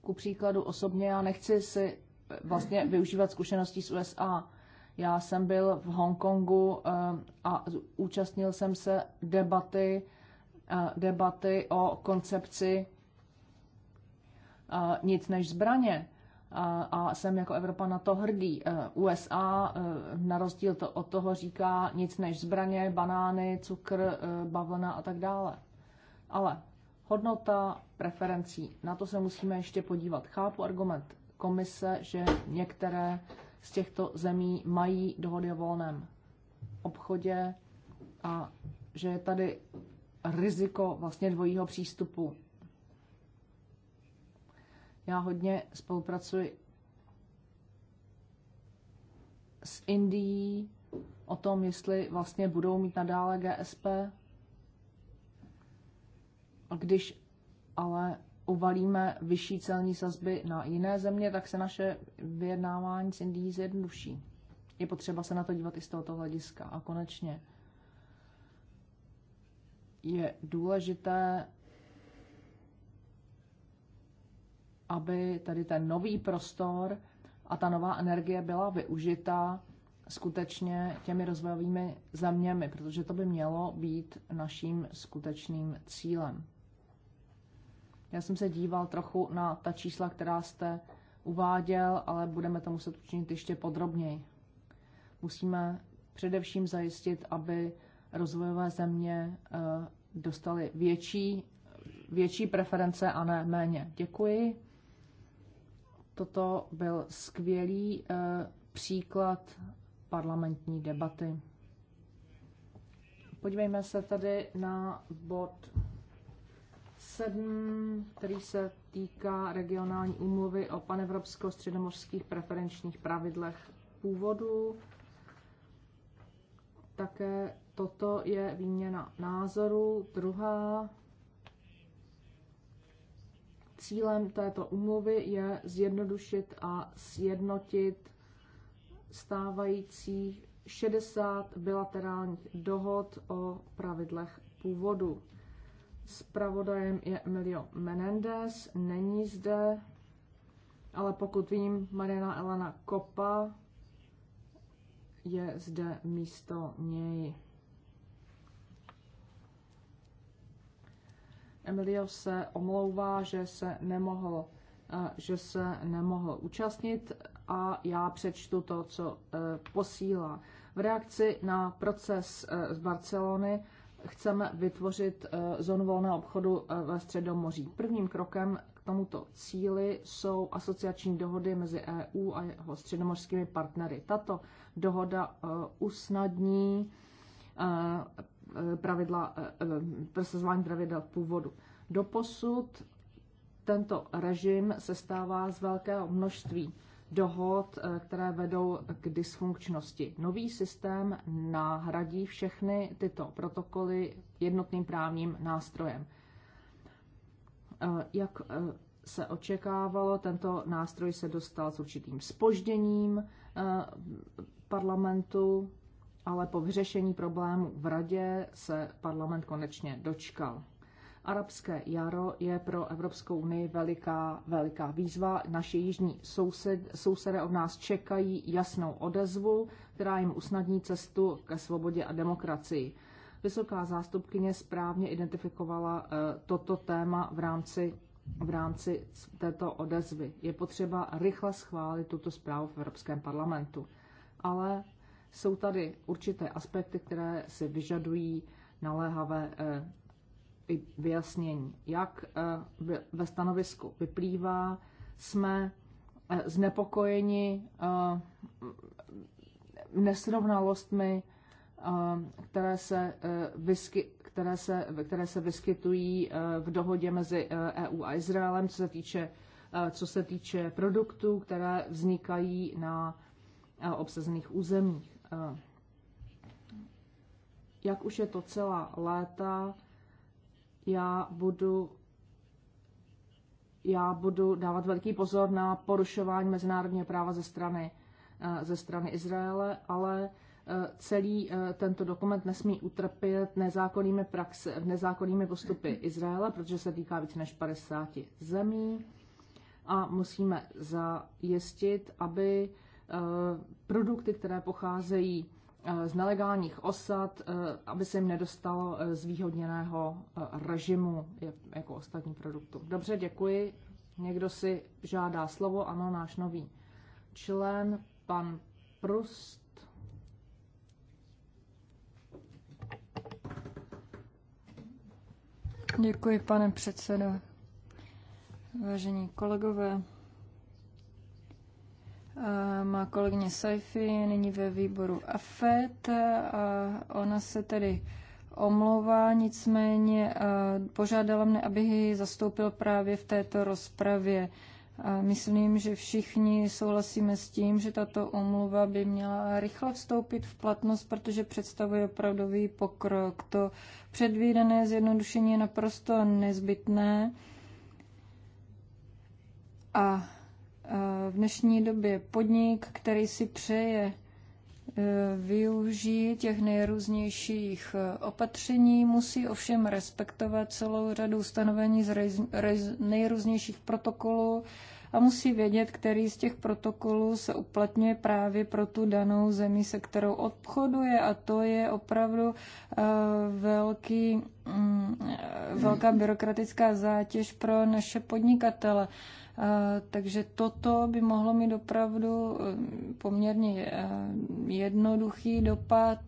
Ku příkladu osobně já nechci si eh, vlastně využívat zkušeností z USA. Já jsem byl v Hongkongu eh, a účastnil jsem se debaty, eh, debaty o koncepci nic než zbraně. A jsem jako Evropa na to hrdý. E, USA e, na rozdíl to od toho říká nic než zbraně, banány, cukr, e, bavlna a tak dále. Ale hodnota preferencí, na to se musíme ještě podívat. Chápu argument komise, že některé z těchto zemí mají dohody o volném obchodě a že je tady riziko vlastně dvojího přístupu. Já hodně spolupracuji s Indií o tom, jestli vlastně budou mít nadále GSP. A když ale uvalíme vyšší celní sazby na jiné země, tak se naše vyjednávání s Indií zjednoduší. Je potřeba se na to dívat i z tohoto hlediska. A konečně je důležité aby tady ten nový prostor a ta nová energie byla využita skutečně těmi rozvojovými zeměmi, protože to by mělo být naším skutečným cílem. Já jsem se díval trochu na ta čísla, která jste uváděl, ale budeme to muset učinit ještě podrobněji. Musíme především zajistit, aby rozvojové země eh, dostaly větší, větší preference a ne méně. Děkuji. Toto byl skvělý eh, příklad parlamentní debaty. Podívejme se tady na bod 7, který se týká regionální úmluvy o panevropsko-středomořských preferenčních pravidlech původu. Také toto je výměna názoru. Druhá Cílem této umluvy je zjednodušit a sjednotit stávající 60 bilaterálních dohod o pravidlech původu. Spravodajem je Emilio Menendez, není zde, ale pokud vím, Mariana Elena Kopa je zde místo něj. Emilio se omlouvá, že se nemohl, eh, že se nemohl účastnit a já přečtu to, co eh, posílá. V reakci na proces eh, z Barcelony chceme vytvořit zónu volného obchodu ve Středomoří. Prvním krokem k tomuto cíli jsou asociační dohody mezi EU a jeho středomořskými partnery. Tato dohoda usnadní Eh, pravidla, eh, eh, prosazování pravidel původu. Doposud tento režim se stává z velkého množství dohod, které vedou k dysfunkčnosti. Nový systém nahradí všechny tyto protokoly jednotným právním nástrojem. Jak se očekávalo, tento nástroj se dostal s určitým spožděním parlamentu ale po vyřešení problému v radě se parlament konečně dočkal. Arabské jaro je pro Evropskou unii veliká, veliká výzva. Naši jižní soused, sousedé od nás čekají jasnou odezvu, která jim usnadní cestu ke svobodě a demokracii. Vysoká zástupkyně správně identifikovala eh, toto téma v rámci, v rámci této odezvy. Je potřeba rychle schválit tuto zprávu v Evropském parlamentu. Ale jsou tady určité aspekty, které si vyžadují naléhavé eh, vyjasnění. Jak eh, ve stanovisku vyplývá, jsme eh, znepokojeni nesrovnalostmi, které se, vysky, které, se, které se vyskytují v dohodě mezi EU e a Izraelem, co se týče, co se týče produktů, které vznikají na obsazených územích. Eh, jak už je to celá léta, já budu já budu dávat velký pozor na porušování mezinárodního práva ze strany, eh, ze strany Izraele, ale eh, celý tento dokument nesmí utrpět nezákonnými, praxe, nezákonnými postupy Izraele, protože se týká více než 50 zemí a musíme zajistit, aby Eh, produkty, které pocházejí eh, z nelegálních osad, eh, aby se jim nedostalo zvýhodněného režimu jako ostatní produktu. Dobře, děkuji. Někdo si žádá slovo? Ano, náš nový člen, pan Prust. Děkuji, pane předsedo. Vážení kolegové, Eh, má kolegyně Saifi, není nyní ve výboru AFET a ona se tedy omlouvá, nicméně eh, požádala mne, aby ji zastoupil právě v této rozpravě. A myslím, že všichni souhlasíme s tím, že tato omluva by měla rychle vstoupit v platnost, protože představuje opravdový pokrok. To předvídané zjednodušení je naprosto nezbytné a v dnešní době podnik, který si přeje eh, využít těch nejrůznějších eh, opatření, musí ovšem respektovat celou řadu ustanovení z nejrůznějších protokolů a musí vědět, který z těch protokolů se uplatňuje právě pro tu danou zemi, se kterou obchoduje a to je opravdu eh, velký, mm, velká byrokratická zátěž pro naše podnikatele. Eh, takže toto by mohlo mít opravdu eh, poměrně eh, jednoduchý dopad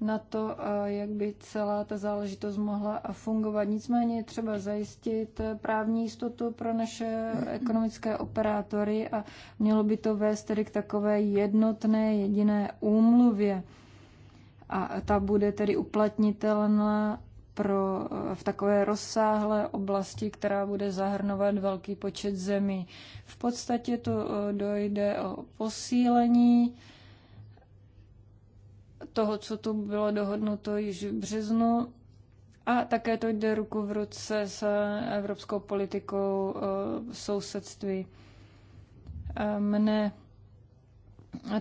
na to, jak by celá ta záležitost mohla fungovat. Nicméně je třeba zajistit právní jistotu pro naše ekonomické operátory a mělo by to vést tedy k takové jednotné jediné úmluvě. A ta bude tedy uplatnitelná pro, v takové rozsáhlé oblasti, která bude zahrnovat velký počet zemí. V podstatě to eh, dojde o posílení toho, co tu bylo dohodnuto již v březnu. A také to jde ruku v ruce s evropskou politikou eh, sousedství. Mne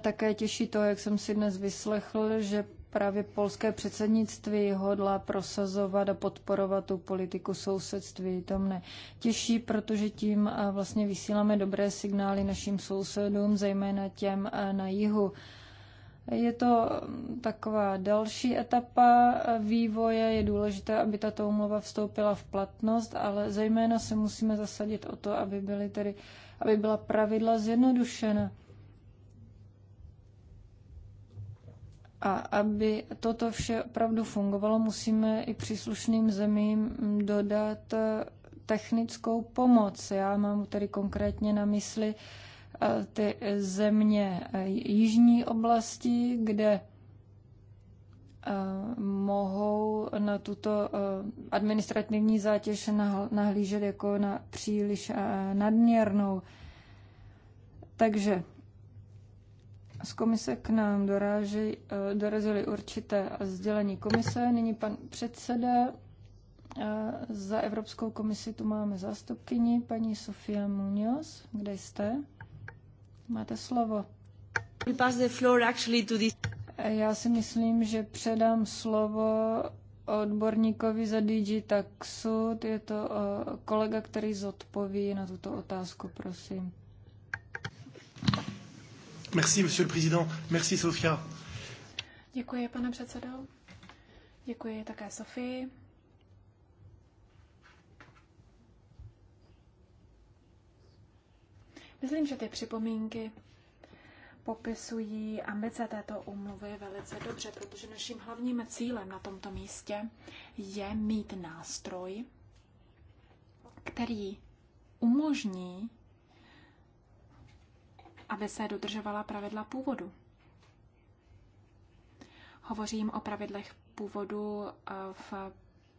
také těší to, jak jsem si dnes vyslechl, že Právě polské předsednictví hodlá prosazovat a podporovat tu politiku sousedství. To mne těší, protože tím eh, vlastně vysíláme dobré signály našim sousedům, zejména těm eh, na jihu. Je to mm, taková další etapa eh, vývoje. Je důležité, aby tato umlova vstoupila v platnost, ale zejména se musíme zasadit o to, aby, byly tedy, aby byla pravidla zjednodušena. A aby toto vše opravdu fungovalo, musíme i příslušným zemím dodat eh, technickou pomoc. Já mám tady konkrétně na mysli eh, ty země eh, jižní oblasti, kde mohou na tuto administrativní zátěž nahlížet jako na příliš nadměrnou. Takže z komise k nám doráži, eh, dorazily určité sdělení komise. Nyní pan předseda. Eh, za Evropskou komisi tu máme zástupkyni, paní Sofia Munoz. Kde jste? Máte slovo. Eh, já si myslím, že předám slovo odborníkovi za DG Taxud. Je to kolega, který zodpoví na tuto otázku, prosím. Merci, monsieur le président. Merci, Sofia. Děkuji, pane předsedo. Děkuji také Sofii. Myslím, že ty připomínky popisují ambice této úmluvy velice dobře, protože naším hlavním cílem na tomto místě je mít nástroj, který umožní aby se dodržovala pravidla původu. Hovořím o pravidlech původu eh, v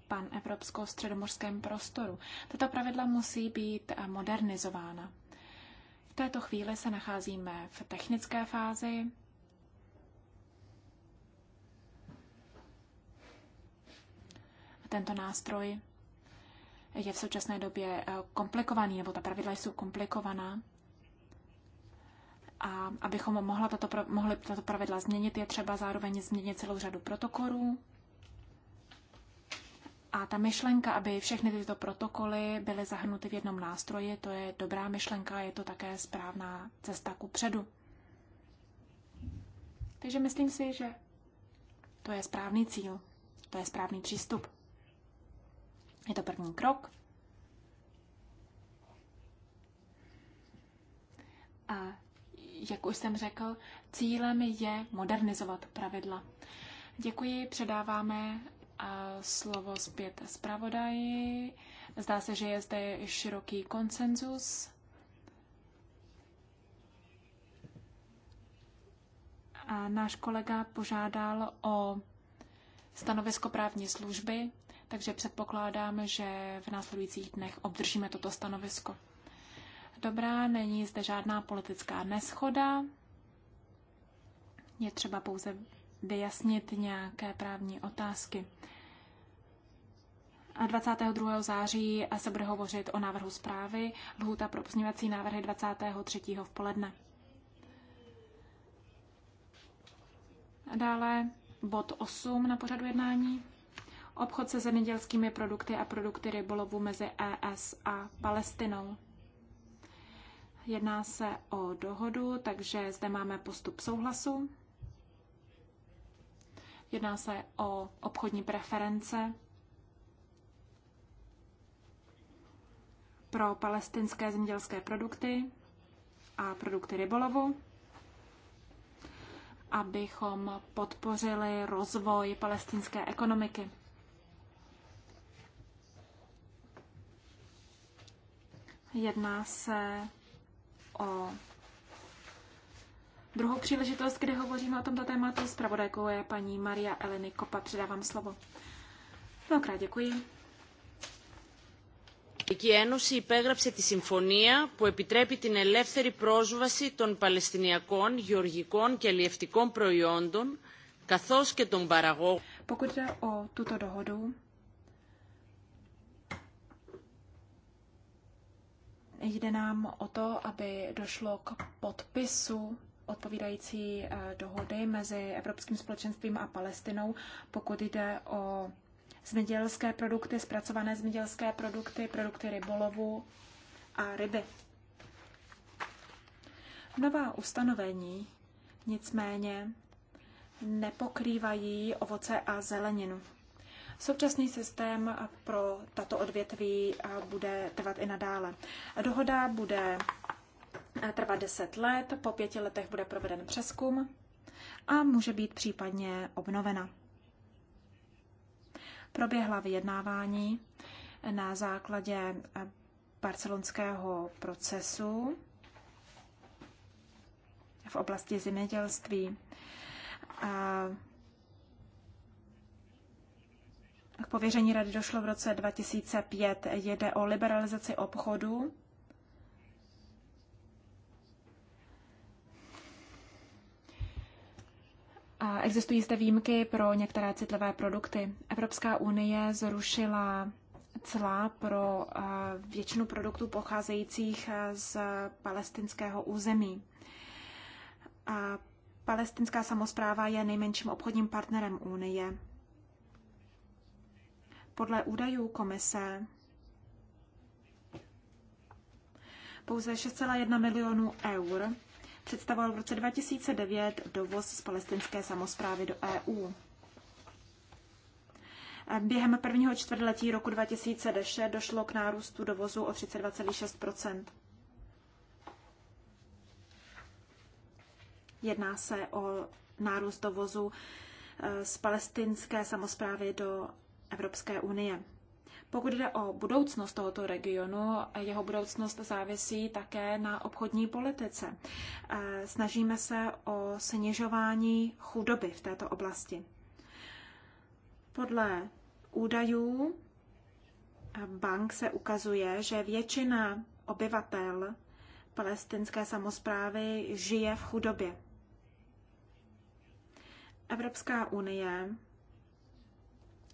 pan evropsko-středomorském prostoru. Tato pravidla musí být eh, modernizována. V této chvíli se nacházíme v technické fázi. Tento nástroj je v současné době eh, komplikovaný, nebo ta pravidla jsou komplikovaná. A abychom mohla tato, mohli tato pravidla změnit, je třeba zároveň změnit celou řadu protokolů. A ta myšlenka, aby všechny tyto protokoly byly zahrnuty v jednom nástroji, to je dobrá myšlenka, je to také správná cesta ku předu. Takže myslím si, že to je správný cíl, to je správný přístup. Je to první krok. A jak už jsem řekl, cílem je modernizovat pravidla. Děkuji, předáváme eh, slovo zpět zpravodaji. Zdá se, že je zde široký konsenzus. A náš kolega požádal o stanovisko právní služby, takže předpokládám, že v následujících dnech obdržíme toto stanovisko. Dobrá, není zde žádná politická neschoda. Je třeba pouze vyjasnit nějaké právní otázky. A 22. září se bude hovořit o návrhu zprávy, lhůta pro pozměňovací návrhy 23. v poledne. A dále bod 8 na pořadu jednání. Obchod se zemědělskými produkty a produkty rybolovu mezi ES a Palestinou. Jedná se o dohodu, takže zde máme postup souhlasu. Jedná se o obchodní preference pro palestinské zemědělské produkty a produkty rybolovu, abychom podpořili rozvoj palestinské ekonomiky. Jedná se o druhou příležitost, kde hovoříme o tomto tématu. Spravodajkou je paní Maria Eleny Kopa. Předávám slovo. Mnohokrát děkuji. Η Ένωση υπέγραψε τη συμφωνία που επιτρέπει την ελεύθερη πρόσβαση των Παλαιστινιακών, γεωργικών και αλλιευτικών προϊόντων, καθώς και των παραγόγων. Jde nám o to, aby došlo k podpisu odpovídající eh, dohody mezi Evropským společenstvím a Palestinou, pokud jde o zemědělské produkty, zpracované zemědělské produkty, produkty rybolovu a ryby. Nová ustanovení nicméně nepokrývají ovoce a zeleninu. Současný systém pro tato odvětví eh, bude trvat i nadále. Dohoda bude eh, trvat 10 let, po pěti letech bude proveden přeskum a může být případně obnovena. Proběhla vyjednávání na základě eh, barcelonského procesu v oblasti zemědělství. K pověření rady došlo v roce 2005. Jde o liberalizaci obchodu. A existují zde výjimky pro některé citlivé produkty. Evropská unie zrušila cla pro eh, většinu produktů pocházejících eh, z palestinského území. A palestinská samozpráva je nejmenším obchodním partnerem Unie. Podle údajů komise pouze 6,1 milionů eur představoval v roce 2009 dovoz z palestinské samozprávy do EU. Během prvního čtvrtletí roku 2010 došlo k nárůstu dovozu o 32,6 Jedná se o nárůst dovozu eh, z palestinské samozprávy do Evropské unie. Pokud jde o budoucnost tohoto regionu, jeho budoucnost závisí také na obchodní politice. Eh, snažíme se o snižování chudoby v této oblasti. Podle údajů eh, bank se ukazuje, že většina obyvatel palestinské samozprávy žije v chudobě. Evropská unie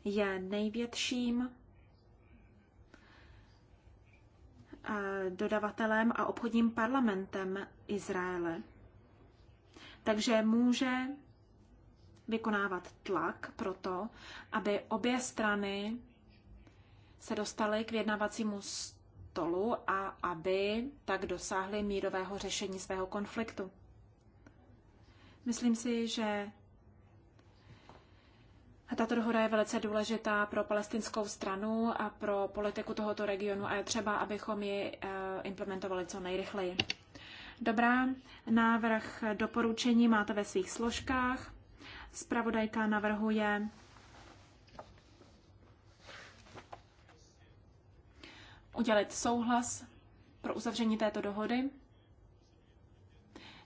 je největším eh, dodavatelem a obchodním parlamentem Izraele. Takže může vykonávat tlak pro to, aby obě strany se dostaly k vědnavacímu stolu a aby tak dosáhly mírového řešení svého konfliktu. Myslím si, že tato dohoda je velice důležitá pro palestinskou stranu a pro politiku tohoto regionu a je třeba, abychom ji eh, implementovali co nejrychleji. Dobrá, návrh doporučení máte ve svých složkách. Spravodajka navrhuje udělit souhlas pro uzavření této dohody.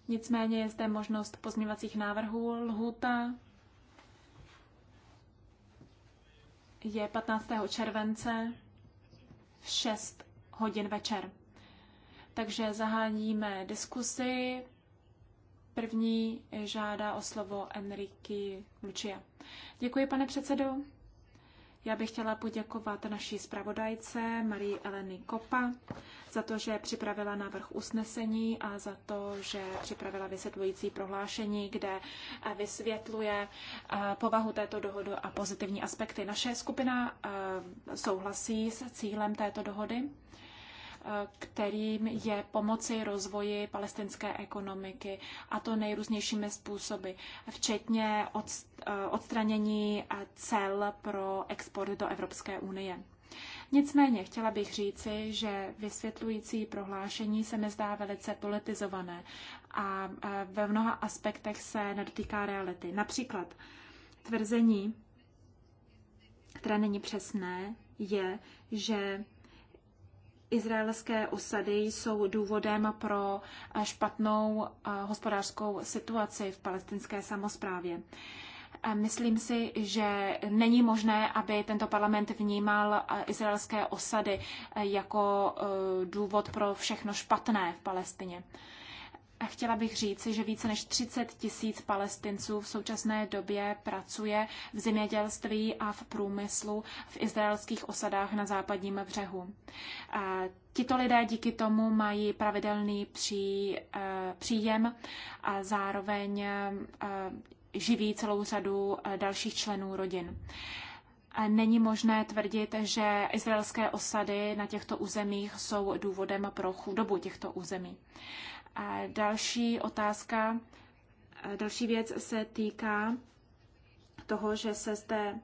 Nicméně je zde možnost pozměvacích návrhů. Lhuta je 15. července v 6 hodin večer. Takže zaháníme diskusi. První žádá o slovo Enrique Lucia. Děkuji, pane předsedo. Já bych chtěla poděkovat naší zpravodajce Marii Eleny Kopa za to, že připravila návrh usnesení a za to, že připravila vysvětlující prohlášení, kde eh, vysvětluje eh, povahu této dohody a pozitivní aspekty. Naše skupina eh, souhlasí s cílem této dohody kterým je pomoci rozvoji palestinské ekonomiky, a to nejrůznějšími způsoby, včetně eh, odstranění cel pro export do Evropské unie. Nicméně chtěla bych říci, že vysvětlující prohlášení se mi zdá velice politizované a eh, ve mnoha aspektech se nedotýká reality. Například tvrzení, které není přesné, je, že izraelské osady jsou důvodem pro špatnou hospodářskou situaci v palestinské samozprávě. Myslím si, že není možné, aby tento parlament vnímal izraelské osady jako e, důvod pro všechno špatné v Palestině. A chtěla bych říci, že více než 30 tisíc palestinců v současné době pracuje v zemědělství a v průmyslu v izraelských osadách na západním břehu. A tito lidé díky tomu mají pravidelný pří, eh, příjem a zároveň eh, živí celou řadu eh, dalších členů rodin. Není možné tvrdit, že izraelské osady na těchto územích jsou důvodem pro chudobu těchto území. Další otázka, další věc se týká toho, že se zde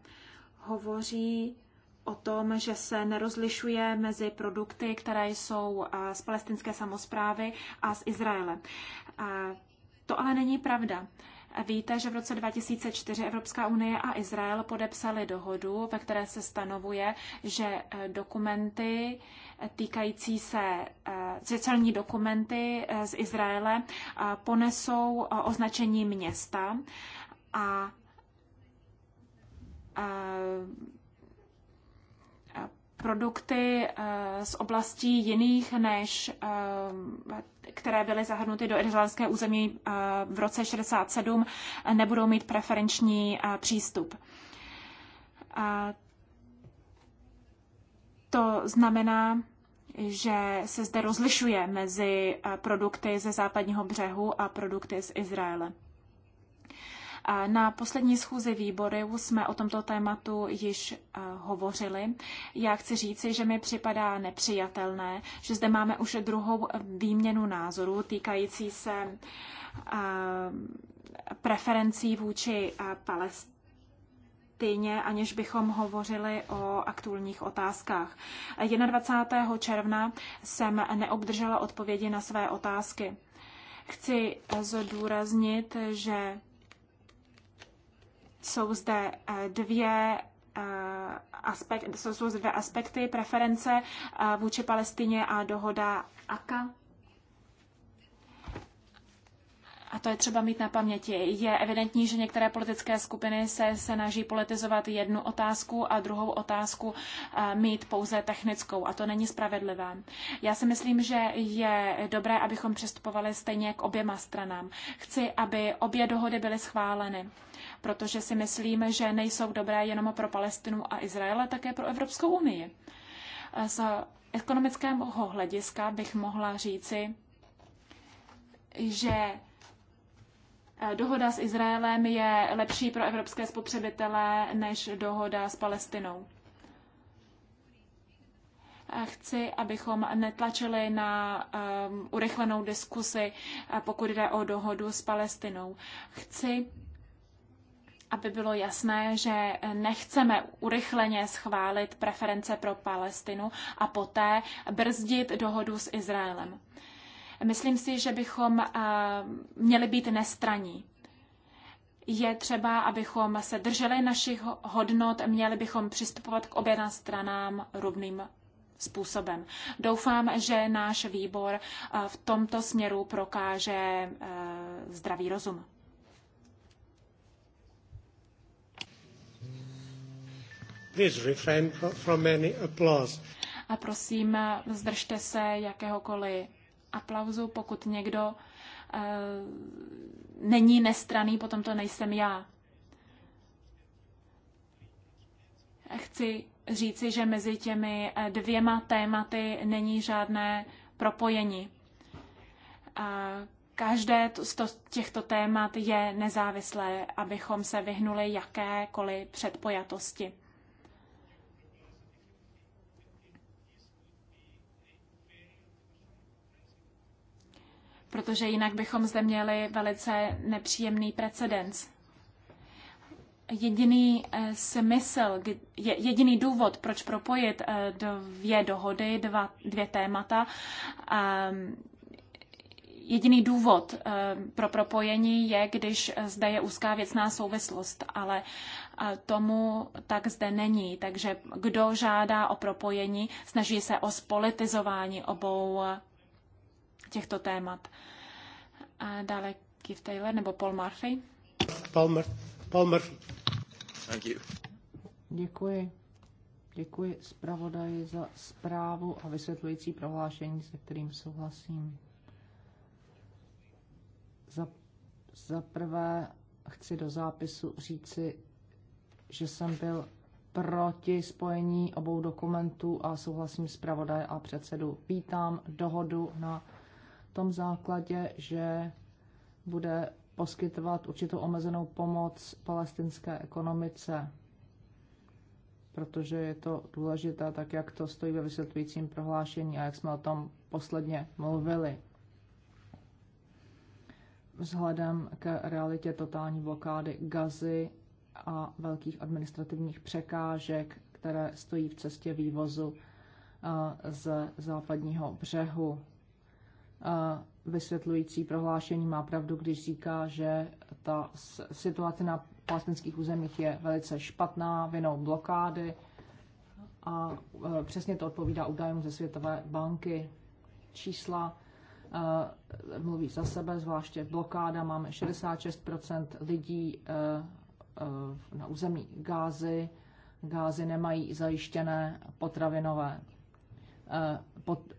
hovoří o tom, že se nerozlišuje mezi produkty, které jsou z palestinské samozprávy a z Izraele. To ale není pravda. Víte, že v roce 2004 Evropská unie a Izrael podepsali dohodu, ve které se stanovuje, že eh, dokumenty eh, týkající se, že eh, dokumenty z Izraele ponesou označení města a, a produkty eh, z oblastí jiných, než eh, které byly zahrnuty do irlandské území eh, v roce 67, nebudou mít preferenční přístup. To znamená, že se zde rozlišuje mezi produkty ze západního břehu a produkty z Izraele. Na poslední schůzi výboru jsme o tomto tématu již eh, hovořili. Já chci říci, že mi připadá nepřijatelné, že zde máme už druhou výměnu názorů týkající se eh, preferencí vůči eh, Palestině aniž bychom hovořili o aktuálních otázkách. 21. června jsem neobdržela odpovědi na své otázky. Chci zdůraznit, že Eh, eh, jsou zde dvě aspekty, jsou dvě aspekty, preference eh, vůči Palestině a dohoda AKA. A to je třeba mít na paměti. Je evidentní, že některé politické skupiny se snaží politizovat jednu otázku a druhou otázku mít pouze technickou a to není spravedlivé. Já si myslím, že je dobré, abychom přistupovali stejně k oběma stranám. Chci, aby obě dohody byly schváleny protože si myslím, že nejsou dobré jenom pro Palestinu a Izrael, ale také pro Evropskou unii. Z ekonomického hlediska bych mohla říci, že e, dohoda s Izraelem je lepší pro evropské spotřebitele než dohoda s Palestinou. Chci, abychom netlačili na um, urychlenou diskusi, e, pokud jde o dohodu s Palestinou. Chci, aby bylo jasné, že nechceme urychleně schválit preference pro Palestinu a poté brzdit dohodu s Izraelem. Myslím si, že bychom eh, měli být nestraní. Je třeba, abychom se drželi našich hodnot, měli bychom přistupovat k oběma stranám rovným způsobem. Doufám, že náš výbor eh, v tomto směru prokáže eh, zdravý rozum. Please from any applause. A prosím, zdržte se jakéhokoliv aplauzu, pokud někdo uh, není nestraný, potom to nejsem já. Chci říci, že mezi těmi eh, dvěma tématy není žádné propojení. A každé z těchto témat je nezávislé, abychom se vyhnuli jakékoliv předpojatosti. protože jinak bychom zde měli velice nepříjemný precedens. Jediný eh, smysl, jediný důvod, proč propojit eh, dvě dohody, dva, dvě témata, ehm, jediný důvod eh, pro propojení je, když zde je úzká věcná souvislost, ale tomu tak zde není. Takže kdo žádá o propojení, snaží se o spolitizování obou těchto témat. A dále Keith Taylor nebo Paul Murphy. Paul, Paul Murphy. Thank you. Děkuji. Děkuji zpravodaji za zprávu a vysvětlující prohlášení, se kterým souhlasím. Za, za prvé chci do zápisu říci, že jsem byl proti spojení obou dokumentů a souhlasím s a předsedu. Vítám dohodu na tom základě, že bude poskytovat určitou omezenou pomoc palestinské ekonomice, protože je to důležité, tak jak to stojí ve vysvětlujícím prohlášení a jak jsme o tom posledně mluvili. Vzhledem k realitě totální blokády Gazy a velkých administrativních překážek, které stojí v cestě vývozu eh, z západního břehu. Eh, vysvětlující prohlášení má pravdu, když říká, že ta situace na palestinských územích je velice špatná vinou blokády a eh, přesně to odpovídá údajům ze Světové banky. Čísla eh, mluví za sebe, zvláště blokáda. Máme 66 lidí na území Gázy. Gázy nemají zajištěné potravinové Eh,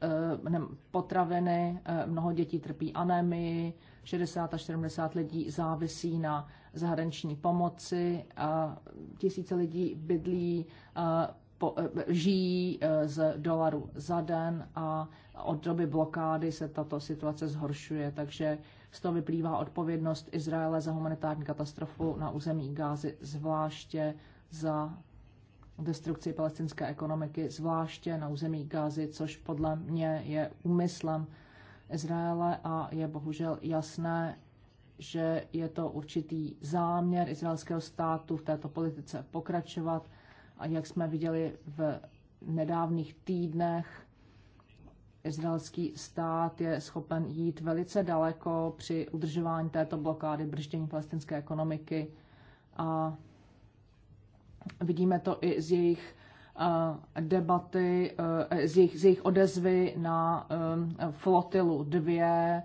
eh, potraviny, eh, mnoho dětí trpí anémii, 60 až 70 lidí závisí na zahraniční pomoci, a tisíce lidí bydlí, po, žijí z dolaru za den a od doby blokády se tato situace zhoršuje, takže z toho vyplývá odpovědnost Izraele za humanitární katastrofu na území Gázy, zvláště za destrukci palestinské ekonomiky, zvláště na území Gázy, což podle mě je úmyslem Izraele a je bohužel jasné, že je to určitý záměr izraelského státu v této politice pokračovat. A jak jsme viděli v nedávných týdnech, izraelský stát je schopen jít velice daleko při udržování této blokády, brždění palestinské ekonomiky a Vidíme to i z jejich eh, debaty, eh, z jejich, z jejich odezvy na eh, flotilu 2,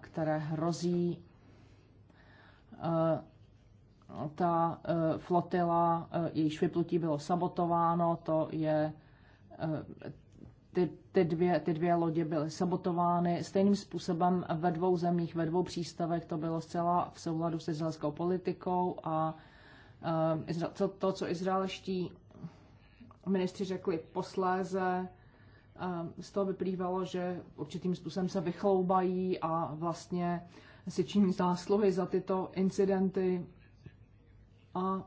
které hrozí. Ta flotila, jejíž vyplutí bylo sabotováno, to je ty, ty, dvě, ty dvě lodě byly sabotovány. Stejným způsobem ve dvou zemích, ve dvou přístavech to bylo zcela v souladu se izraelskou politikou a Eh, to, co izraelští ministři řekli posléze, eh, z toho vyplývalo, že určitým způsobem se vychloubají a vlastně si činí zásluhy za tyto incidenty. A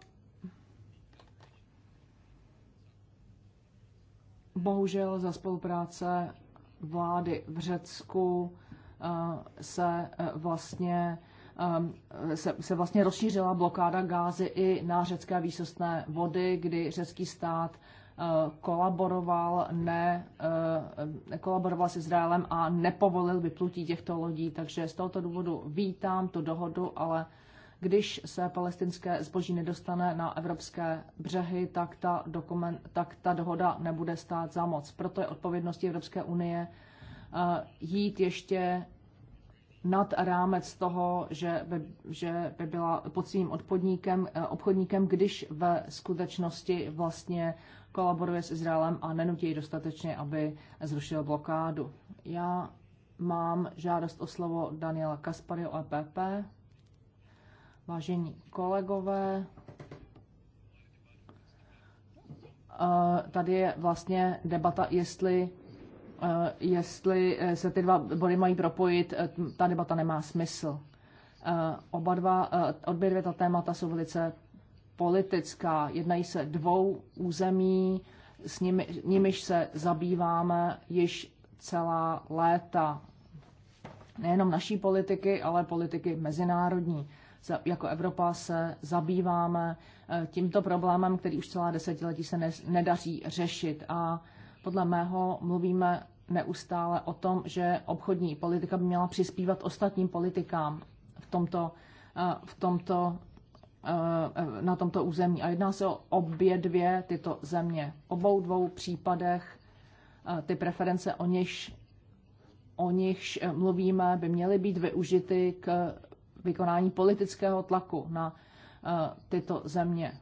bohužel za spolupráce vlády v Řecku eh, se vlastně Ehm, se, se vlastně rozšířila blokáda gázy i na řecké výsostné vody, kdy řecký stát eh, kolaboroval, ne, eh, kolaboroval s Izraelem a nepovolil vyplutí těchto lodí. Takže z tohoto důvodu vítám tu dohodu, ale když se palestinské zboží nedostane na evropské břehy, tak ta, dokument, tak ta dohoda nebude stát za moc. Proto je odpovědností Evropské unie eh, jít ještě nad rámec toho, že by, že by byla svým odpodníkem, eh, obchodníkem, když ve skutečnosti vlastně kolaboruje s Izraelem a nenutí dostatečně, aby zrušil blokádu. Já mám žádost o slovo Daniela o EPP. Vážení kolegové, eh, tady je vlastně debata, jestli Eh, jestli eh, se ty dva body mají propojit, eh, ta debata nemá smysl. Oba dva, obě dvě ta témata jsou velice politická. Jednají se dvou území, s nimi, nimiž se zabýváme již celá léta. Nejenom naší politiky, ale politiky mezinárodní. Jako Evropa se zabýváme tímto problémem, který už celá desetiletí se ne, nedaří řešit. A podle mého mluvíme neustále o tom, že obchodní politika by měla přispívat ostatním politikám v tomto, eh, v tomto, eh, na tomto území. A jedná se o obě dvě tyto země. obou dvou případech eh, ty preference, o nichž, o nichž mluvíme, by měly být využity k vykonání politického tlaku na tyto země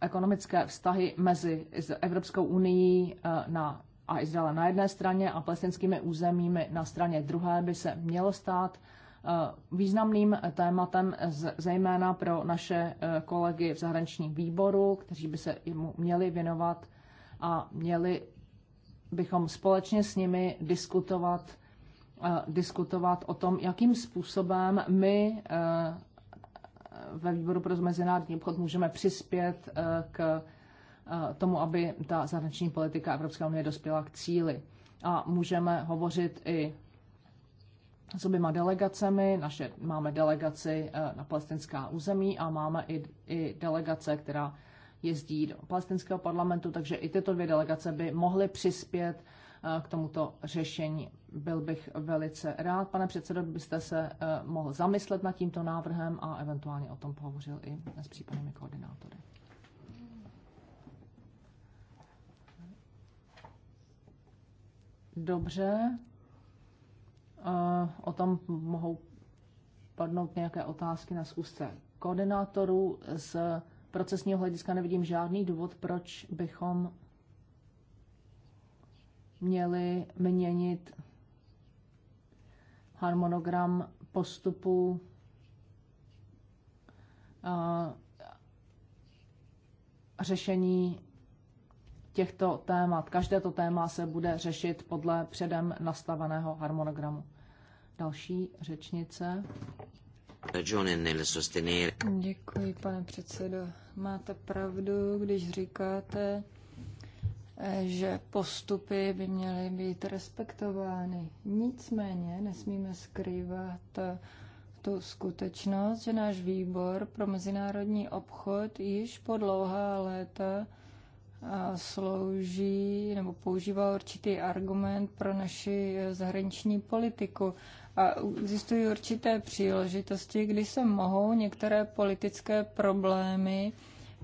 ekonomické vztahy mezi Evropskou unii eh, na, a Izraela na jedné straně a palestinskými územími na straně druhé by se mělo stát eh, významným tématem, zejména pro naše eh, kolegy v zahraničním výboru, kteří by se mu měli věnovat a měli bychom společně s nimi diskutovat diskutovat o tom, jakým způsobem my ve výboru pro mezinárodní obchod můžeme přispět eh, k eh, tomu, aby ta zahraniční politika Evropské unie dospěla k cíli. A můžeme hovořit i s oběma delegacemi. Naše, máme delegaci eh, na palestinská území a máme i, i delegace, která jezdí do palestinského parlamentu, takže i tyto dvě delegace by mohly přispět Eh, k tomuto řešení. Byl bych velice rád, pane předsedo, byste se eh, mohl zamyslet nad tímto návrhem a eventuálně o tom pohovořil i s případnými koordinátory. Dobře. Eh, o tom mohou padnout nějaké otázky na zkusce koordinátorů. Z procesního hlediska nevidím žádný důvod, proč bychom měli měnit harmonogram postupu a řešení těchto témat. Každé to téma se bude řešit podle předem nastaveného harmonogramu. Další řečnice. Děkuji, pane předsedo. Máte pravdu, když říkáte, Eh, že postupy by měly být respektovány. Nicméně nesmíme skrývat eh, tu skutečnost, že náš výbor pro mezinárodní obchod již po dlouhá léta eh, slouží nebo používá určitý argument pro naši zahraniční politiku. A existují určité příležitosti, kdy se mohou některé politické problémy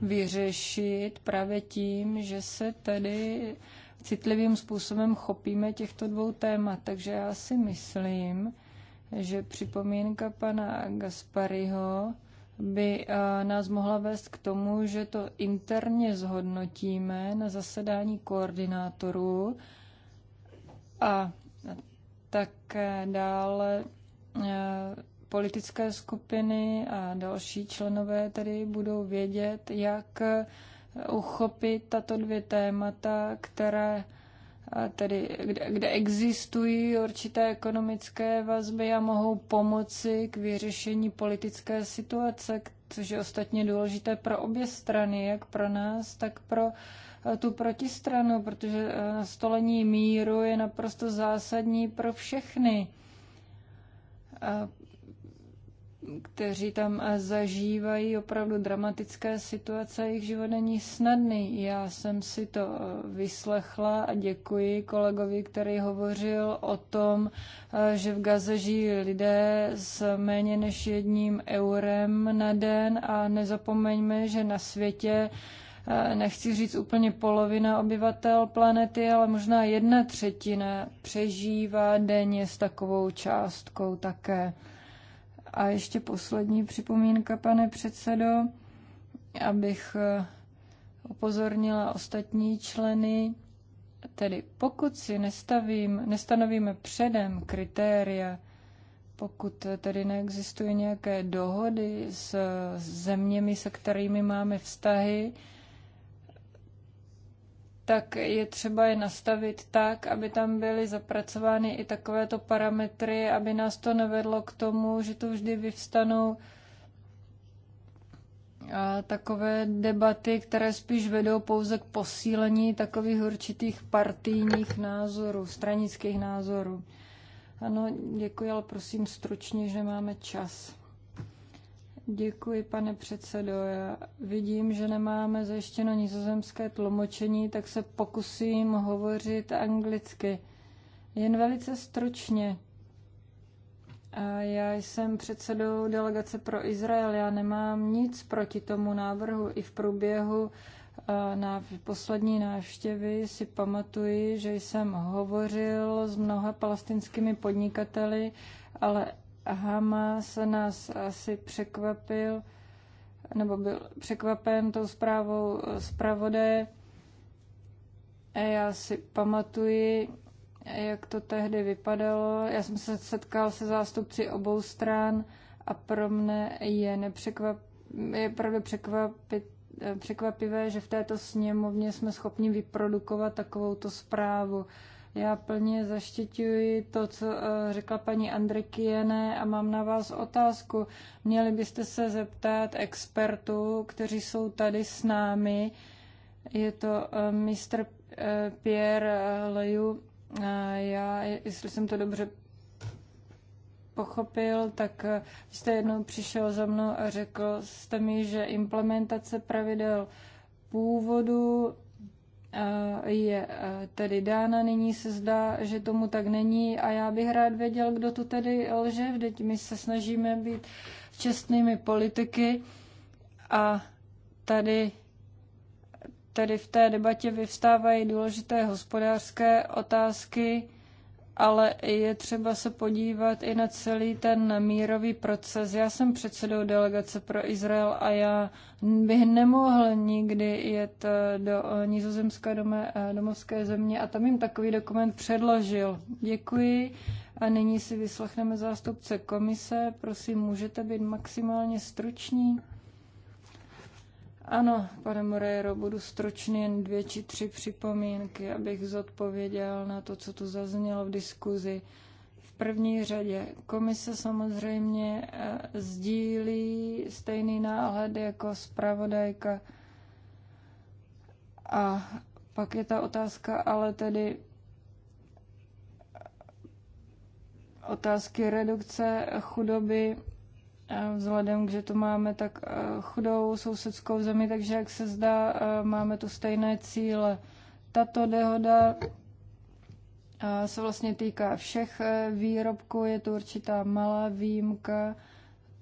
vyřešit právě tím, že se tedy citlivým způsobem chopíme těchto dvou témat. Takže já si myslím, že připomínka pana Gaspariho by eh, nás mohla vést k tomu, že to interně zhodnotíme na zasedání koordinátorů a také dále eh, politické skupiny a další členové tedy budou vědět, jak uchopit tato dvě témata, které tedy, kde, kde existují určité ekonomické vazby a mohou pomoci k vyřešení politické situace, což je ostatně důležité pro obě strany, jak pro nás, tak pro tu protistranu, protože nastolení míru je naprosto zásadní pro všechny kteří tam eh, zažívají opravdu dramatické situace, jejich život není snadný. Já jsem si to eh, vyslechla a děkuji kolegovi, který hovořil o tom, eh, že v Gaze žijí lidé s méně než jedním eurem na den a nezapomeňme, že na světě nechci říct úplně polovina obyvatel planety, ale možná jedna třetina přežívá denně s takovou částkou také. A ještě poslední připomínka, pane předsedo, abych eh, upozornila ostatní členy, tedy pokud si nestavím, nestanovíme předem kritéria, pokud eh, tedy neexistuje nějaké dohody s zeměmi, se kterými máme vztahy, tak je třeba je nastavit tak, aby tam byly zapracovány i takovéto parametry, aby nás to nevedlo k tomu, že to vždy vyvstanou a takové debaty, které spíš vedou pouze k posílení takových určitých partijních názorů, stranických názorů. Ano, děkuji, ale prosím stručně, že máme čas. Děkuji, pane předsedo. Já vidím, že nemáme zajištěno nizozemské tlumočení, tak se pokusím hovořit anglicky. Jen velice stručně. A já jsem předsedou delegace pro Izrael. Já nemám nic proti tomu návrhu. I v průběhu na poslední návštěvy si pamatuji, že jsem hovořil s mnoha palestinskými podnikateli, ale Hamas nás asi překvapil, nebo byl překvapen tou zprávou zpravodaje. Já si pamatuji, jak to tehdy vypadalo. Já jsem se setkal se zástupci obou stran a pro mne je, nepřekvap, je opravdu překvapit, překvapivé, že v této sněmovně jsme schopni vyprodukovat takovouto zprávu. Já plně zaštiťuji to, co eh, řekla paní Andrekiene a mám na vás otázku. Měli byste se zeptat expertů, kteří jsou tady s námi. Je to eh, mistr eh, Pierre Leju. Já, jestli jsem to dobře pochopil, tak jste jednou přišel za mnou a řekl jste mi, že implementace pravidel původu Eh, je eh, tedy dána. Nyní se zdá, že tomu tak není a já bych rád věděl, kdo tu tedy lže. Vždyť my se snažíme být čestnými politiky a tady, tady v té debatě vyvstávají důležité hospodářské otázky ale je třeba se podívat i na celý ten mírový proces. Já jsem předsedou delegace pro Izrael a já bych nemohl nikdy jet eh, do eh, nizozemské domé, eh, domovské země a tam jim takový dokument předložil. Děkuji a nyní si vyslechneme zástupce komise. Prosím, můžete být maximálně struční? Ano, pane Moreiro, budu stručný jen dvě či tři připomínky, abych zodpověděl na to, co tu zaznělo v diskuzi. V první řadě komise samozřejmě eh, sdílí stejný náhled jako zpravodajka. A pak je ta otázka, ale tedy eh, otázky redukce chudoby vzhledem že to máme tak eh, chudou sousedskou zemi, takže jak se zdá, eh, máme tu stejné cíle. Tato dohoda eh, se vlastně týká všech výrobků, je tu určitá malá výjimka,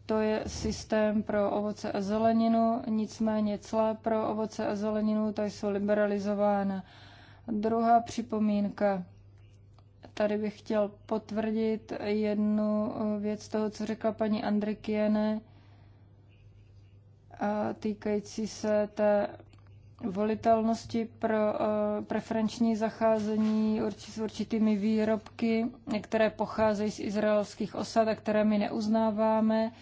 to je systém pro ovoce a zeleninu, nicméně celá pro ovoce a zeleninu, ta jsou liberalizována. Druhá připomínka. Tady bych chtěl potvrdit jednu eh, věc toho, co řekla paní Andrikiene, týkající se té volitelnosti pro eh, preferenční zacházení s určitými výrobky, které pocházejí z izraelských osad a které my neuznáváme.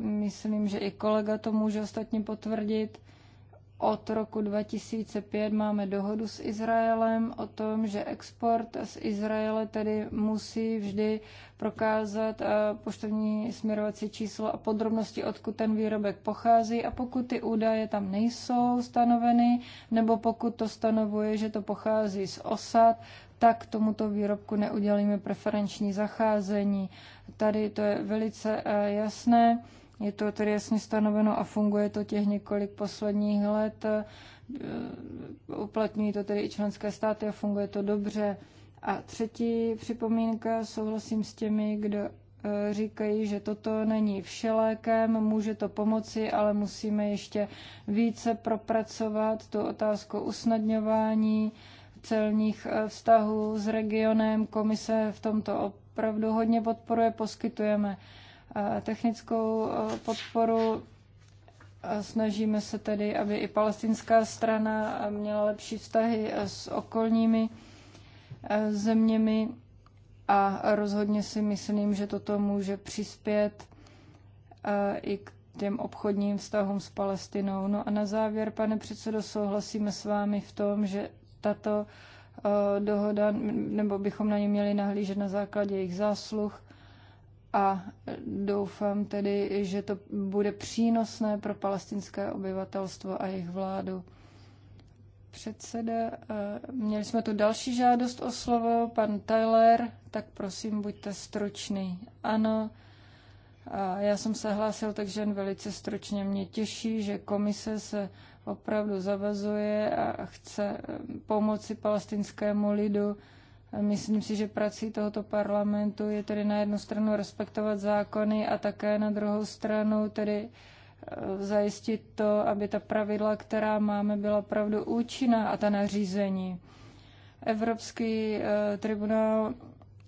Myslím, že i kolega to může ostatně potvrdit. Od roku 2005 máme dohodu s Izraelem o tom, že export z Izraele tedy musí vždy prokázat eh, poštovní směrovací číslo a podrobnosti, odkud ten výrobek pochází. A pokud ty údaje tam nejsou stanoveny, nebo pokud to stanovuje, že to pochází z osad, tak tomuto výrobku neudělíme preferenční zacházení. Tady to je velice eh, jasné. Je to tedy jasně stanoveno a funguje to těch několik posledních let. E, uplatňují to tedy i členské státy a funguje to dobře. A třetí připomínka, souhlasím s těmi, kdo e, říkají, že toto není všelékem, může to pomoci, ale musíme ještě více propracovat tu otázku usnadňování celních e, vztahů s regionem. Komise v tomto opravdu hodně podporuje, poskytujeme Eh, technickou eh, podporu. Eh, snažíme se tedy, aby i palestinská strana měla lepší vztahy s okolními zeměmi a rozhodně si myslím, že toto může přispět i k těm obchodním vztahům s Palestinou. No a na závěr, pane předsedo, souhlasíme s vámi v tom, že tato dohoda, nebo bychom na ně měli nahlížet na základě jejich zásluh a doufám tedy, že to bude přínosné pro palestinské obyvatelstvo a jejich vládu. Předseda, eh, měli jsme tu další žádost o slovo, pan Tyler, tak prosím, buďte stručný. Ano, a já jsem se hlásil, takže jen velice stručně mě těší, že komise se opravdu zavazuje a chce eh, pomoci palestinskému lidu Myslím si, že prací tohoto parlamentu je tedy na jednu stranu respektovat zákony a také na druhou stranu tedy e, zajistit to, aby ta pravidla, která máme, byla opravdu účinná a ta nařízení. Evropský e, tribunál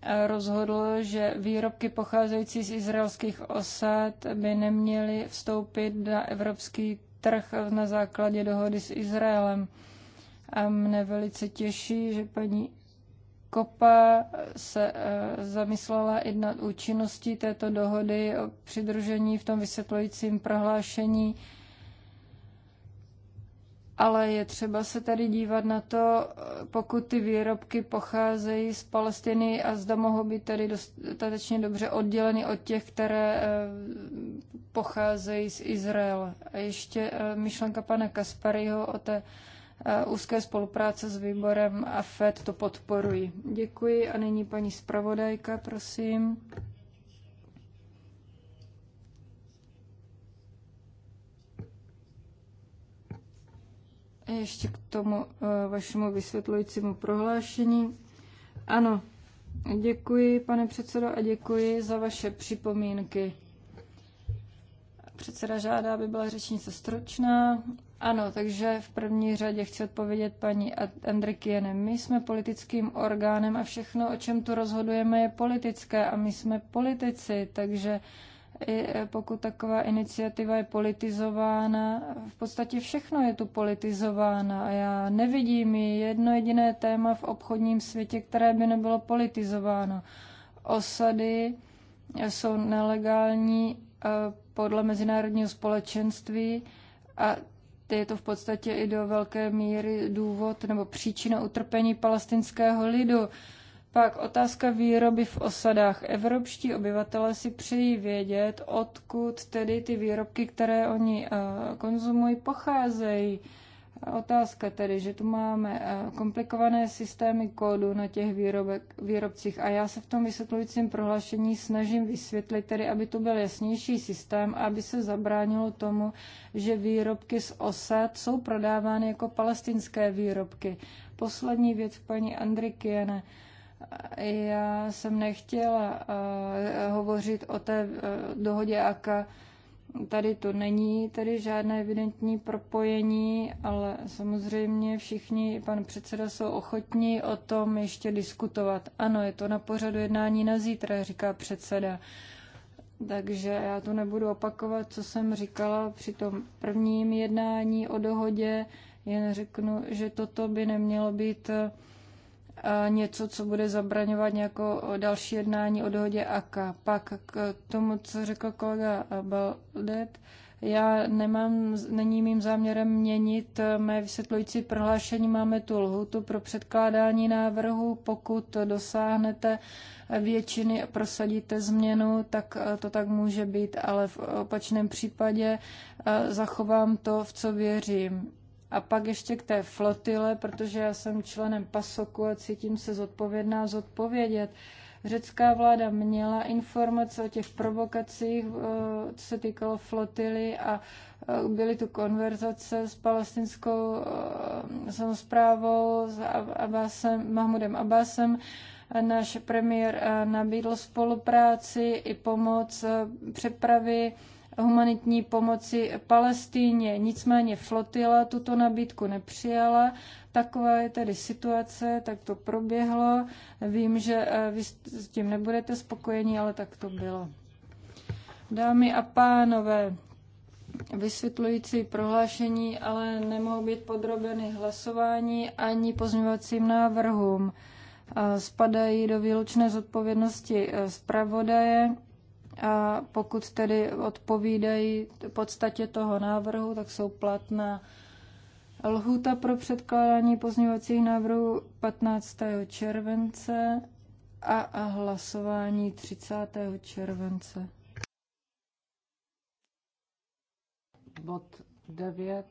e, rozhodl, že výrobky pocházející z izraelských osad by neměly vstoupit na evropský trh na základě dohody s Izraelem. A mne velice těší, že paní Kopa se eh, zamyslela i nad účinností této dohody o přidružení v tom vysvětlujícím prohlášení. Ale je třeba se tady dívat na to, eh, pokud ty výrobky pocházejí z Palestiny a zda mohou být tedy dostatečně dobře odděleny od těch, které eh, pocházejí z Izraele. A ještě myšlenka pana Kaspariho o té úzké spolupráce s výborem a FED to podporují. Děkuji a nyní paní zpravodajka, prosím. Ještě k tomu eh, vašemu vysvětlujícímu prohlášení. Ano, děkuji, pane předsedo, a děkuji za vaše připomínky. Předseda žádá, aby byla řečnice stručná. Ano, takže v první řadě chci odpovědět paní Andrikiene. My jsme politickým orgánem a všechno, o čem tu rozhodujeme, je politické a my jsme politici, takže i e, pokud taková iniciativa je politizována, v podstatě všechno je tu politizována a já nevidím jedno jediné téma v obchodním světě, které by nebylo politizováno. Osady jsou nelegální e, podle mezinárodního společenství a je to v podstatě i do velké míry důvod nebo příčina utrpení palestinského lidu. Pak otázka výroby v osadách. Evropští obyvatelé si přejí vědět, odkud tedy ty výrobky, které oni eh, konzumují, pocházejí. Otázka tedy, že tu máme eh, komplikované systémy kódu na těch výrobek, výrobcích a já se v tom vysvětlujícím prohlášení snažím vysvětlit tedy, aby to byl jasnější systém aby se zabránilo tomu, že výrobky z osad jsou prodávány jako palestinské výrobky. Poslední věc paní Andrikiene. Eh, já jsem nechtěla uh, hovořit o té uh, dohodě AKA, Tady to není, tady žádné evidentní propojení, ale samozřejmě všichni, pan předseda, jsou ochotní o tom ještě diskutovat. Ano, je to na pořadu jednání na zítra, říká předseda. Takže já to nebudu opakovat, co jsem říkala při tom prvním jednání o dohodě, jen řeknu, že toto by nemělo být něco, co bude zabraňovat nějakou další jednání o dohodě AK. Pak k tomu, co řekl kolega Baldet, já nemám, není mým záměrem měnit eh, mé vysvětlující prohlášení. Máme tu lhutu pro předkládání návrhu. Pokud dosáhnete většiny a prosadíte změnu, tak eh, to tak může být, ale v opačném případě eh, zachovám to, v co věřím. A pak ještě k té flotile, protože já jsem členem PASOKu a cítím se zodpovědná zodpovědět. Řecká vláda měla informace o těch provokacích, eh, co se týkalo flotily a eh, byly tu konverzace s palestinskou eh, samozprávou, s Abbasem, Mahmudem Abbasem. Náš premiér nabídl spolupráci i pomoc přepravy humanitní pomoci Palestíně. Nicméně flotila tuto nabídku nepřijala. Taková je tedy situace, tak to proběhlo. Vím, že eh, vy s tím nebudete spokojeni, ale tak to bylo. Dámy a pánové, vysvětlující prohlášení, ale nemohou být podrobeny hlasování ani pozměňovacím návrhům. Eh, spadají do výlučné zodpovědnosti eh, zpravodaje a pokud tedy odpovídají podstatě toho návrhu, tak jsou platná lhůta pro předkládání pozměňovacích návrhů 15. července a, a hlasování 30. července. Bod 9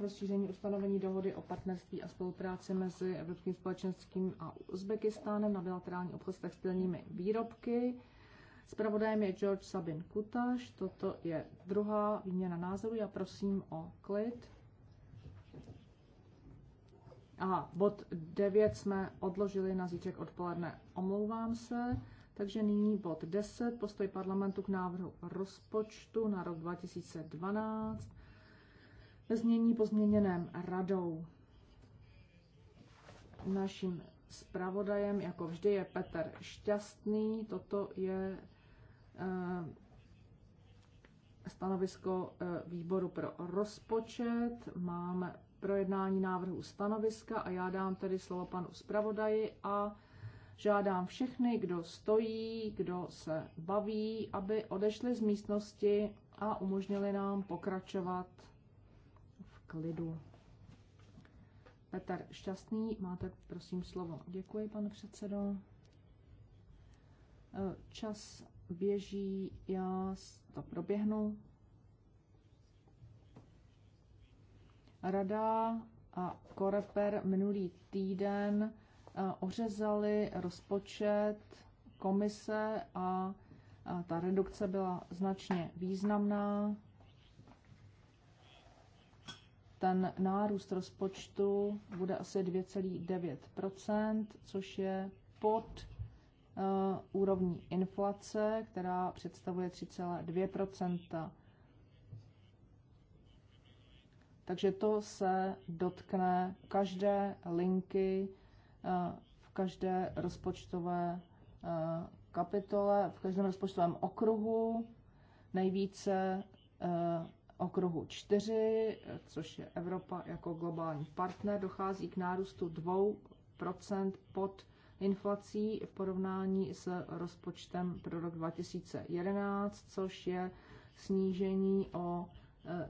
rozšíření ustanovení dohody o partnerství a spolupráci mezi Evropským společenstvím a Uzbekistánem na bilaterální obchod s textilními výrobky. Spravodajem je George Sabin Kutaš. Toto je druhá výměna názoru. Já prosím o klid. A bod 9 jsme odložili na zítřek odpoledne. Omlouvám se. Takže nyní bod 10, postoj parlamentu k návrhu rozpočtu na rok 2012 ve znění pozměněném radou. Naším zpravodajem, jako vždy, je Petr Šťastný. Toto je eh, stanovisko eh, výboru pro rozpočet. Máme projednání návrhu stanoviska a já dám tedy slovo panu zpravodaji a žádám všechny, kdo stojí, kdo se baví, aby odešli z místnosti a umožnili nám pokračovat klidu. Petr Šťastný, máte prosím slovo. Děkuji, pane předsedo. E, čas běží, já to proběhnu. Rada a Koreper minulý týden e, ořezali rozpočet komise a ta redukce byla značně významná ten nárůst rozpočtu bude asi 2,9 což je pod uh, úrovní inflace, která představuje 3,2 Takže to se dotkne každé linky eh, v každé rozpočtové eh, kapitole, v každém rozpočtovém okruhu. Nejvíce okruhu 4, což je Evropa jako globální partner, dochází k nárůstu 2% pod inflací v porovnání s rozpočtem pro rok 2011, což je snížení o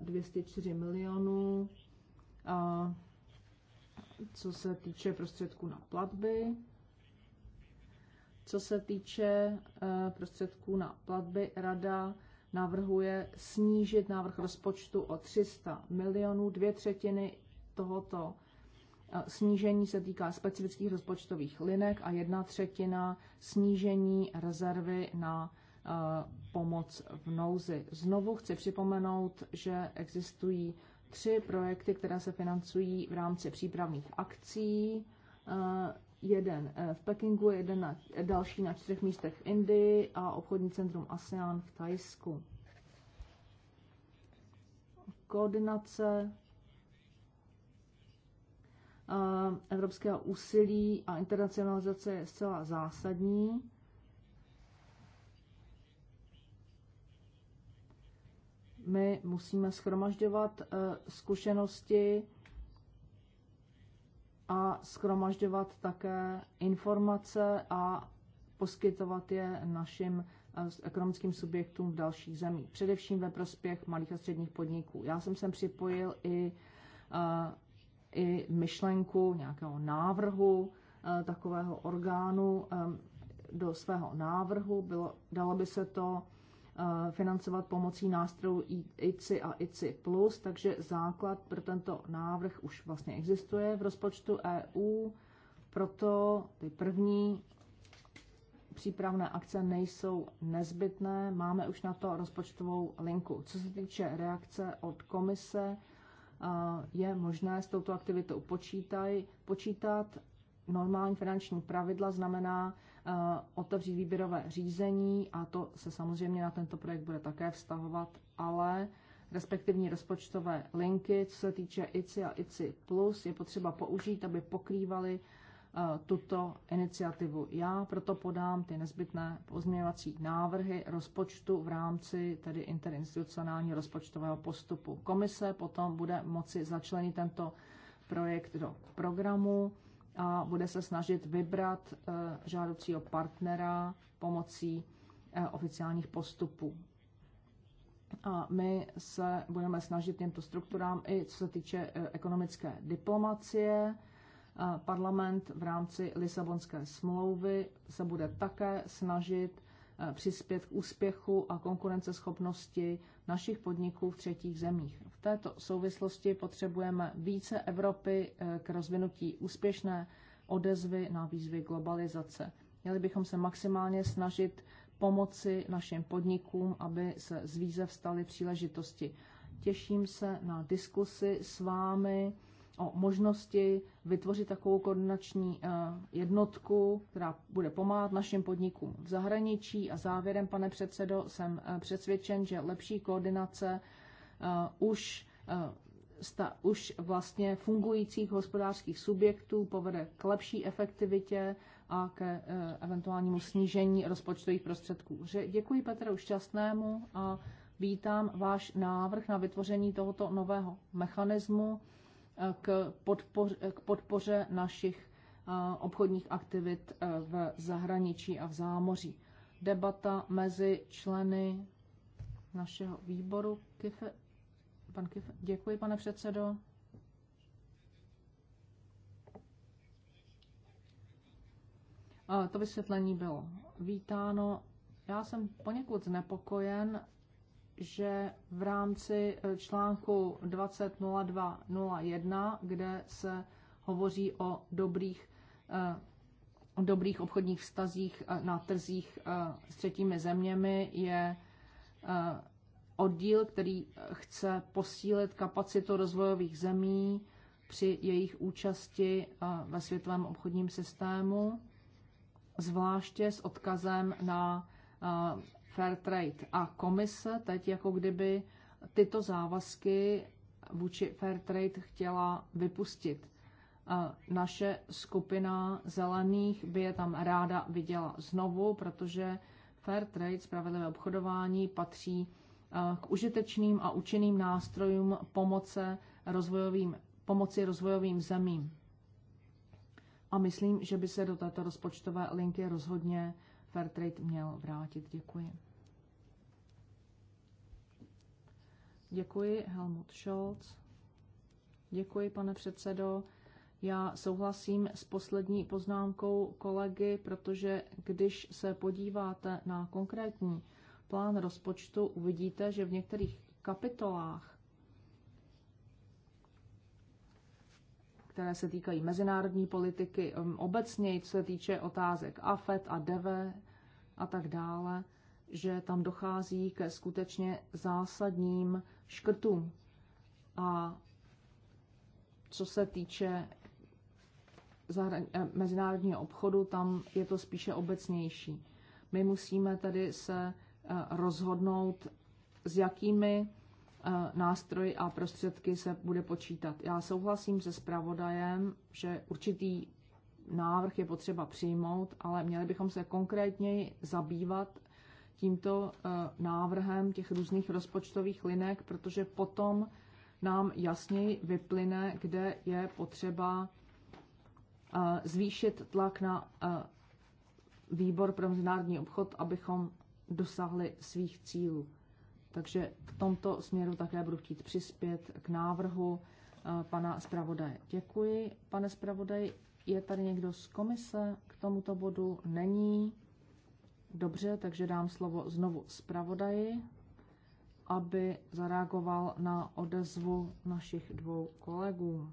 204 eh, milionů, co se týče prostředků na platby. Co se týče eh, prostředků na platby, rada navrhuje snížit návrh rozpočtu o 300 milionů. Dvě třetiny tohoto eh, snížení se týká specifických rozpočtových linek a jedna třetina snížení rezervy na eh, pomoc v nouzi. Znovu chci připomenout, že existují tři projekty, které se financují v rámci přípravných akcí eh, jeden eh, v Pekingu, jeden na, další na čtyřech místech v Indii a obchodní centrum ASEAN v Tajsku. Koordinace eh, evropského úsilí a internacionalizace je zcela zásadní. My musíme schromažďovat eh, zkušenosti a schromažďovat také informace a poskytovat je našim eh, ekonomickým subjektům v dalších zemích, především ve prospěch malých a středních podniků. Já jsem sem připojil i, eh, i myšlenku nějakého návrhu eh, takového orgánu do svého návrhu. Bylo, dalo by se to Eh, financovat pomocí nástrojů ICI a ICI+, takže základ pro tento návrh už vlastně existuje v rozpočtu EU, proto ty první přípravné akce nejsou nezbytné, máme už na to rozpočtovou linku. Co se týče reakce od komise, eh, je možné s touto aktivitou počítat. Normální finanční pravidla znamená, Eh, otevřít výběrové řízení a to se samozřejmě na tento projekt bude také vztahovat, ale respektivní rozpočtové linky, co se týče ICI a ICI+, plus, je potřeba použít, aby pokrývaly eh, tuto iniciativu. Já proto podám ty nezbytné pozměňovací návrhy rozpočtu v rámci tedy interinstitucionálního rozpočtového postupu. Komise potom bude moci začlenit tento projekt do programu a bude se snažit vybrat eh, žádoucího partnera pomocí eh, oficiálních postupů. A my se budeme snažit těmto strukturám i co se týče eh, ekonomické diplomacie. Parlament v rámci Lisabonské smlouvy se bude také snažit přispět k úspěchu a konkurenceschopnosti našich podniků v třetích zemích této souvislosti potřebujeme více Evropy eh, k rozvinutí úspěšné odezvy na výzvy globalizace. Měli bychom se maximálně snažit pomoci našim podnikům, aby se z výzev staly příležitosti. Těším se na diskusy s vámi o možnosti vytvořit takovou koordinační eh, jednotku, která bude pomáhat našim podnikům v zahraničí. A závěrem, pane předsedo, jsem eh, přesvědčen, že lepší koordinace Uh, už uh, sta, už vlastně fungujících hospodářských subjektů povede k lepší efektivitě a ke uh, eventuálnímu snížení rozpočtových prostředků. Děkuji Petru Šťastnému a vítám váš návrh na vytvoření tohoto nového mechanismu k, podpoř, k podpoře našich obchodních aktivit v zahraničí a v zámoří. Debata mezi členy našeho výboru Pan Kif, děkuji, pane předsedo. to vysvětlení bylo vítáno. Já jsem poněkud znepokojen, že v rámci e, článku 20.02.01, kde se hovoří o dobrých, e, o dobrých obchodních vztazích e, na trzích s třetími zeměmi, je oddíl, který eh, chce posílit kapacitu rozvojových zemí při jejich účasti eh, ve světovém obchodním systému, zvláště s odkazem na eh, Fair Trade. A komise teď jako kdyby tyto závazky vůči Fair Trade chtěla vypustit. Naše skupina zelených by je tam ráda viděla znovu, protože Fair Trade, spravedlivé obchodování, patří k užitečným a účinným nástrojům pomoce rozvojovým, pomoci rozvojovým zemím. A myslím, že by se do této rozpočtové linky rozhodně Fairtrade měl vrátit. Děkuji. Děkuji, Helmut Scholz. Děkuji, pane předsedo. Já souhlasím s poslední poznámkou kolegy, protože když se podíváte na konkrétní plán rozpočtu, uvidíte, že v některých kapitolách, které se týkají mezinárodní politiky, um, obecně, co se týče otázek AFET a DEVE a tak dále, že tam dochází ke skutečně zásadním škrtům. A co se týče eh, mezinárodního obchodu, tam je to spíše obecnější. My musíme tedy se Eh, rozhodnout, s jakými eh, nástroji a prostředky se bude počítat. Já souhlasím se zpravodajem, že určitý návrh je potřeba přijmout, ale měli bychom se konkrétněji zabývat tímto eh, návrhem těch různých rozpočtových linek, protože potom nám jasněji vyplyne, kde je potřeba zvýšit tlak na výbor pro mezinárodní obchod, abychom dosahly svých cílů. Takže v tomto směru také budu chtít přispět k návrhu eh, pana zpravodaje. Děkuji. Pane zpravodaj, je tady někdo z komise k tomuto bodu? Není. Dobře, takže dám slovo znovu zpravodaji, aby zareagoval na odezvu našich dvou kolegů.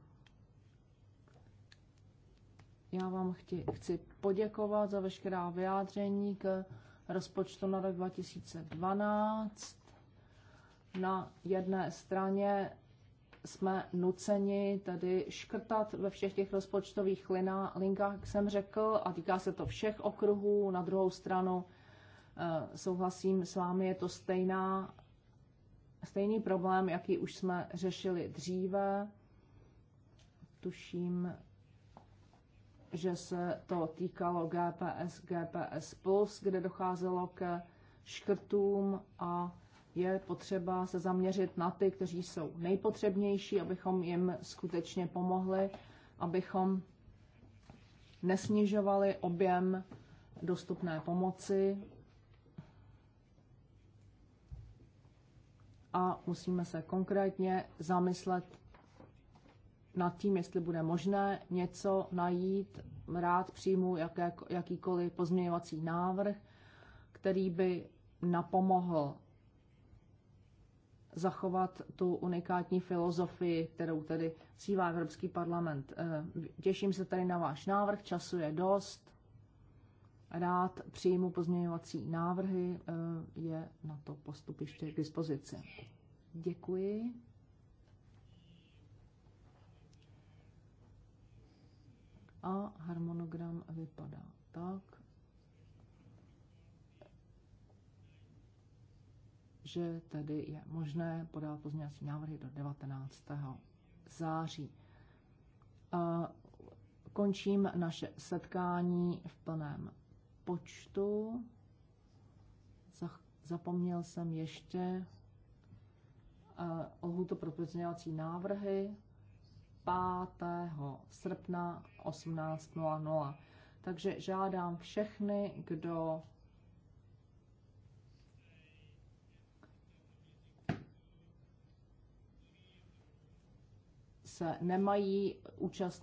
Já vám chci, chci poděkovat za veškerá vyjádření k rozpočtu na rok 2012. Na jedné straně jsme nuceni tedy škrtat ve všech těch rozpočtových linkách, jak jsem řekl, a týká se to všech okruhů. Na druhou stranu eh, souhlasím s vámi, je to stejná, stejný problém, jaký už jsme řešili dříve. Tuším, že se to týkalo GPS, GPS+, kde docházelo ke škrtům a je potřeba se zaměřit na ty, kteří jsou nejpotřebnější, abychom jim skutečně pomohli, abychom nesnižovali objem dostupné pomoci a musíme se konkrétně zamyslet nad tím, jestli bude možné něco najít. Rád přijmu jaké, jakýkoliv pozměňovací návrh, který by napomohl zachovat tu unikátní filozofii, kterou tedy cívá Evropský parlament. Eh, těším se tady na váš návrh, času je dost. Rád přijmu pozměňovací návrhy, eh, je na to ještě k dispozici. Děkuji. a harmonogram vypadá tak, že tedy je možné podat pozměňovací návrhy do 19. září. A končím naše setkání v plném počtu. Zapomněl jsem ještě eh, lhutu pro pozměňovací návrhy 5. srpna 18.00. Takže žádám všechny, kdo se nemají účastnit,